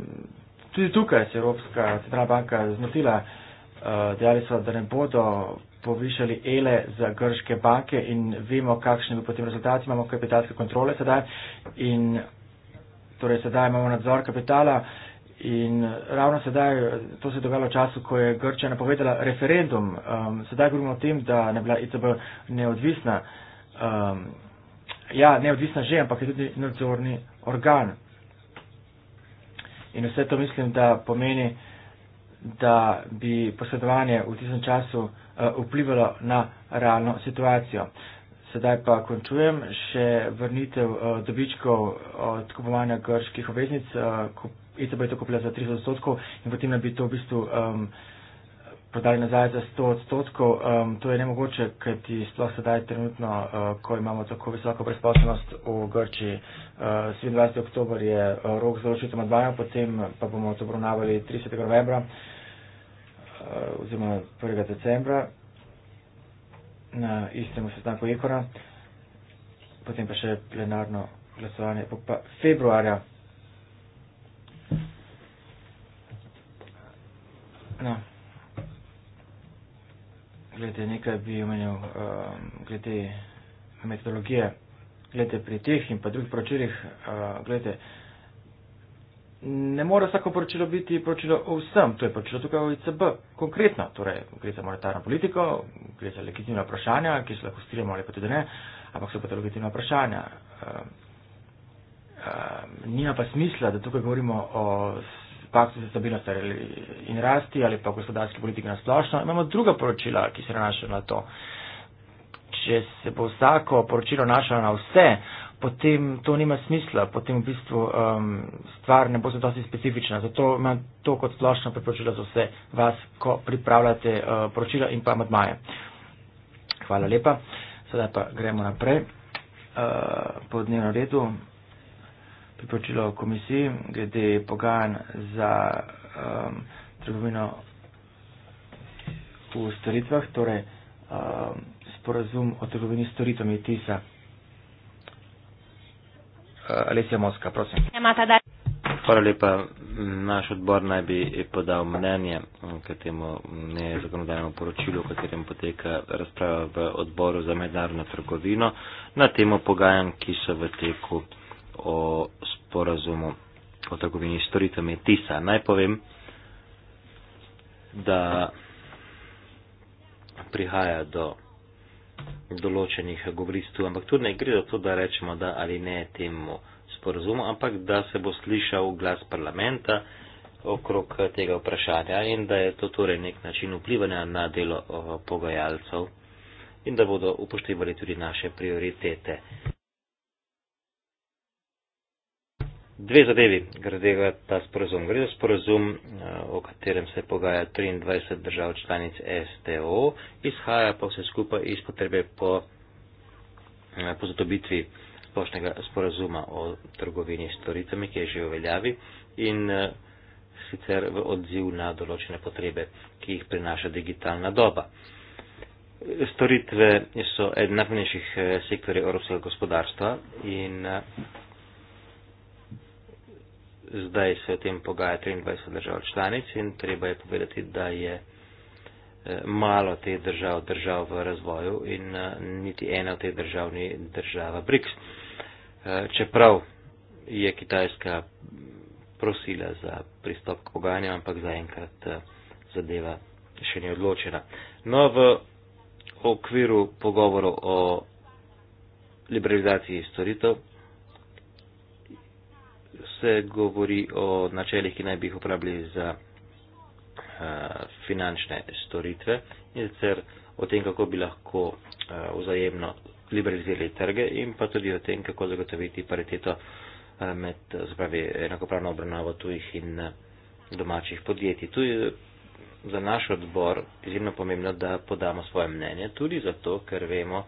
tudi tukaj se je Evropska centralna banka zmotila, uh, dejali so, da ne bodo povišali ele za grške banke in vemo, kakšne bi potem rezultati, imamo kapitalske kontrole sedaj in torej sedaj imamo nadzor kapitala in ravno sedaj, to se je dogajalo v času, ko je Grčija napovedala referendum, um, sedaj govorimo o tem, da ne bila ECB neodvisna, um, ja, neodvisna že, ampak je tudi nadzorni organ. In vse to mislim, da pomeni, da bi posredovanje v tistem času uh, vplivalo na realno situacijo. Uh, sedaj pa končujem še vrnitev uh, dobičkov od kupovanja grških obveznic. Uh, ICB je to kupila za 30 odstotkov in potem naj bi to v bistvu um, prodali nazaj za 100 odstotkov. Um, to je nemogoče, kajti sploh sedaj trenutno, uh, ko imamo tako visoko brezposobnost v Grči, uh, 27. oktober je uh, rok za ločitev odvajanja, potem pa bomo to obravnavali 30. novembra uh, oziroma 1. decembra na istem sestanku ekona, potem pa še plenarno glasovanje februarja. No. Glede nekaj bi omenil, um, glede metodologije, glede pri teh in pa drugih poročilih, uh, glede ne more vsako poročilo biti poročilo o vsem, to je poročilo tukaj OECB. Konkretno, torej gre za monetarno politiko, gre za legitimna vprašanja, ki se lahko strijemo ali pa tudi ne, ampak so pa to legitimna vprašanja. Um, um, nima pa smisla, da tukaj govorimo o paktu za stabilnost in rasti ali pa gospodarski politiki na splošno. Imamo druga poročila, ki se nanašajo na to. Če se bo vsako poročilo našlo na vse, potem to nima smisla, potem v bistvu um, stvar ne bo se dosti specifična. Zato imam to kot splošno priporočilo za vse vas, ko pripravljate uh, poročila in pa madmaje. Hvala lepa. Sedaj pa gremo naprej. Uh, po dnevnem redu priporočilo komisiji glede pogajanj za um, trgovino v storitvah, torej um, sporazum o trgovini storitvami TISA. Eh, Alesja Moska, prosim. Hvala lepa. Naš odbor naj bi podal mnenje k temu nezakonodajnemu poročilu, v katerem poteka razprava v odboru za mednarodno trgovino na temo pogajanj, ki so v teku o sporazumu o trgovini storitvami TISA. Naj povem, da prihaja do določenih govoric tu, ampak tu ne gre za to, da rečemo da ali ne temu sporozumu, ampak da se bo slišal glas parlamenta okrog tega vprašanja in da je to torej nek način vplivanja na delo eh, pogajalcev in da bodo upoštevali tudi naše prioritete. Dve zadevi gradega ta sporozum. Gre za sporozum, eh, o katerem se pogaja 23 držav članic STO, izhaja pa vse skupaj iz potrebe po, eh, po zadobitvi splošnega sporozuma o trgovini s storitvami, ki je že v veljavi in eh, sicer v odziv na določene potrebe, ki jih prinaša digitalna doba. Storitve so eden najpomembnejših sektorjev evropskega gospodarstva in zdaj se o tem pogaja 23 držav članic in treba je povedati, da je eh, malo teh držav držav v razvoju in eh, niti ena od teh držav ni država BRICS. Eh, čeprav je Kitajska prosila za pristop k pogajanjem, ampak zaenkrat zadeva še ni odločena. No, v okviru pogovorov o liberalizaciji storitev se govori o načeljih, ki naj bi jih uporabili za eh, finančne storitve in sicer o tem, kako bi lahko eh, vzajemno liberalizirali trge in pa tudi o tem, kako zagotoviti pariteto eh, med, zpravi, enakopravno obravnavo tujih in domačih podjetij. Tu je za naš odbor izjemno pomembno, da podamo svoje mnenje, tudi zato, ker vemo,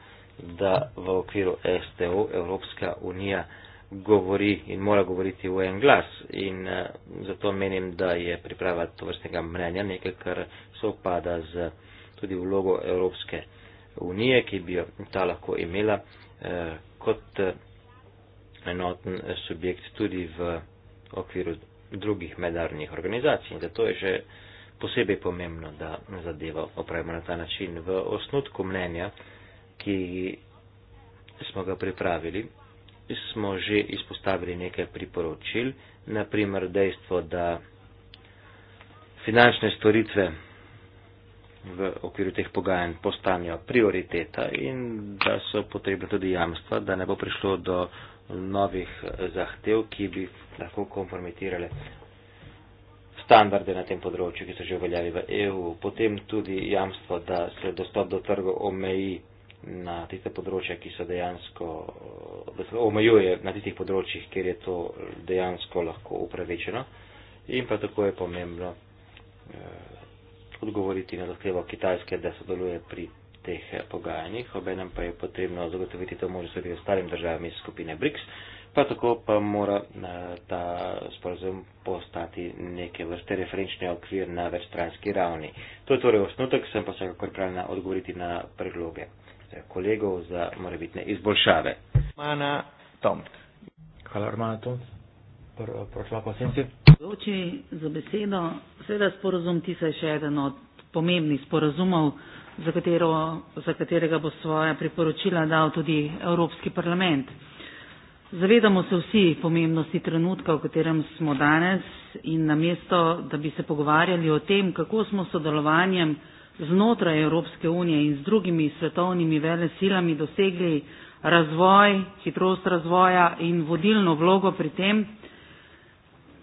da v okviru STO Evropska unija govori in mora govoriti v en glas. In eh, zato menim, da je priprava tovrstnega mnenja nekaj, kar se opada z tudi vlogo Evropske unije, ki bi jo ta lahko imela eh, kot eh, enoten subjekt tudi v okviru drugih mednarodnih organizacij. In zato je že posebej pomembno, da zadevo opravimo na ta način. V osnutku mnenja, ki smo ga pripravili, smo že izpostavili nekaj priporočil, naprimer dejstvo, da finančne storitve v okviru teh pogajanj postanejo prioriteta in da so potrebne tudi jamstva, da ne bo prišlo do novih eh, zahtev, ki bi lahko kompromitirale standarde na tem področju, ki so že uveljavili v EU. Potem tudi jamstvo, da se dostop do trgov omeji na tiste področje, ki so dejansko, da se omejuje na tistih področjih, kjer je to dejansko lahko upravičeno. In pa tako je pomembno eh, odgovoriti na zahtevo Kitajske, da sodeluje pri teh eh, pogajanjih, obenem pa je potrebno zagotoviti to možnost tudi ostalim državam iz skupine BRICS, pa tako pa mora eh, ta sporozum postati neke vrste referenčni okvir na večstranski ravni. To je torej osnutek, sem pa vsekakor pravilna odgovoriti na predloge kolegov za morebitne izboljšave. Mana Tomt. Hvala, Mana Tomt. Prošla pa vsem si. Zdoči za besedo. Sveda sporozum ti se je še eden od pomembnih sporozumov, za, katero, za katerega bo svoja priporočila dal tudi Evropski parlament. Zavedamo se vsi pomembnosti trenutka, v katerem smo danes in na mesto, da bi se pogovarjali o tem, kako smo sodelovanjem znotraj Evropske unije in z drugimi svetovnimi velesilami dosegli razvoj, hitrost razvoja in vodilno vlogo pri tem.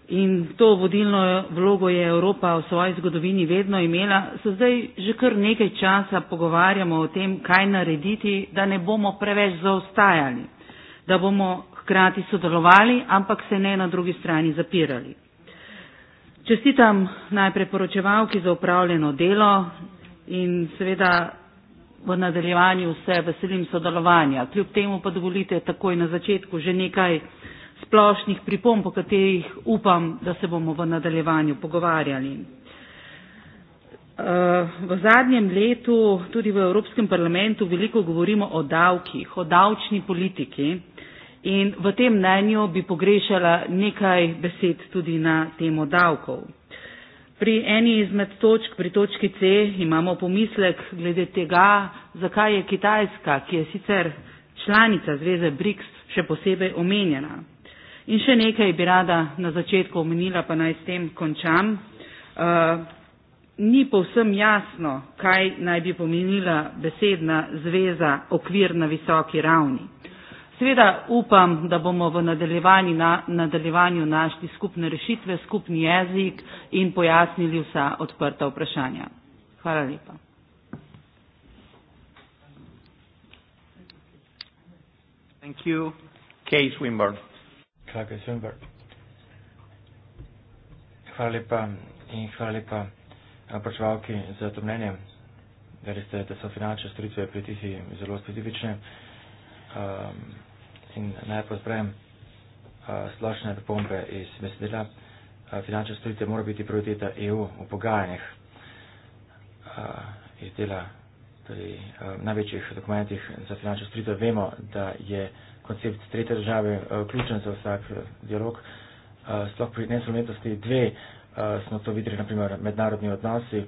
In to vodilno vlogo je Evropa v svoji zgodovini vedno imela. Se zdaj že kar nekaj časa pogovarjamo o tem, kaj narediti, da ne bomo preveč zaostajali, da bomo hkrati sodelovali, ampak se ne na drugi strani zapirali. Čestitam najprej poročevalki za upravljeno delo, in seveda v nadaljevanju se veselim sodelovanja. Kljub temu pa dovolite takoj na začetku že nekaj splošnih pripomb, po katerih upam, da se bomo v nadaljevanju pogovarjali. Eh, v zadnjem letu tudi v Evropskem parlamentu veliko govorimo o davkih, o davčni politiki in v tem mnenju bi pogrešala nekaj besed tudi na temo davkov. Pri eni izmed točk, pri točki C, imamo pomislek glede tega, zakaj je Kitajska, ki je sicer članica zveze BRICS, še posebej omenjena. In še nekaj bi rada na začetku omenila, pa naj s tem končam. Uh, ni povsem jasno, kaj naj bi pomenila besedna zveza okvir na visoki ravni. Seveda upam, da bomo v nadaljevanju, na, nadaljevanju našli skupne rešitve, skupni jezik in pojasnili vsa odprta vprašanja. Hvala lepa. Thank you. Kay Swinburne. Kake Swinburne. Hvala lepa in hvala lepa eh, vprašavki za to mnenje. Da, ste, da so finančne storitve pri tisi zelo specifične um, in naj pozdravim uh, splošne pripombe iz besedila. Uh, finančne storitve mora biti prioriteta EU v pogajanjih uh, iz dela pri torej, uh, največjih dokumentih za finančne storitve. Vemo, da je koncept tretje države uh, ključen za vsak uh, dialog. Uh, sploh pri nesolventnosti dve uh, smo to videli, naprimer mednarodni odnosi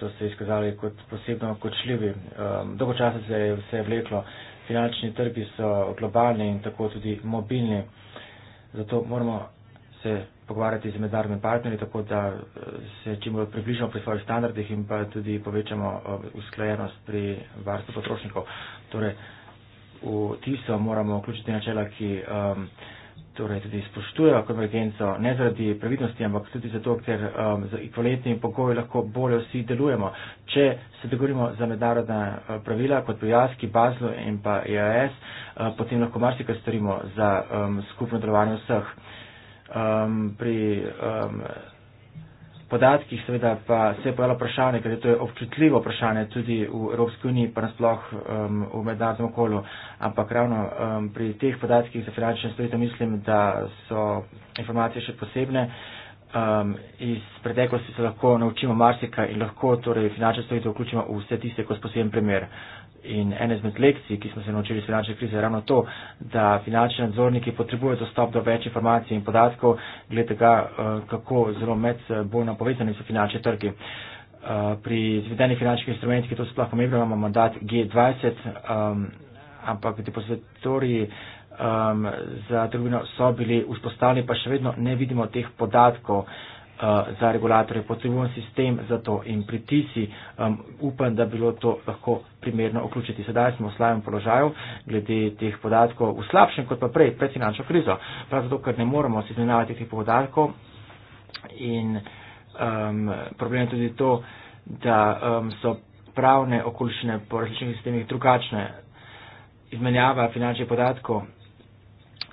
so se izkazali kot posebno kočljivi. Um, dolgo časa se je vse vleklo. Uh, finančni trgi so globalni in tako tudi mobilni. Zato moramo se pogovarjati z mednarodnimi partnerji, tako da eh, se čim bolj približamo pri svojih standardih in pa tudi povečamo eh, usklajenost pri varstvu potrošnikov. Torej, v tisto moramo vključiti načela, ki um, torej tudi spoštujejo konvergenco, ne zaradi previdnosti, ampak tudi zato, ker um, z ekvivalentnimi pogoji lahko bolje vsi delujemo. Če se dogovorimo za mednarodna uh, pravila, kot pri Jaski, Bazlu in pa EAS, uh, potem lahko marsikaj storimo za um, skupno delovanje vseh. Um, pri, um, podatkih, seveda pa se je pojavilo vprašanje, ker je to občutljivo vprašanje tudi v Evropski uniji, pa nasploh um, v mednarodnem okolju. Ampak ravno um, pri teh podatkih za finančne storitve mislim, da so informacije še posebne. Um, iz preteklosti se lahko naučimo marsika in lahko torej, finančne storitve vključimo v vse tiste, kot poseben primer. In ena izmed lekcij, ki smo se naučili iz finančne krize, je ravno to, da finančni nadzorniki potrebujejo dostop do več informacij in podatkov, glede tega, eh, kako zelo med bojno povezani so finančni trgi. Eh, pri izvedenih finančnih instrumentih, ki to sploh pomembno, imamo mandat G20, um, ehm, ampak depozitoriji um, ehm, za trgovino so bili vzpostavljeni, pa še vedno ne vidimo teh podatkov. Uh, Eh, za regulatorje, potrebujem sistem za to in pritisi, um, upam, da bilo to lahko primerno vključiti. Sedaj smo v slabem položaju glede teh podatkov, v slabšem kot pa prej, pred finančno krizo, prav zato, ker ne moremo se izmenjavati teh podatkov in um, problem je tudi to, da um, so pravne okoliščine po različnih sistemih drugačne. Izmenjava finančnih podatkov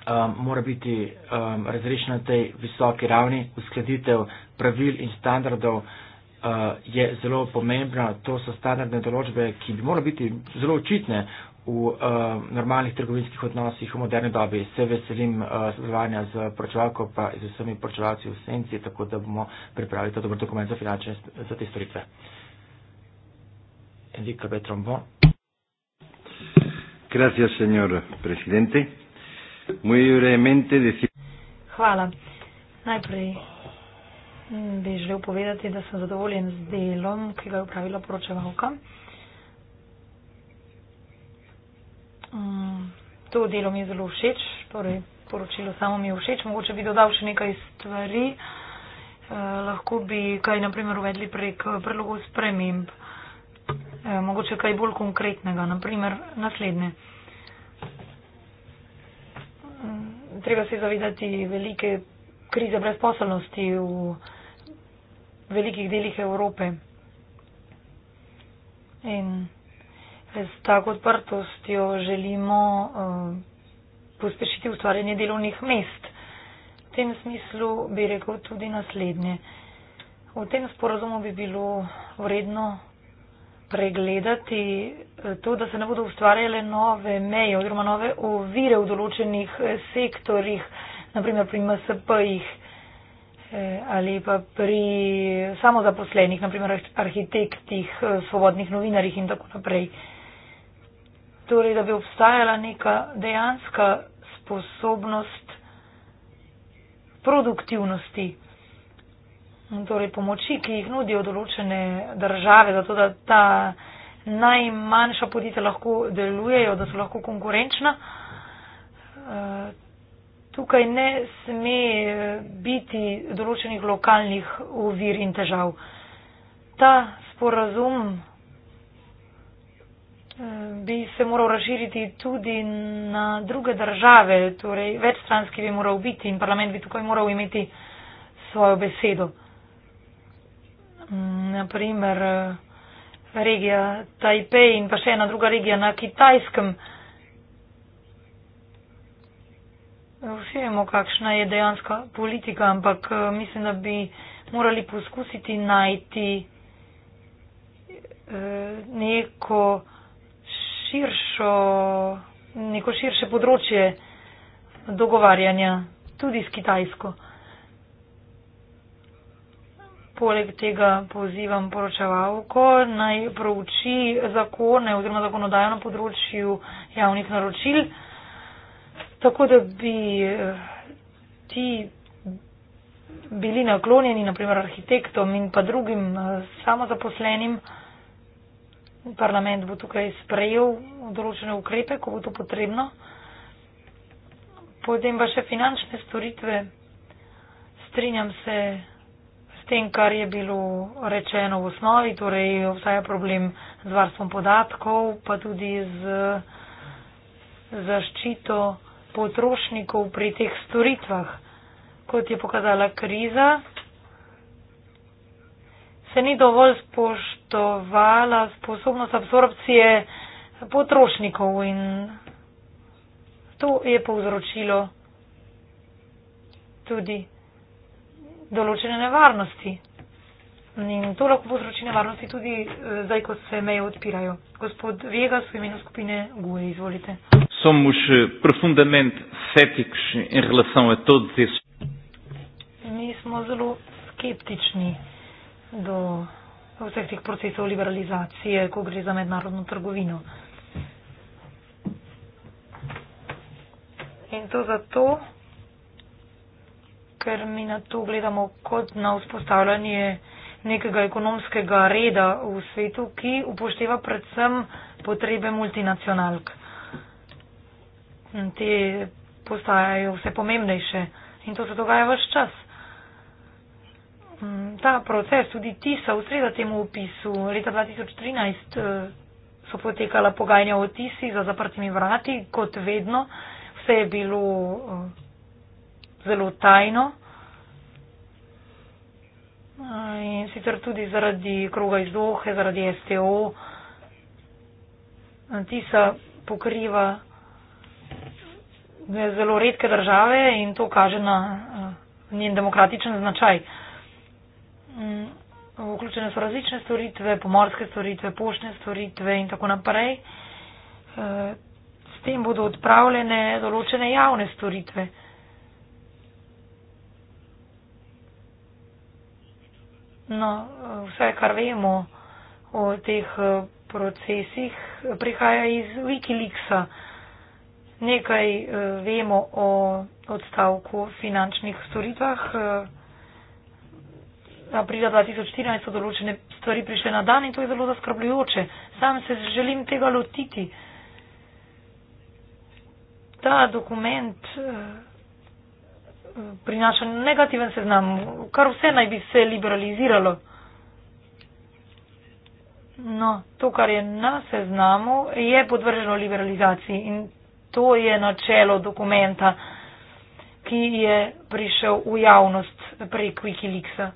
um, mora biti um, razrešena na tej visoki ravni. Uskladitev pravil in standardov uh, je zelo pomembna. To so standardne določbe, ki bi morale biti zelo očitne v uh, normalnih trgovinskih odnosih v moderni dobi. Se veselim uh, sodelovanja z pročevalko pa z vsemi pročevalci v senci, tako da bomo pripravili ta dober dokument za finančne za te storitve. Enrique Betrombo. Gracias, señor presidente. Muy brevemente decir. Hvala. Najprej mm, bi želel povedati, da sem zadovoljen z delom, ki ga je upravila poročevalka. Mm, to delo mi je zelo všeč, torej poročilo samo mi je všeč. Mogoče bi dodal še nekaj stvari. Eh, lahko bi kaj naprimer uvedli prek predlogov sprememb. Eh, mogoče kaj bolj konkretnega. Naprimer naslednje. treba se zavedati velike krize brezposobnosti v velikih delih Evrope. In s tako odprtostjo želimo uh, pospešiti ustvarjanje delovnih mest. V tem smislu bi rekel tudi naslednje. V tem sporozumu bi bilo vredno pregledati eh, to, da se ne bodo ustvarjale nove meje oziroma nove ovire v določenih eh, sektorjih, naprimer pri MSP-jih eh, ali pa pri samozaposlenih, naprimer arhitektih, svobodnih novinarjih in tako naprej. Torej, da bi obstajala neka dejanska sposobnost produktivnosti torej pomoči, ki jih nudijo določene države, zato da ta najmanjša podjetja lahko delujejo, da so lahko konkurenčna. Eh, tukaj ne sme eh, biti določenih lokalnih ovir in težav. Ta sporazum eh, bi se moral raširiti tudi na druge države, torej večstranski bi moral biti in parlament bi tukaj moral imeti svojo besedo naprimer eh, regija Tajpej in pa še ena druga regija na kitajskem. Vsi vemo, kakšna je dejanska politika, ampak eh, mislim, da bi morali poskusiti najti eh, neko širšo, neko širše področje dogovarjanja tudi s Kitajsko poleg tega pozivam poročevalko naj prouči zakone oziroma zakonodajo na področju javnih naročil, tako da bi eh, ti bili naklonjeni, naprimer arhitektom in pa drugim eh, samozaposlenim. Parlament bo tukaj sprejel določene ukrepe, ko bo to potrebno. Potem pa še finančne storitve. Strinjam se tem, kar je bilo rečeno v osnovi, torej obstaja problem z varstvom podatkov, pa tudi z zaščito potrošnikov pri teh storitvah. Kot je pokazala kriza, se ni dovolj spoštovala sposobnost absorpcije potrošnikov in to je povzročilo tudi določene nevarnosti. In to lahko povzroči nevarnosti tudi eh, zdaj, ko se meje odpirajo. Gospod Vega, v imenu skupine Gue, izvolite. Somos eh, profundamente sceptiki in relação a todos esses. Mi smo zelo skeptični do vseh teh procesov liberalizacije, ko gre za mednarodno trgovino. In to zato, ker mi na to gledamo kot na vzpostavljanje nekega ekonomskega reda v svetu, ki upošteva predvsem potrebe multinacionalk. Te postajajo vse pomembnejše in to se dogaja vse čas. Mm, ta proces, tudi TISA, ustreza temu opisu. Leta 2013 eh, so potekala pogajanja o TISI za zaprtimi vrati, kot vedno. Vse je bilo eh, zelo tajno. In sicer tudi zaradi kroga iz Dohe, zaradi STO. Tisa pokriva zelo redke države in to kaže na eh, njen demokratičen značaj. Mm, vključene so različne storitve, pomorske storitve, poštne storitve in tako naprej. Eh, s tem bodo odpravljene določene javne storitve. No, vse, kar vemo o teh eh, procesih, prihaja iz Wikileaksa. Nekaj eh, vemo o odstavku finančnih storitvah. Eh, aprila 2014 so določene stvari prišle na dan in to je zelo zaskrbljujoče. Sam se želim tega lotiti. Ta dokument. Uh, prinaša negativen seznam, kar vse naj bi se liberaliziralo. No, to, kar je na seznamu, je podvrženo liberalizaciji in to je načelo dokumenta, ki je prišel v javnost prek Wikileaksa.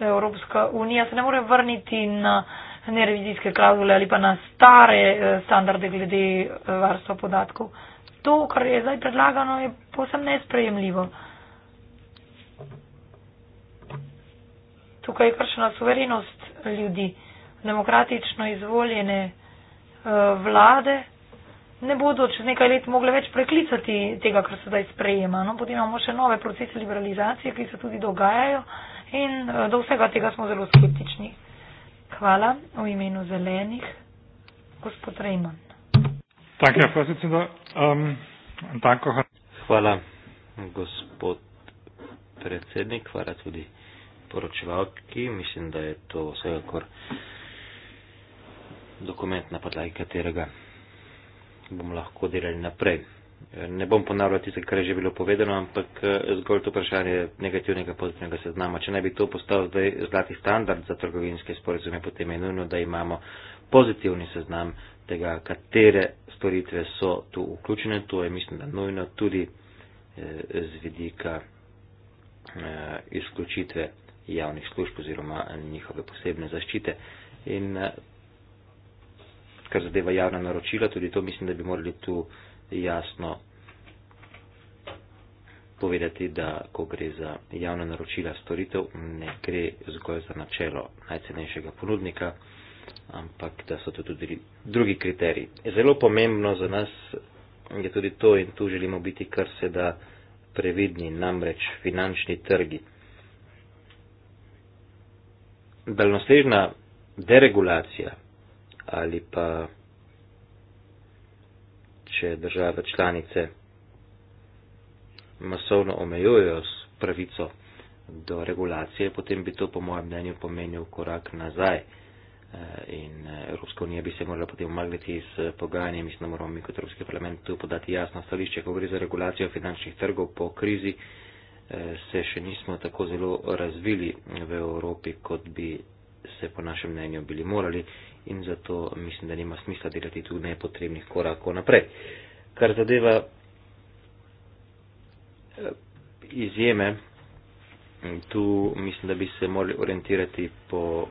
Evropska unija se ne more vrniti na nerevizijske klauzule ali pa na stare eh, standarde glede eh, varstva podatkov. To, kar je zdaj predlagano, je posem nesprejemljivo. Tukaj je kršena suverenost ljudi, demokratično izvoljene eh, vlade ne bodo čez nekaj let mogle več preklicati tega, kar se zdaj sprejema. No, potem imamo še nove procese liberalizacije, ki se tudi dogajajo. In eh, do vsega tega smo zelo skeptični. Hvala v imenu zelenih, gospod Rejman. Tak, ja, prosim, da, um, tako, hvala, gospod predsednik, hvala tudi poročevalki. Mislim, da je to vsekakor dokument, na podlagi katerega bomo lahko delali naprej. Ne bom ponavljal tisto, kar je že bilo povedano, ampak eh, zgolj to vprašanje negativnega pozitivnega seznama. Če naj bi to postal zdaj zlati standard za trgovinske sporozume, potem je nujno, da imamo pozitivni seznam tega, katere storitve so tu vključene. To je mislim, da nujno tudi eh, z vidika eh, izključitve javnih služb oziroma njihove posebne zaščite. In kar zadeva javna naročila, tudi to mislim, da bi morali tu jasno povedati, da ko gre za javna naročila storitev, ne gre zgolj za načelo najcenejšega ponudnika, ampak da so to tudi drugi kriteriji. Zelo pomembno za nas je tudi to in tu želimo biti kar se da previdni, namreč finančni trgi. Daljnosežna deregulacija ali pa če države članice masovno omejujejo pravico do regulacije, potem bi to po mojem mnenju pomenil korak nazaj eh, in eh, Evropska unija bi se morala potem umagniti s eh, pogajanjem. Mislim, da moramo mi kot Evropski parlament tu podati jasno stališče, ko gre za regulacijo finančnih trgov po krizi, se še nismo tako zelo razvili v Evropi, kot bi se po našem mnenju bili morali in zato mislim, da nima smisla delati tu nepotrebnih korakov naprej. Kar zadeva eh, izjeme, tu mislim, da bi se morali orientirati po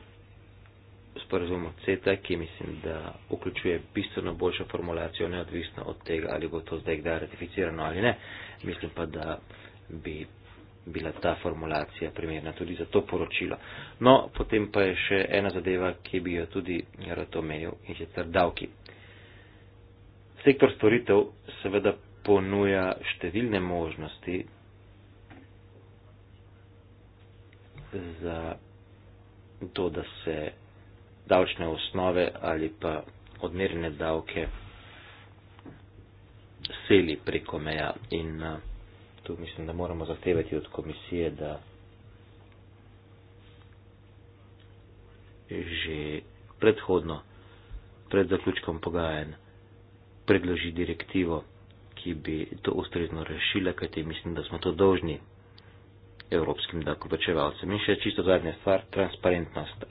sporazumu CETA, ki mislim, da vključuje bistveno boljšo formulacijo, neodvisno od tega, ali bo to zdaj kdaj ratificirano ali ne. Mislim pa, da bi bila ta formulacija primerna tudi za to poročilo. No, potem pa je še ena zadeva, ki bi jo tudi rad omenil in je ter davki. Sektor storitev seveda ponuja številne možnosti za to, da se davčne osnove ali pa odmerjene davke seli preko meja in uh, tu mislim da moramo zahtevati od komisije da že predhodno pred zaključkom pogajanj predloži direktivo, ki bi to ustrezno rešila, kajti mislim, da smo to dolžni evropskim davkoplačevalcem. In še čisto zadnja stvar, transparentnost.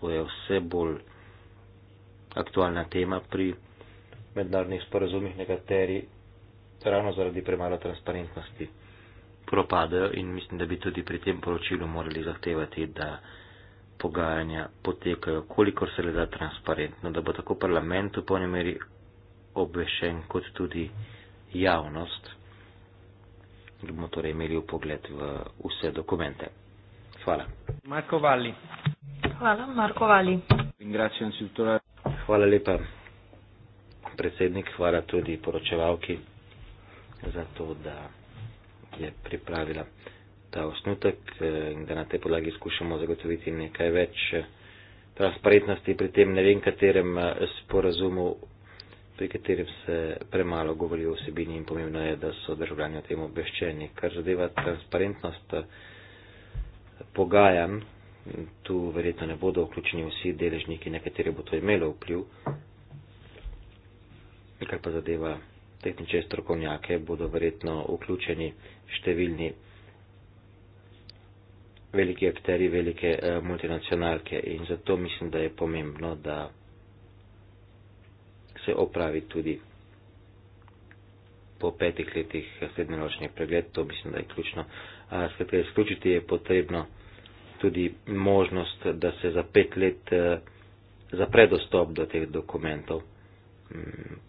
To je vse bolj aktualna tema pri mednarodnih sporazumih, nekateri ravno zaradi premalo transparentnosti propadajo in mislim, da bi tudi pri tem poročilu morali zahtevati, da pogajanja potekajo kolikor se le da transparentno, da bo tako parlament v polni meri obvešen kot tudi javnost, da bomo torej imeli v pogled v vse dokumente. Hvala. Marko Vali. Hvala, Marko Vali. Hvala lepa, predsednik, hvala tudi poročevalki za to, da je pripravila ta osnutek eh, in da na tej podlagi skušamo zagotoviti nekaj več eh, transparentnosti pri tem ne vem katerem eh, sporazumu, pri katerem se premalo govori o osebini in pomembno je, da so državljani o tem obveščeni. Kar zadeva transparentnost pogajan, tu verjetno ne bodo vključeni vsi deležniki, na katere bo to imelo vpliv, kar pa zadeva tehnične strokovnjake bodo verjetno vključeni številni veliki apteri, velike eh, multinacionalke in zato mislim, da je pomembno, da se opravi tudi po petih letih srednjeročni pregled, to mislim, da je ključno. Eh, Skratka, izključiti je potrebno tudi možnost, da se za pet let eh, zapre dostop do teh dokumentov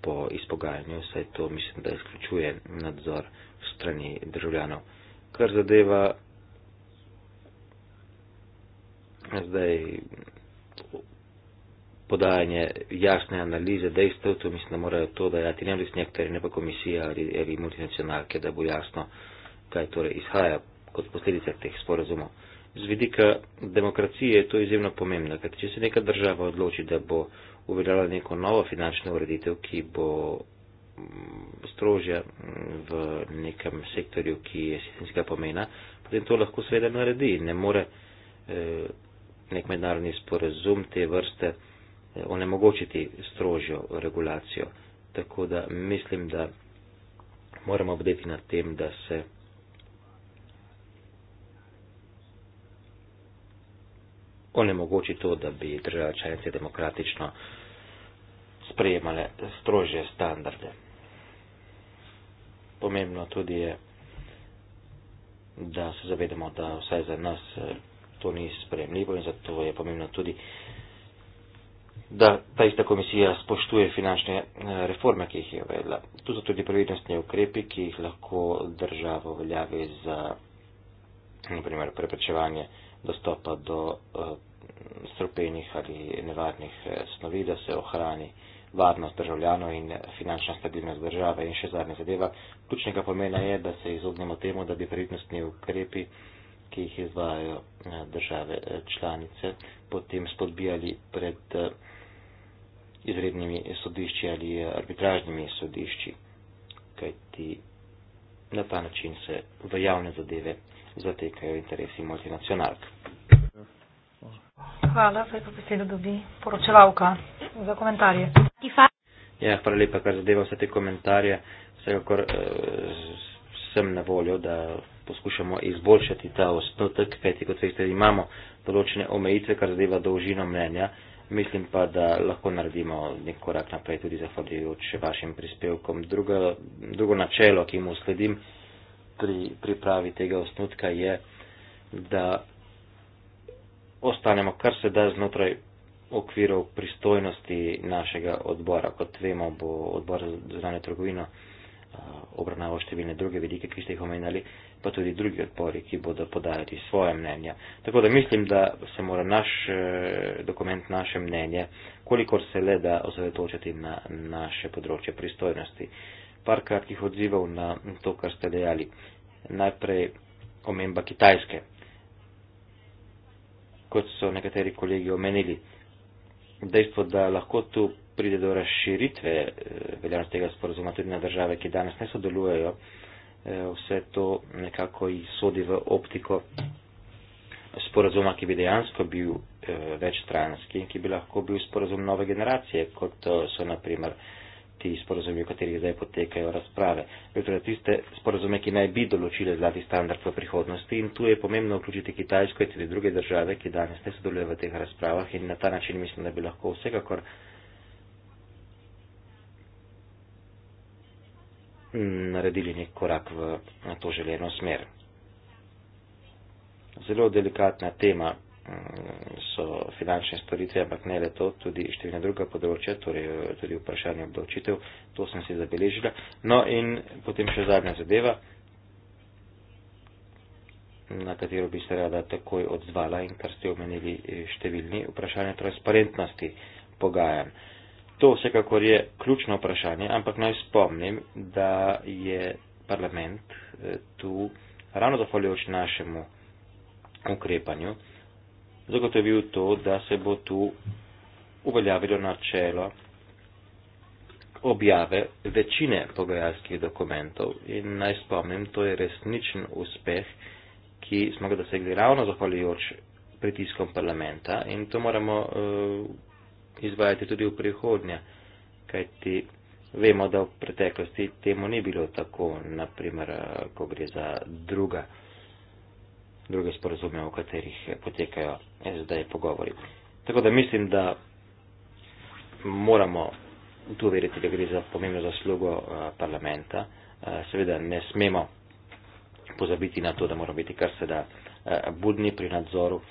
po izpogajanju, saj to mislim, da izključuje nadzor strani državljanov. Kar zadeva zdaj podajanje jasne analize dejstev, to mislim, da morajo to dajati ne res nekateri, ne pa komisija ali, ali multinacionalke, da bo jasno, kaj torej izhaja kot posledica teh sporazumov z vidika demokracije je to izjemno pomembno, ker če se neka država odloči, da bo uveljala neko novo finančno ureditev, ki bo mm, strožja mm, v nekem sektorju, ki je sistemskega pomena, potem to lahko seveda naredi. Ne more eh, nek mednarodni sporazum te vrste eh, onemogočiti strožjo regulacijo. Tako da mislim, da moramo obdeti nad tem, da se. onemogoči to, da bi države članice demokratično sprejemale strožje standarde. Pomembno tudi je, da se zavedamo, da vsaj za nas eh, to ni sprejemljivo in zato je pomembno tudi, da ta ista komisija spoštuje finančne eh, reforme, ki jih je uvedla. Tu so tudi previdnostni ukrepi, ki jih lahko država uveljavi za, naprimer, preprečevanje dostopa do uh, strupenih ali nevarnih eh, snovi, da se ohrani varnost državljanov in eh, finančna stabilnost države. In še zadnja zadeva, ključnega pomena je, da se izognemo temu, da bi prednostni ukrepi, ki jih izvajajo države članice, potem spodbijali pred izrednimi sodišči ali arbitražnimi sodišči, kajti na ta način se v javne zadeve zatekajo interesi multinacionalk. Hvala, zdaj pa besedo dobi poročevalka za komentarje. Ja, hvala lepa, kar zadeva vse te komentarje. Vsekakor eh, sem na voljo, da poskušamo izboljšati ta osnotek, kajti kot veste, imamo določene omejitve, kar zadeva dolžino mnenja. Mislim pa, da lahko naredimo nek korak naprej tudi zahvaljujoč vašim prispevkom. Drugo, drugo načelo, ki mu sledim, pri pripravi tega osnutka je, da ostanemo kar se da znotraj okvirov pristojnosti našega odbora. Kot vemo, bo odbor za zunanje trgovino obravnaval številne druge vidike, ki ste jih omenjali, pa tudi drugi odpori, ki bodo podajali svoje mnenja. Tako da mislim, da se mora naš e, dokument, naše mnenje, kolikor se le da, osredotočiti na naše področje pristojnosti. Uh, par kratkih odzivov na to, kar ste dejali. Najprej omemba Kitajske. Kot so nekateri kolegi omenili, dejstvo, da lahko tu pride do razširitve eh, veljavnosti tega sporozuma tudi na države, ki danes ne sodelujejo, eh, vse to nekako jih sodi v optiko sporozuma, ki bi dejansko bil eh, večstranski in ki bi lahko bil sporozum nove generacije, kot so naprimer ti sporozumi, o katerih zdaj potekajo razprave. Torej, tiste sporozume, ki naj bi določile zlati standard v prihodnosti in tu je pomembno vključiti Kitajsko in tudi druge države, ki danes ne sodelujejo v teh razpravah in na ta način mislim, da bi lahko vsekakor mm, naredili nek korak v to željeno smer. Zelo delikatna tema so finančne storitve, ampak ne le to, tudi številne druga področja, torej tudi vprašanje obdavčitev, to sem si zabeležila. No in potem še zadnja zadeva, na katero bi se rada takoj odzvala in kar ste omenili eh, številni, vprašanje transparentnosti pogajanj. To vsekakor je ključno vprašanje, ampak naj spomnim, da je parlament eh, tu ravno zahvaljujoč našemu ukrepanju, zagotovil to, da se bo tu uveljavilo načelo objave večine pogajalskih dokumentov. In naj spomnim, to je resničen uspeh, ki smo ga dosegli ravno zahvaljujoč pritiskom parlamenta in to moramo uh, izvajati tudi v prihodnje, kajti vemo, da v preteklosti temu ni bilo tako, naprimer, eh, ko gre za druga druge sporazume o katerih potekajo zdaj pogovori. Tako da mislim, da moramo tu veriti, da gre za pomembno zaslugo eh, parlamenta. Eh, seveda ne smemo pozabiti na to, da moramo biti kar se da eh, budni pri nadzoru.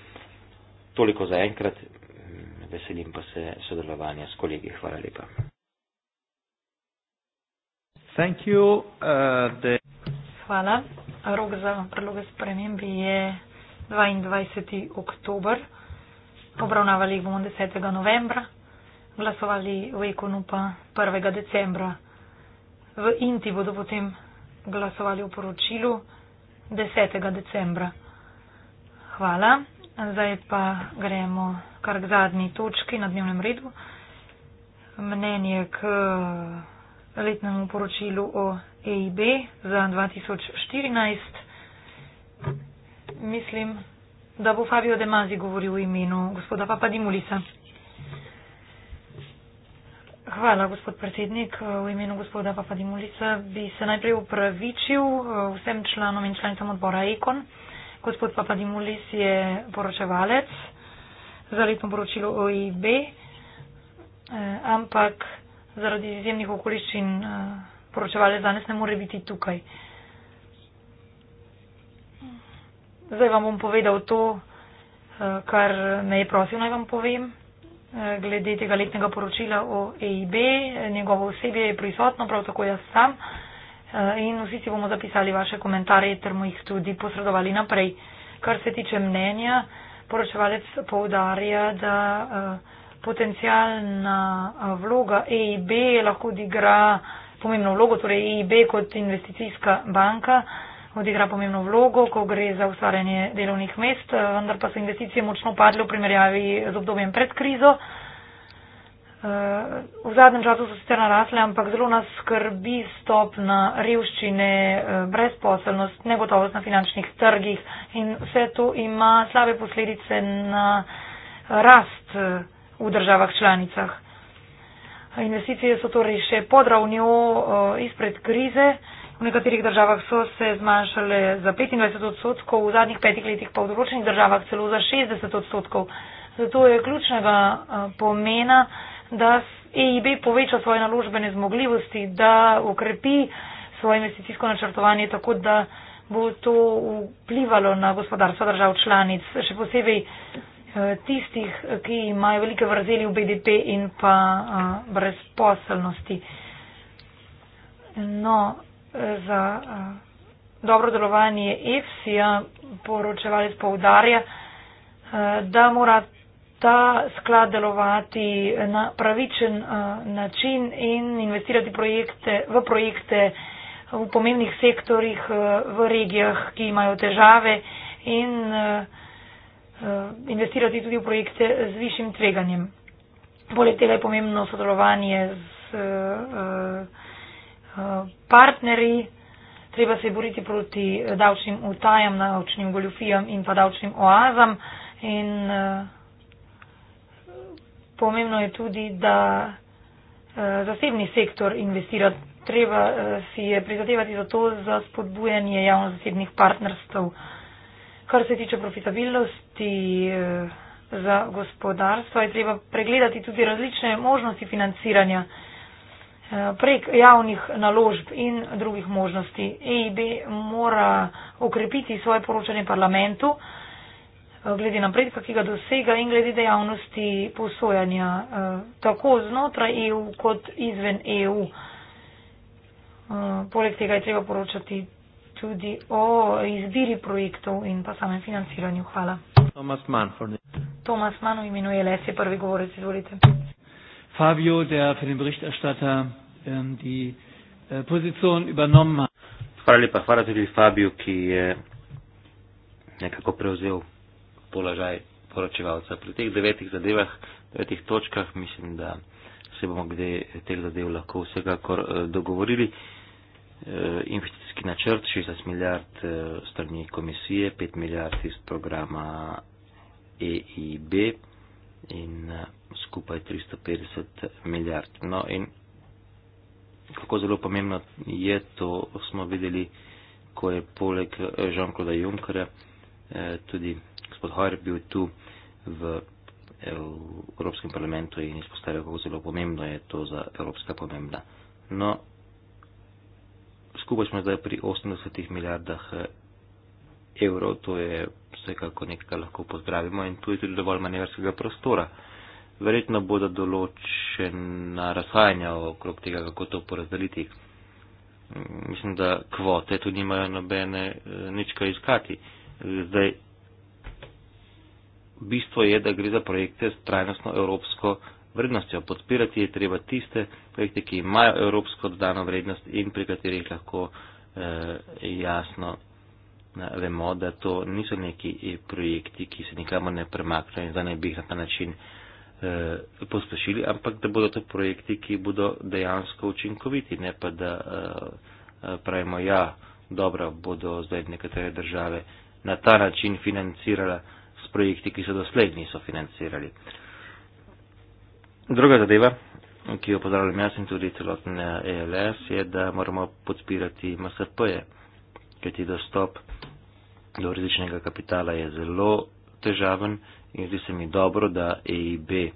Toliko za enkrat. Veselim pa se sodelovanja s kolegi. Hvala lepa. Thank you. Uh, the hvala. Rok za predloge spremembi je 22. oktober. Obravnavali jih bomo 10. novembra. Glasovali v Ekonu pa 1. decembra. V Inti bodo potem glasovali v poročilu 10. decembra. Hvala. Zdaj pa gremo kar k zadnji točki na dnevnem redu. Mnenje k letnemu poročilu o EIB za 2014. Mislim, da bo Fabio De Mazi govoril v imenu gospoda Papa Dimulisa. Hvala, gospod predsednik. V imenu gospoda Papa Dimulisa bi se najprej upravičil eh, vsem članom in članicam odbora EKON. Gospod Papa Dimulis je poročevalec za letno poročilo OIB, eh, ampak zaradi izjemnih okoliščin eh, poročevalec danes ne more biti tukaj. Zdaj vam bom povedal to, eh, kar me je prosil naj vam povem. Eh, glede tega letnega poročila o EIB, njegovo osebje je prisotno, prav tako jaz sam. Eh, in vsi si bomo zapisali vaše komentarje, ter mu jih tudi posredovali naprej. Kar se tiče mnenja, poročevalec povdarja, da potencijalna vloga EIB lahko odigra pomembno vlogo, torej EIB kot investicijska banka odigra pomembno vlogo, ko gre za ustvarjanje delovnih mest, vendar pa so investicije močno padle v primerjavi z obdobjem pred krizo. V zadnjem času so sicer narasle, ampak zelo nas skrbi stopna revščine, brezposelnost, negotovost na finančnih trgih in vse to ima slabe posledice na rast v državah članicah. Investicije so torej še pod ravnjo uh, izpred krize. V nekaterih državah so se zmanjšale za 25 odstotkov, v zadnjih petih letih pa v določenih državah celo za 60 odstotkov. Zato je ključnega uh, pomena, da EIB poveča svoje naložbene zmogljivosti, da okrepi svoje investicijsko načrtovanje tako, da bo to vplivalo na gospodarstvo držav članic, še posebej Eh, tistih, ki imajo velike vrzeli v BDP in pa uh, brezposelnosti. No, za uh, dobro delovanje EFSI-ja poročevalec poudarja, uh, da mora ta sklad delovati na pravičen uh, način in investirati projekte, v projekte v pomembnih sektorjih, uh, v regijah, ki imajo težave in uh, Eh, investirati tudi v projekte z višjim tveganjem. Poleg tega je pomembno sodelovanje z eh, eh, partnerji, treba se boriti proti davčnim utajam, davčnim goljufijam in pa davčnim oazam. In pomembno je tudi, da zasebni sektor investira. Treba si je prizadevati za to, za spodbujanje javno-zasebnih partnerstv. Kar se tiče profitabilnosti eh, za gospodarstvo, je treba pregledati tudi različne možnosti financiranja eh, prek javnih naložb in drugih možnosti. EIB mora okrepiti svoje poročanje parlamentu eh, glede napredka, ki ga dosega in glede dejavnosti posojanja tako znotraj EU kot izven EU. Poleg tega je treba poročati tudi o izbiri projektov in pa samem financiranju. Hvala. Tomas Manfred. Tomas Manu imenuje LES, je prvi govorec, izvolite. Fabio, der für den Berichterstatter ähm, die äh, Position übernommen hat. Hvala lepa, hvala tudi Fabiju, ki je nekako prevzel položaj poročevalca. Pri teh devetih zadevah, devetih točkah, mislim, da se bomo glede teh zadev lahko vsekakor äh, dogovorili. Uh, Eh, investicijski načrt, 16 milijard eh, strani komisije, 5 milijard iz programa EIB in eh, skupaj 350 milijard. No in kako zelo pomembno je to, smo videli, ko je poleg Jean-Claude Junckera tudi gospod Hoyer bil tu v Evropskem parlamentu in izpostavil, kako zelo pomembno je to za evropska pomembna. No, skupaj smo zdaj pri 80 milijardah eh, evrov, to je vsekako nekaj, kar lahko pozdravimo in tu je tudi dovolj manevrskega prostora. Verjetno bodo določena razhajanja okrog tega, kako to porazdeliti. Mislim, da kvote tu nimajo nobene eh, nič kaj iskati. Zdaj, bistvo je, da gre za projekte s trajnostno evropsko vrednostjo. Podpirati je treba tiste, projekti, ki imajo evropsko dodano vrednost in pri katerih lahko eh, jasno eh, vemo, da to niso neki eh, projekti, ki se nikamor ne premaknejo in da ne bi jih na ta način eh, pospešili, ampak da bodo to projekti, ki bodo dejansko učinkoviti, ne pa da eh, eh pravimo, ja, dobro bodo zdaj nekatere države na ta način financirala s projekti, ki so doslej niso financirali. Druga zadeva, ki jo pozdravljam jaz in tudi celoten ELS, eh, je, da moramo podpirati MSP-je, kajti dostop do rizičnega kapitala je zelo težaven in zdi se mi dobro, da EIB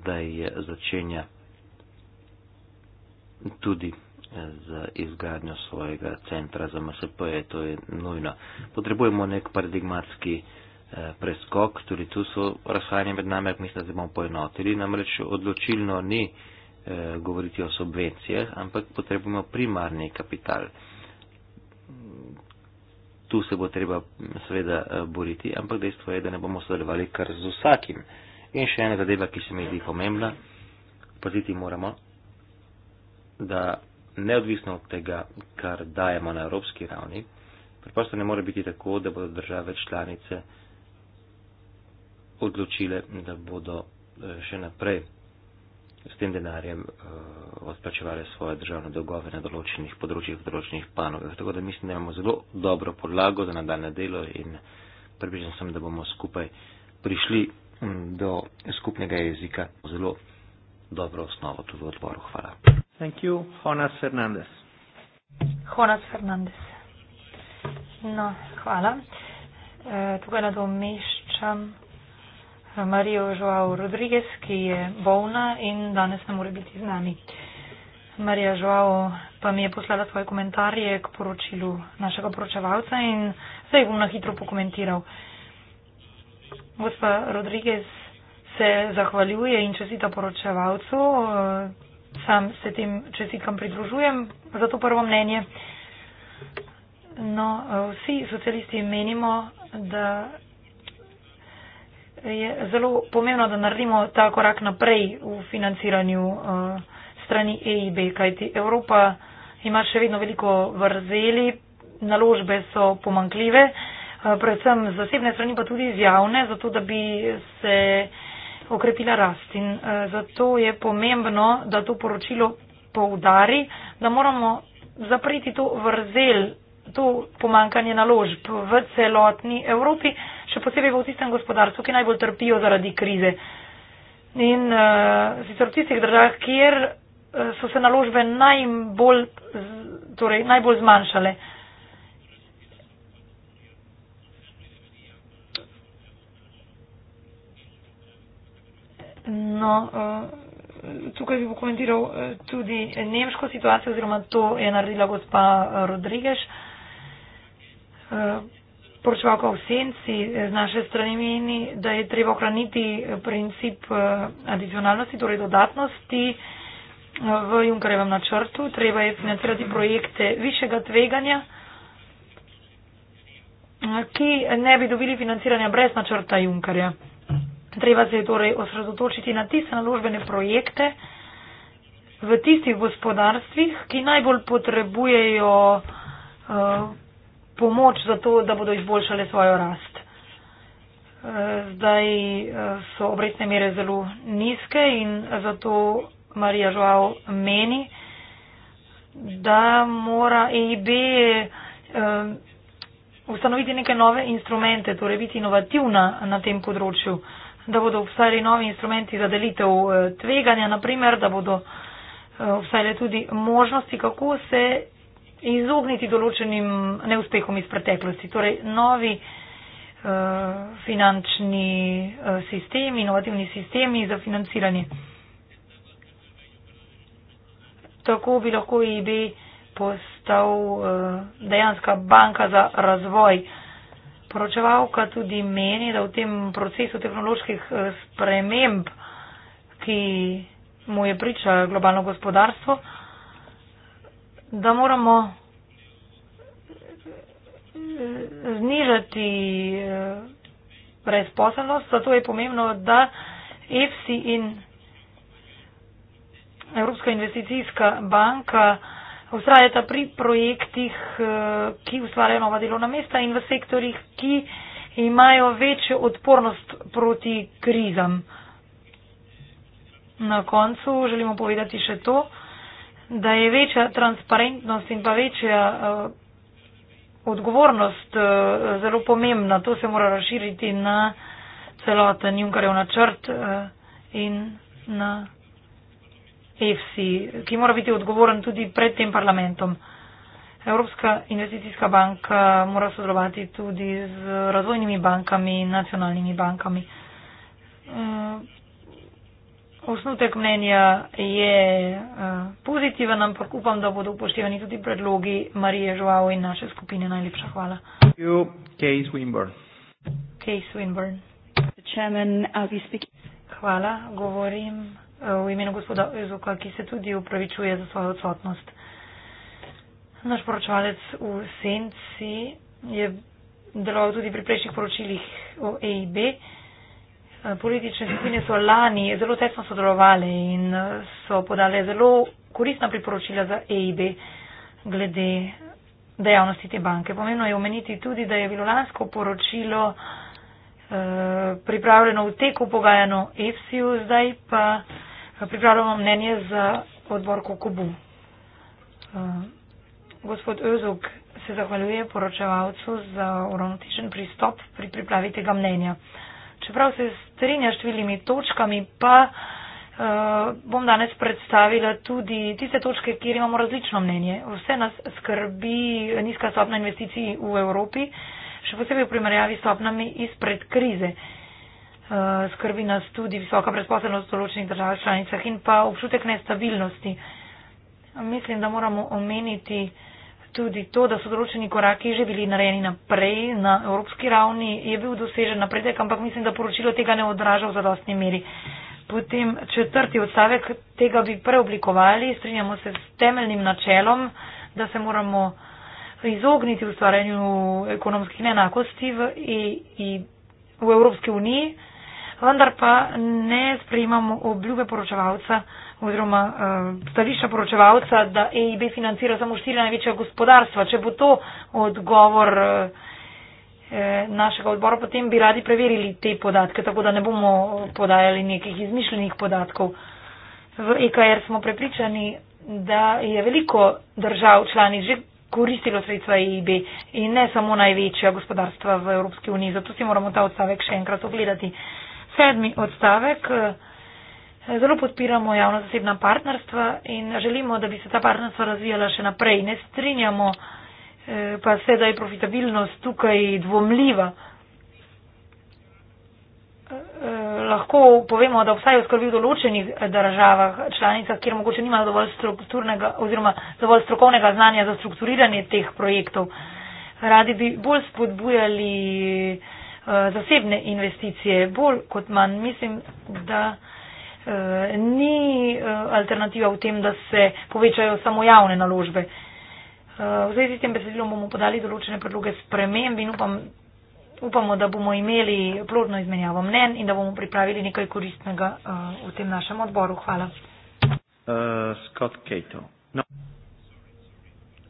zdaj eh, začenja tudi eh, za izgradnjo svojega centra za MSP-je, to je nujno. Potrebujemo nek paradigmatski preskok, tudi tu so razhajanje med nami, mislim, da se bomo poenotili, namreč odločilno ni Eh, govoriti o subvencijah, ampak potrebujemo primarni kapital. Tu se bo treba seveda eh, boriti, ampak dejstvo je, da ne bomo sodelovali kar z vsakim. In še ena zadeva, ki se mi zdi pomembna, paziti moramo, da neodvisno od tega, kar dajemo na evropski ravni, preprosto ne more biti tako, da bodo države članice odločile, da bodo eh, še naprej s tem denarjem uh, eh, odplačevali svoje državne dolgove na določenih področjih, v določenih panogah. Tako da mislim, da imamo zelo dobro podlago za nadaljne delo in pripričan sem, da bomo skupaj prišli um, do skupnega jezika zelo dobro osnovo tudi v odboru. Hvala. Thank you, Jonas Fernandez. Jonas Fernandez. No, hvala. E, tukaj nadomeščam. Marijo Žoao Rodriguez, ki je bolna in danes ne more biti z nami. Marija Žoao pa mi je poslala svoje komentarje k poročilu našega poročevalca in zdaj bom na hitro pokomentiral. Gospa Rodriguez se zahvaljuje in čestita poročevalcu, sam se tem čestitkam pridružujem za to prvo mnenje. No, vsi socialisti menimo, da je zelo pomembno, da naredimo ta korak naprej v financiranju uh, strani EIB, kajti Evropa ima še vedno veliko vrzeli, naložbe so pomankljive, uh, eh, predvsem z zasebne strani pa tudi z javne, zato da bi se okrepila rast. In uh, zato je pomembno, da to poročilo poudari, da moramo zapriti to vrzel, to pomankanje naložb v celotni Evropi še posebej v tistem gospodarstvu, ki najbolj trpijo zaradi krize. In uh, sicer v tistih državah, kjer uh, so se naložbe najbolj, torej, najbolj zmanjšale. No, eh, tukaj bi pokomentiral tudi nemško situacijo, oziroma to je naredila gospa Rodrigež. Poročevalka v senci eh, z naše strani meni, da je treba ohraniti eh, princip eh, adicionalnosti, torej dodatnosti v Junkarevem načrtu. Treba je financirati projekte višjega tveganja, ki ne bi dobili financiranja brez načrta Junkarja. Treba se je torej osredotočiti na tiste naložbene projekte v tistih gospodarstvih, ki najbolj potrebujejo. Uh, pomoč za to, da bodo izboljšale svojo rast. E, zdaj e, so obrestne mere zelo nizke in zato Marija Žuav meni, da mora EIB e, ustanoviti neke nove instrumente, torej biti inovativna na tem področju, da bodo obstajali novi instrumenti za delitev tveganja, naprimer, da bodo obstajale tudi možnosti, kako se izogniti določenim neuspehom iz preteklosti. Torej, novi uh, finančni uh, sistemi, inovativni sistemi za financiranje. Tako bi lahko IB postal uh, dejanska banka za razvoj. Poročevalka tudi meni, da v tem procesu tehnoloških sprememb, ki mu je priča globalno gospodarstvo, uh, da moramo eh, znižati eh, brezposelnost, zato je pomembno, da EFSI in Evropska investicijska banka ustrajata pri projektih, eh, ki ustvarjajo nova delovna mesta in v sektorjih, ki imajo večjo odpornost proti krizam. Na koncu želimo povedati še to, da je večja transparentnost in pa večja uh, odgovornost uh, zelo pomembna. To se mora razširiti na celoten Junkarjev načrt uh, in na EFSI, ki mora biti odgovoren tudi pred tem parlamentom. Evropska investicijska banka mora sodelovati tudi z razvojnimi bankami in nacionalnimi bankami. Uh, Osnutek mnenja je eh, pozitiven, ampak upam, da bodo upoštevani tudi predlogi Marije Žuvao in naše skupine. Najlepša hvala. Hvala. Govorim eh, v imenu gospoda Ezuka, ki se tudi upravičuje za svojo odsotnost. Naš poročevalec v Senci je deloval tudi pri prejšnjih poročilih o EIB. Eh, politične skupine so lani zelo tesno sodelovali in eh, so podale zelo koristna priporočila za EIB glede dejavnosti te banke. Pomembno je omeniti tudi, da je bilo lansko poročilo eh, pripravljeno v teku pogajano EFSI-ju, zdaj pa pripravljamo mnenje za odbor Kokobu. Gospod Özog se zahvaljuje poročevalcu za uravnotežen pristop pri pripravi tega mnenja čeprav se strinjaš številnimi točkami, pa uh, bom danes predstavila tudi tiste točke, kjer imamo različno mnenje. Vse nas skrbi nizka stopna investicij v Evropi, še posebej v primerjavi s stopnami izpred krize. Uh, skrbi nas tudi visoka brezposelnost v določenih državah članicah in pa občutek nestabilnosti. Mislim, da moramo omeniti tudi to, da so določeni koraki že bili narejeni naprej na evropski ravni, je bil dosežen napredek, ampak mislim, da poročilo tega ne odraža v zadostni meri. Potem četrti odstavek tega bi preoblikovali, strinjamo se s temeljnim načelom, da se moramo izogniti ustvarjanju ekonomskih neenakosti v, e v Evropski uniji, vendar pa ne sprejmamo obljube poročevalca oziroma uh, stališča poročevalca, da EIB financira samo štiri največja gospodarstva. Če bo to odgovor uh, našega odbora, potem bi radi preverili te podatke, tako da ne bomo podajali nekih izmišljenih podatkov. V EKR smo prepričani, da je veliko držav člani že koristilo sredstva EIB in ne samo največja gospodarstva v Evropski uniji. Zato si moramo ta odstavek še enkrat ogledati. Sedmi odstavek. Uh, Zelo podpiramo javno-zasebna partnerstva in želimo, da bi se ta partnerstva razvijala še naprej. Ne strinjamo eh, pa se, da je profitabilnost tukaj dvomljiva. Eh, eh, lahko povemo, da obstajajo skrbi v določenih državah, članicah, kjer mogoče nima dovolj, oziroma dovolj strokovnega znanja za strukturiranje teh projektov. Radi bi bolj spodbujali zasebne investicije, bolj kot manj. Mislim, da. Eh, ni eh, alternativa v tem, da se povečajo samo javne naložbe. Eh, v zvezi s tem besedilom bomo podali določene predloge sprememb in upam, upamo, da bomo imeli plodno izmenjavo mnen in da bomo pripravili nekaj koristnega v tem našem odboru. Hvala. Uh, Scott Cato. No.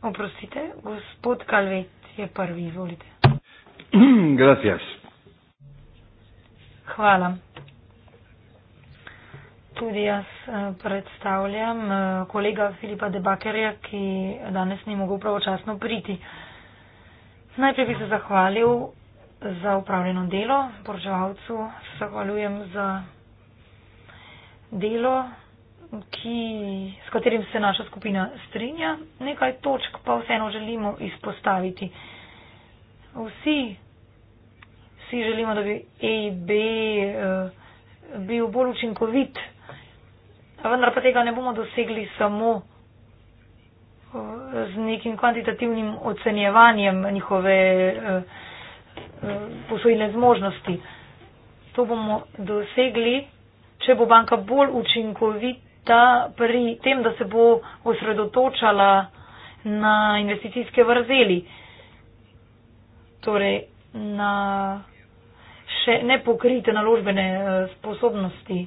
Oprostite, gospod Kalvet je prvi, izvolite. Gracias. Hvala tudi jaz eh, predstavljam eh, kolega Filipa Debakerja, ki danes ni mogel pravočasno priti. Najprej bi se zahvalil za upravljeno delo, poročevalcu se zahvaljujem za delo, ki, s katerim se naša skupina strinja. Nekaj točk pa vseeno želimo izpostaviti. Vsi si želimo, da bi EIB eh, bil bolj učinkovit vendar pa tega ne bomo dosegli samo eh, z nekim kvantitativnim ocenjevanjem njihove eh, eh, posojilne zmožnosti. To bomo dosegli, če bo banka bolj učinkovita pri tem, da se bo osredotočala na investicijske vrzeli, torej na še nepokrite naložbene sposobnosti.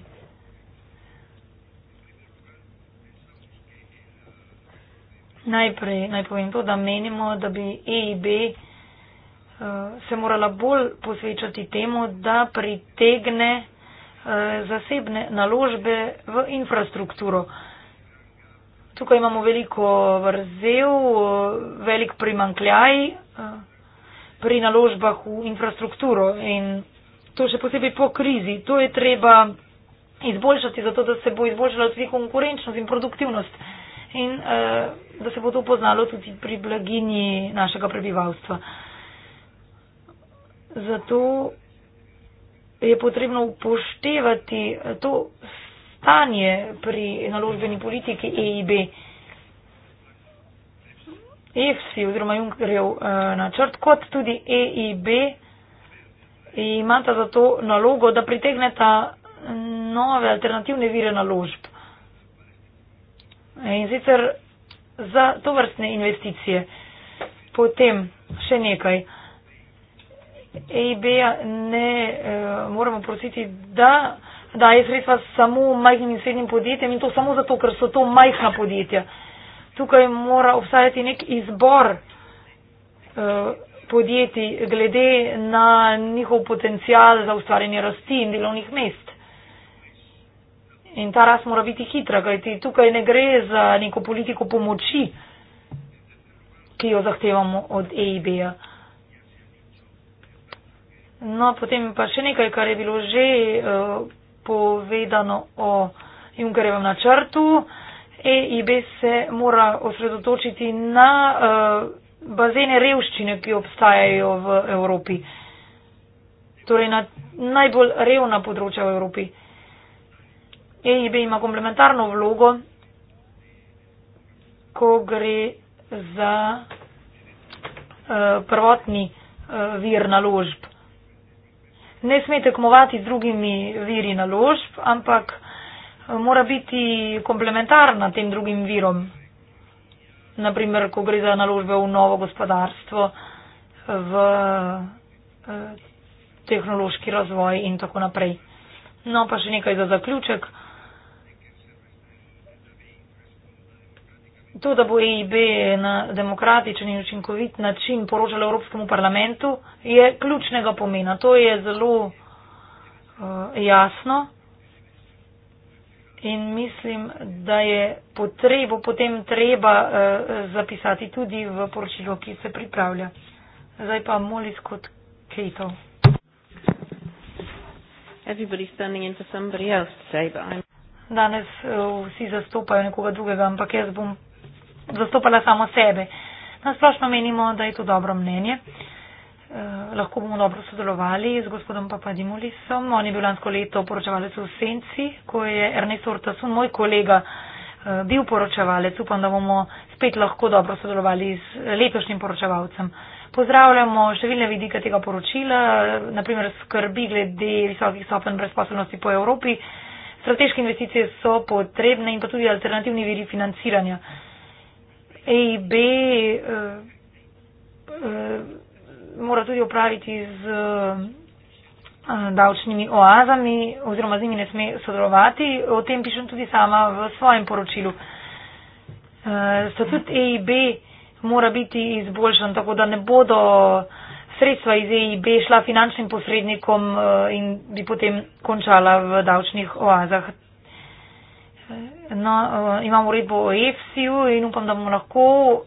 Najprej naj povem to, da menimo, da bi EIB uh, eh, se morala bolj posvečati temu, da pritegne uh, zasebne naložbe v infrastrukturo. Tukaj imamo veliko vrzel, uh, velik primankljaj uh, pri naložbah v infrastrukturo in to še posebej po krizi. To je treba izboljšati, zato da se bo izboljšala tudi konkurenčnost in produktivnost. In, uh, da se bo to poznalo tudi pri blaginji našega prebivalstva. Zato je potrebno upoštevati to stanje pri naložbeni politiki EIB. EFSI oziroma Junckerjev eh, načrt kot tudi EIB imata zato nalogo, da pritegneta nove alternativne vire naložb. In sicer za to vrstne investicije. Potem še nekaj. EIB-ja ne uh, moramo prositi, da daje sredstva samo majhnim in srednjim podjetjem in to samo zato, ker so to majhna podjetja. Tukaj mora obstajati nek izbor uh, podjetij glede na njihov potencial za ustvarjanje rasti in delovnih mest. In ta raz mora biti hitra, kajti tukaj ne gre za neko politiko pomoči, ki jo zahtevamo od EIB-ja. No, potem pa še nekaj, kar je bilo že uh, povedano o Junkerjevem načrtu. EIB se mora osredotočiti na uh, bazene revščine, ki obstajajo v Evropi. Torej na najbolj revna področja v Evropi. Uh, EIB ima komplementarno vlogo, ko gre za eh, prvotni eh, vir naložb. Ne sme tekmovati z drugimi viri naložb, ampak eh, mora biti komplementarna tem drugim virom. Naprimer, ko gre za naložbe v novo gospodarstvo, v tehnološki razvoj in tako naprej. No, pa še nekaj za zaključek. To, da bo EIB na demokratičen in učinkovit način poročala Evropskemu parlamentu, je ključnega pomena. To je zelo uh, jasno in mislim, da je potrebo potem treba uh, zapisati tudi v poročilo, ki se pripravlja. Zdaj pa molis kot Kejto. Danes uh, vsi zastopajo nekoga drugega, ampak jaz bom zastopala samo sebe. Nasplošno menimo, da je to dobro mnenje. Eh, lahko bomo dobro sodelovali z gospodom Papadimulisom. On je bil lansko leto poročevalec v Senci, ko je Ernest Ortasun, moj kolega, eh, bil poročevalec. Upam, da bomo spet lahko dobro sodelovali z letošnjim poročevalcem. Pozdravljamo številne vidike tega poročila, eh, naprimer skrbi glede visokih stopenj brezposobnosti po Evropi. Strateške investicije so potrebne in pa tudi alternativni viri financiranja. A in B uh, uh, mora tudi upraviti z uh, davčnimi oazami oziroma z njimi ne sme sodelovati. O tem pišem tudi sama v svojem poročilu. Uh, statut A in B mora biti izboljšan, tako da ne bodo sredstva iz EIB šla finančnim posrednikom in bi potem končala v davčnih oazah na, no, uh, eh, imamo uredbo o EFSI-ju in upam, da bomo lahko uh,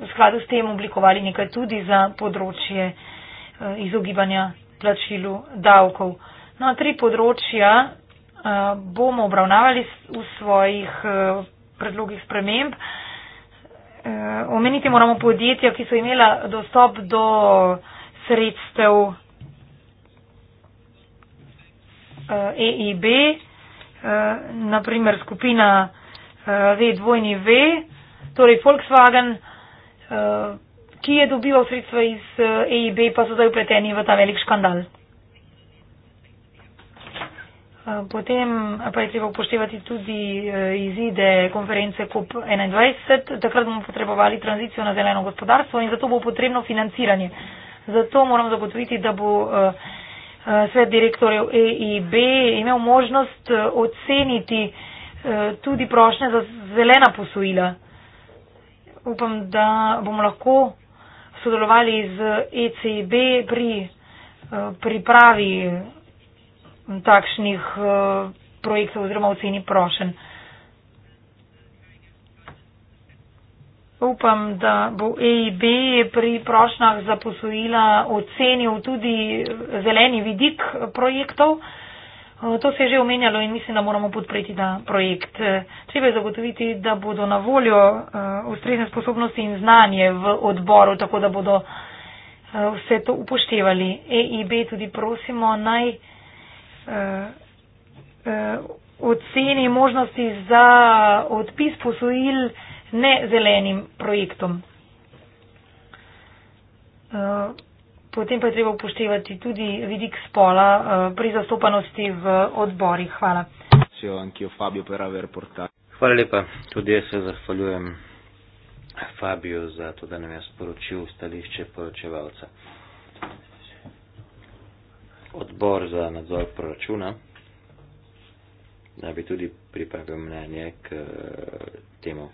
v skladu s tem oblikovali nekaj tudi za področje uh, izogibanja plačilu davkov. No, tri področja uh, bomo obravnavali v svojih uh, predlogih sprememb. Uh, omeniti moramo podjetja, ki so imela dostop do sredstev uh, EIB eh, naprimer skupina eh, V2V, torej Volkswagen, eh, ki je dobival sredstva iz eh, EIB, pa so zdaj upleteni v ta velik škandal. Eh, potem eh, pa je treba upoštevati tudi eh, izide konference COP21, takrat bomo potrebovali tranzicijo na zeleno gospodarstvo in zato bo potrebno financiranje. Zato moram zagotoviti, da bo. Eh, Eh, svet direktorjev A e in B imel možnost eh, oceniti eh, tudi prošnje za zelena posojila. Upam, da bomo lahko sodelovali z ECB pri pripravi takšnih projektov oziroma oceni prošenj. upam, da bo EIB pri prošnjah za posojila ocenil tudi zeleni vidik projektov. To se je že omenjalo in mislim, da moramo podpreti ta projekt. Treba je zagotoviti, da bodo na voljo eh, ustrezne sposobnosti in znanje v odboru, tako da bodo eh, vse to upoštevali. EIB tudi prosimo naj uh, uh, oceni možnosti za odpis posojil nezelenim projektom. Eh, potem pa je treba upoštevati tudi vidik spola eh, pri zastopanosti v odborih. Hvala. Hvala lepa. Tudi jaz se zahvaljujem Fabiju za to, da nam je sporočil stališče poročevalca. Odbor za nadzor proračuna naj bi tudi pripravil mnenje k eh, temu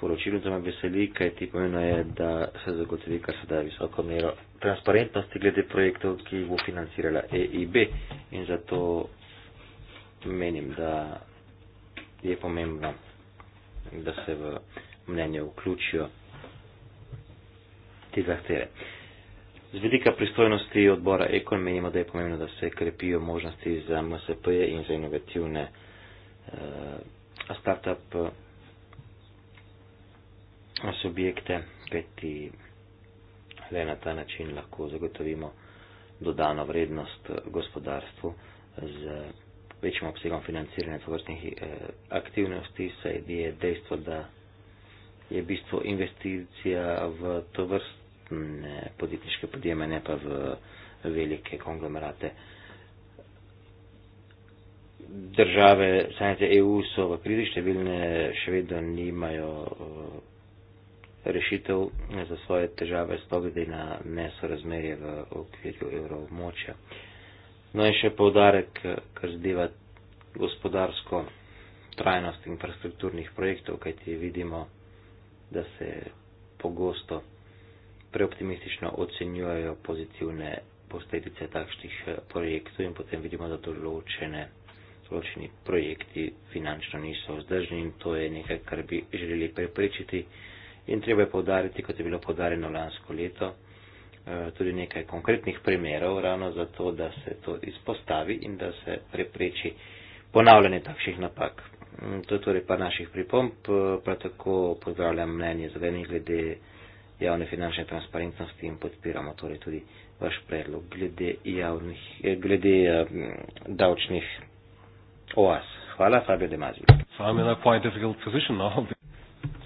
poročilo, zelo me veseli, kaj ti pomeni, da se zagotovi kar sedaj visoko mero transparentnosti glede projektov, ki jih bo financirala EIB. In zato menim, da je pomembno, da se v mnenje vključijo te zahteve. Z vidika pristojnosti odbora EKON menimo, da je pomembno, da se krepijo možnosti za MSP-je in za inovativne uh, start-up. Uh, subjekte, kajti le na ta način lahko zagotovimo dodano vrednost gospodarstvu z večjim obsegom financiranja tovrstnih eh, aktivnosti, saj je dejstvo, da je bistvo investicija v tovrstne podjetniške podjeme, ne pa v velike konglomerate. Države, sanjate EU, so v krizi, številne še vedno nimajo eh, rešitev eh, za svoje težave, spogledi na nesorazmerje v okviru evroobmočja. No in še povdarek, eh, kar zdiva gospodarsko trajnost infrastrukturnih projektov, kajti vidimo, da se pogosto preoptimistično ocenjujejo pozitivne posledice takšnih eh, projektov in potem vidimo, da določene, določeni projekti finančno niso vzdržni in to je nekaj, kar bi želeli prepričiti in treba je povdariti, kot je bilo povdarjeno lansko leto, eh, tudi nekaj konkretnih primerov, ravno zato, da se to izpostavi in da se prepreči ponavljanje takšnih napak. Mm, to je torej pa naših pripomp, eh, prav tako pozdravljam mnenje zelenih glede javne finančne transparentnosti in podpiramo torej tudi vaš predlog glede, javnih, eh, glede davčnih oas. Hvala, Fabio De Mazzi. So I'm in a quite difficult position now.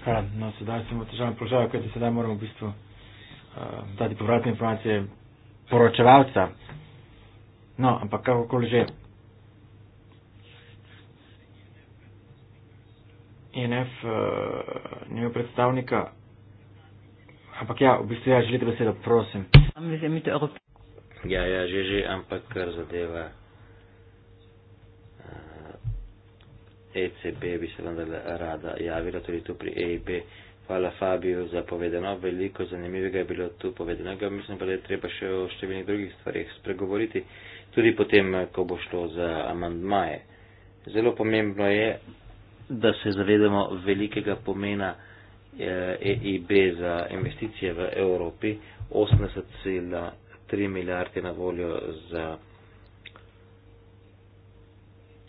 Hvala. No, sedaj smo v težavnem položaju, kajti sedaj moramo v bistvu uh, dati povratne informacije poročevalca. No, ampak kakorkoli že. INF e uh, eh, ni predstavnika. Ampak ja, v bistvu ja, želite besedo, prosim. Ja, ja, že, že, ampak kar zadeva. ECB bi se vendarle rada javila, tudi tu pri EIB. Hvala Fabiju za povedano, veliko zanimivega je bilo tu povedanega, mislim pa, da je treba še o številnih drugih stvarih spregovoriti, tudi potem, ko bo šlo za amandmaje. Zelo pomembno je, da se zavedamo velikega pomena EIB eh, e za investicije v Evropi, 80,3 milijarde na voljo za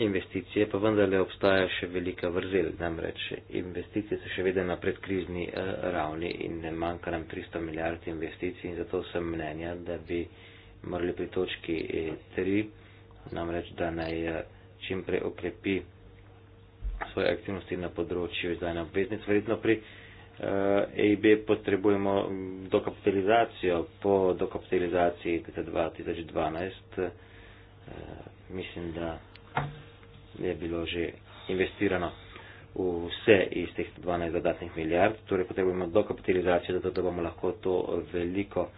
investicije pa vendarle obstaja še velika vrzel, namreč investicije so še vedno na predkrizni eh, ravni in ne manjka nam 300 milijard investicij in zato sem mnenja, da bi morali pri točki 3, eh, namreč da naj eh, čim prej okrepi svoje aktivnosti na področju izdajanja obveznic. Verjetno pri EIB e potrebujemo mm, dokapitalizacijo po dokapitalizaciji 2012. Mislim, da je bilo že investirano v vse iz teh 12 dodatnih milijard, torej potrebujemo dokapitalizacijo, zato da bomo lahko to veliko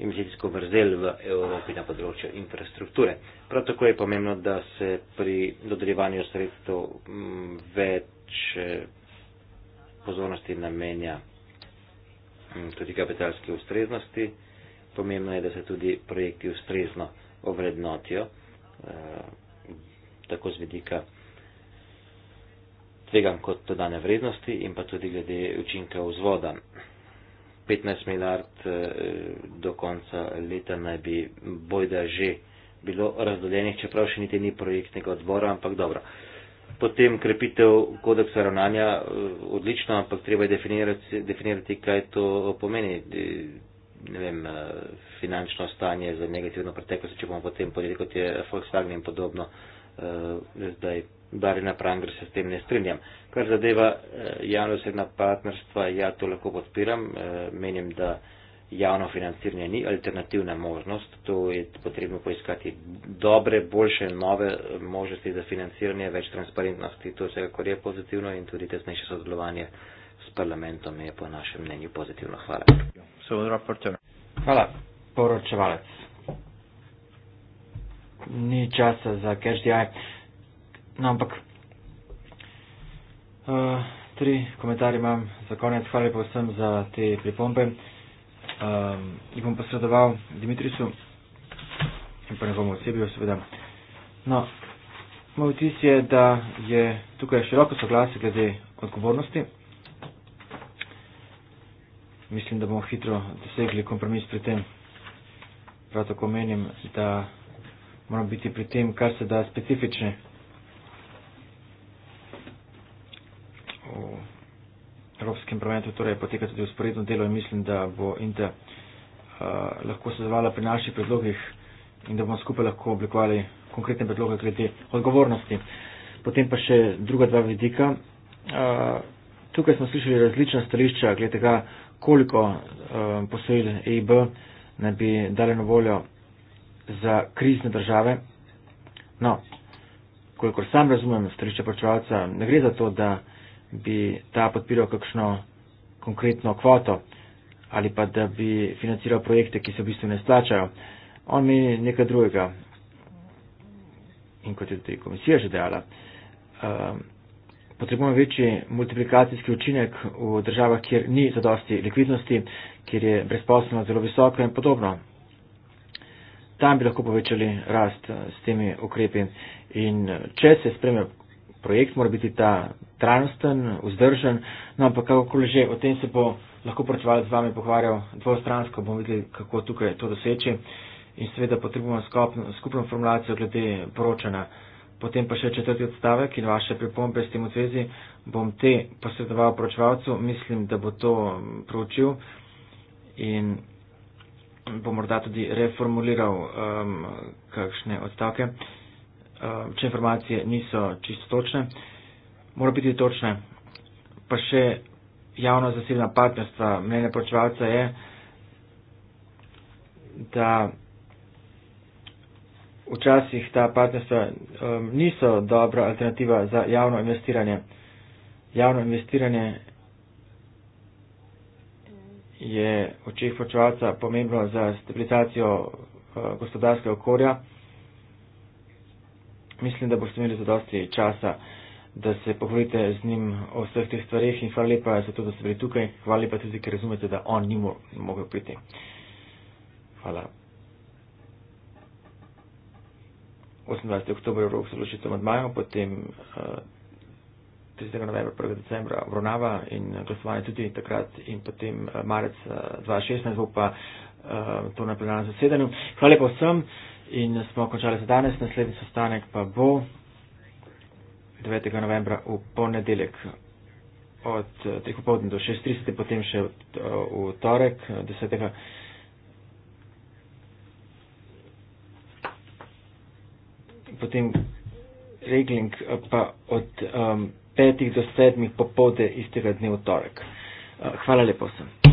investicijsko vrzel v Evropi na področju infrastrukture. Prav tako je pomembno, da se pri dodeljevanju sredstev mm, več eh, pozornosti namenja mm, tudi kapitalske ustreznosti. Pomembno je, da se tudi projekti ustrezno ovrednotijo. Eh, tako z vidika tvegan kot dodane vrednosti in pa tudi glede učinka vzvoda. 15 milijard eh, do konca leta naj bi bojda že bilo razdoljenih, čeprav še niti ni projektnega odbora, ampak dobro. Potem krepitev kodeksa ravnanja, eh, odlično, ampak treba je definirati, definirati, kaj to pomeni. Eh, ne vem, finančno stanje za negativno preteklost, če bomo potem podjetje kot je Volkswagen in podobno. Eh, zdaj Darina Pranger se s tem ne strinjam. Kar zadeva eh, javno-osebna partnerstva, ja to lahko podpiram, eh, menim, da javno financiranje ni alternativna možnost, to je potrebno poiskati dobre, boljše, nove možnosti za financiranje, več transparentnosti, to vsekakor je pozitivno in tudi tesnejše sodelovanje s parlamentom je po našem mnenju pozitivno. Hvala. Hvala. Poročevalec ni časa za cash DI. No, ampak uh, tri komentarje imam za konec. Hvala lepa vsem za te pripombe. Um, jih bom posredoval Dimitrisu in pa ne bomo osebijo seveda. No, moj vtis je, da je tukaj široko soglasje glede odgovornosti. Mislim, da bomo hitro dosegli kompromis pri tem. Prav tako menim, da moramo biti pri tem, kar se da specifične. V Evropskem parlamentu torej poteka tudi usporedno delo in mislim, da bo Inta uh, eh, lahko sodelovala pri naših predlogih in da bomo skupaj lahko oblikovali konkretne predloge glede odgovornosti. Potem pa še druga dva vidika. Uh, tukaj smo slišali različna stališča glede tega, koliko uh, posojil EIB naj bi dali na voljo za krizne države. No, kolikor sam razumem stališče plačevalca, ne gre za to, da bi ta podpiral kakšno konkretno kvoto ali pa da bi financiral projekte, ki se v bistvu ne splačajo. On meni nekaj drugega. In kot je tudi komisija že dejala, um, potrebujemo večji multiplikacijski učinek v državah, kjer ni zadosti likvidnosti, kjer je brezposobnost zelo visoka in podobno tam bi lahko povečali rast eh, s temi okrepi. In eh, če se spremlja projekt, mora biti ta trajnosten, vzdržen, no ampak kakokoli že, o tem se bo lahko pročevalec z vami pohvarjal dvostransko, bomo videli, kako tukaj to doseči. In seveda potrebujemo skupno formulacijo glede poročanja. Potem pa še četrti odstavek in vaše pripombe s tem v zvezi bom te posredoval pročevalcu, mislim, da bo to mm, pročil. In bo morda tudi reformuliral um, kakšne odstavke, um, če informacije niso čisto točne. Mora biti točne. Pa še javno zasebna partnerstva. Mnenje počevalca je, da včasih ta partnerstva um, niso dobra alternativa za javno investiranje. Javno investiranje je v očih počevalca pomembno za stabilizacijo eh, gospodarske okolja. Mislim, da boste imeli za dosti časa, da se pogovorite z njim o vseh teh stvarih in hvala lepa za to, da ste bili tukaj. Hvala lepa tudi, ker razumete, da on ni mogel priti. Hvala. 28. oktober je rok za odločitev med majo, potem uh, 30. novembra, 1. decembra obravnava in glasovanje tudi takrat in potem eh, marec 2016 eh, bo pa eh, to na plenarnem zasedanju. Hvala lepa vsem in smo končali za danes. Naslednji sestanek pa bo 9. novembra v ponedeljek od 3. popoldne do 6.30, potem še v torek 10. Potem regling pa od um, petih do sedmih popovde istega dne v torek. Eh, hvala lepo vsem.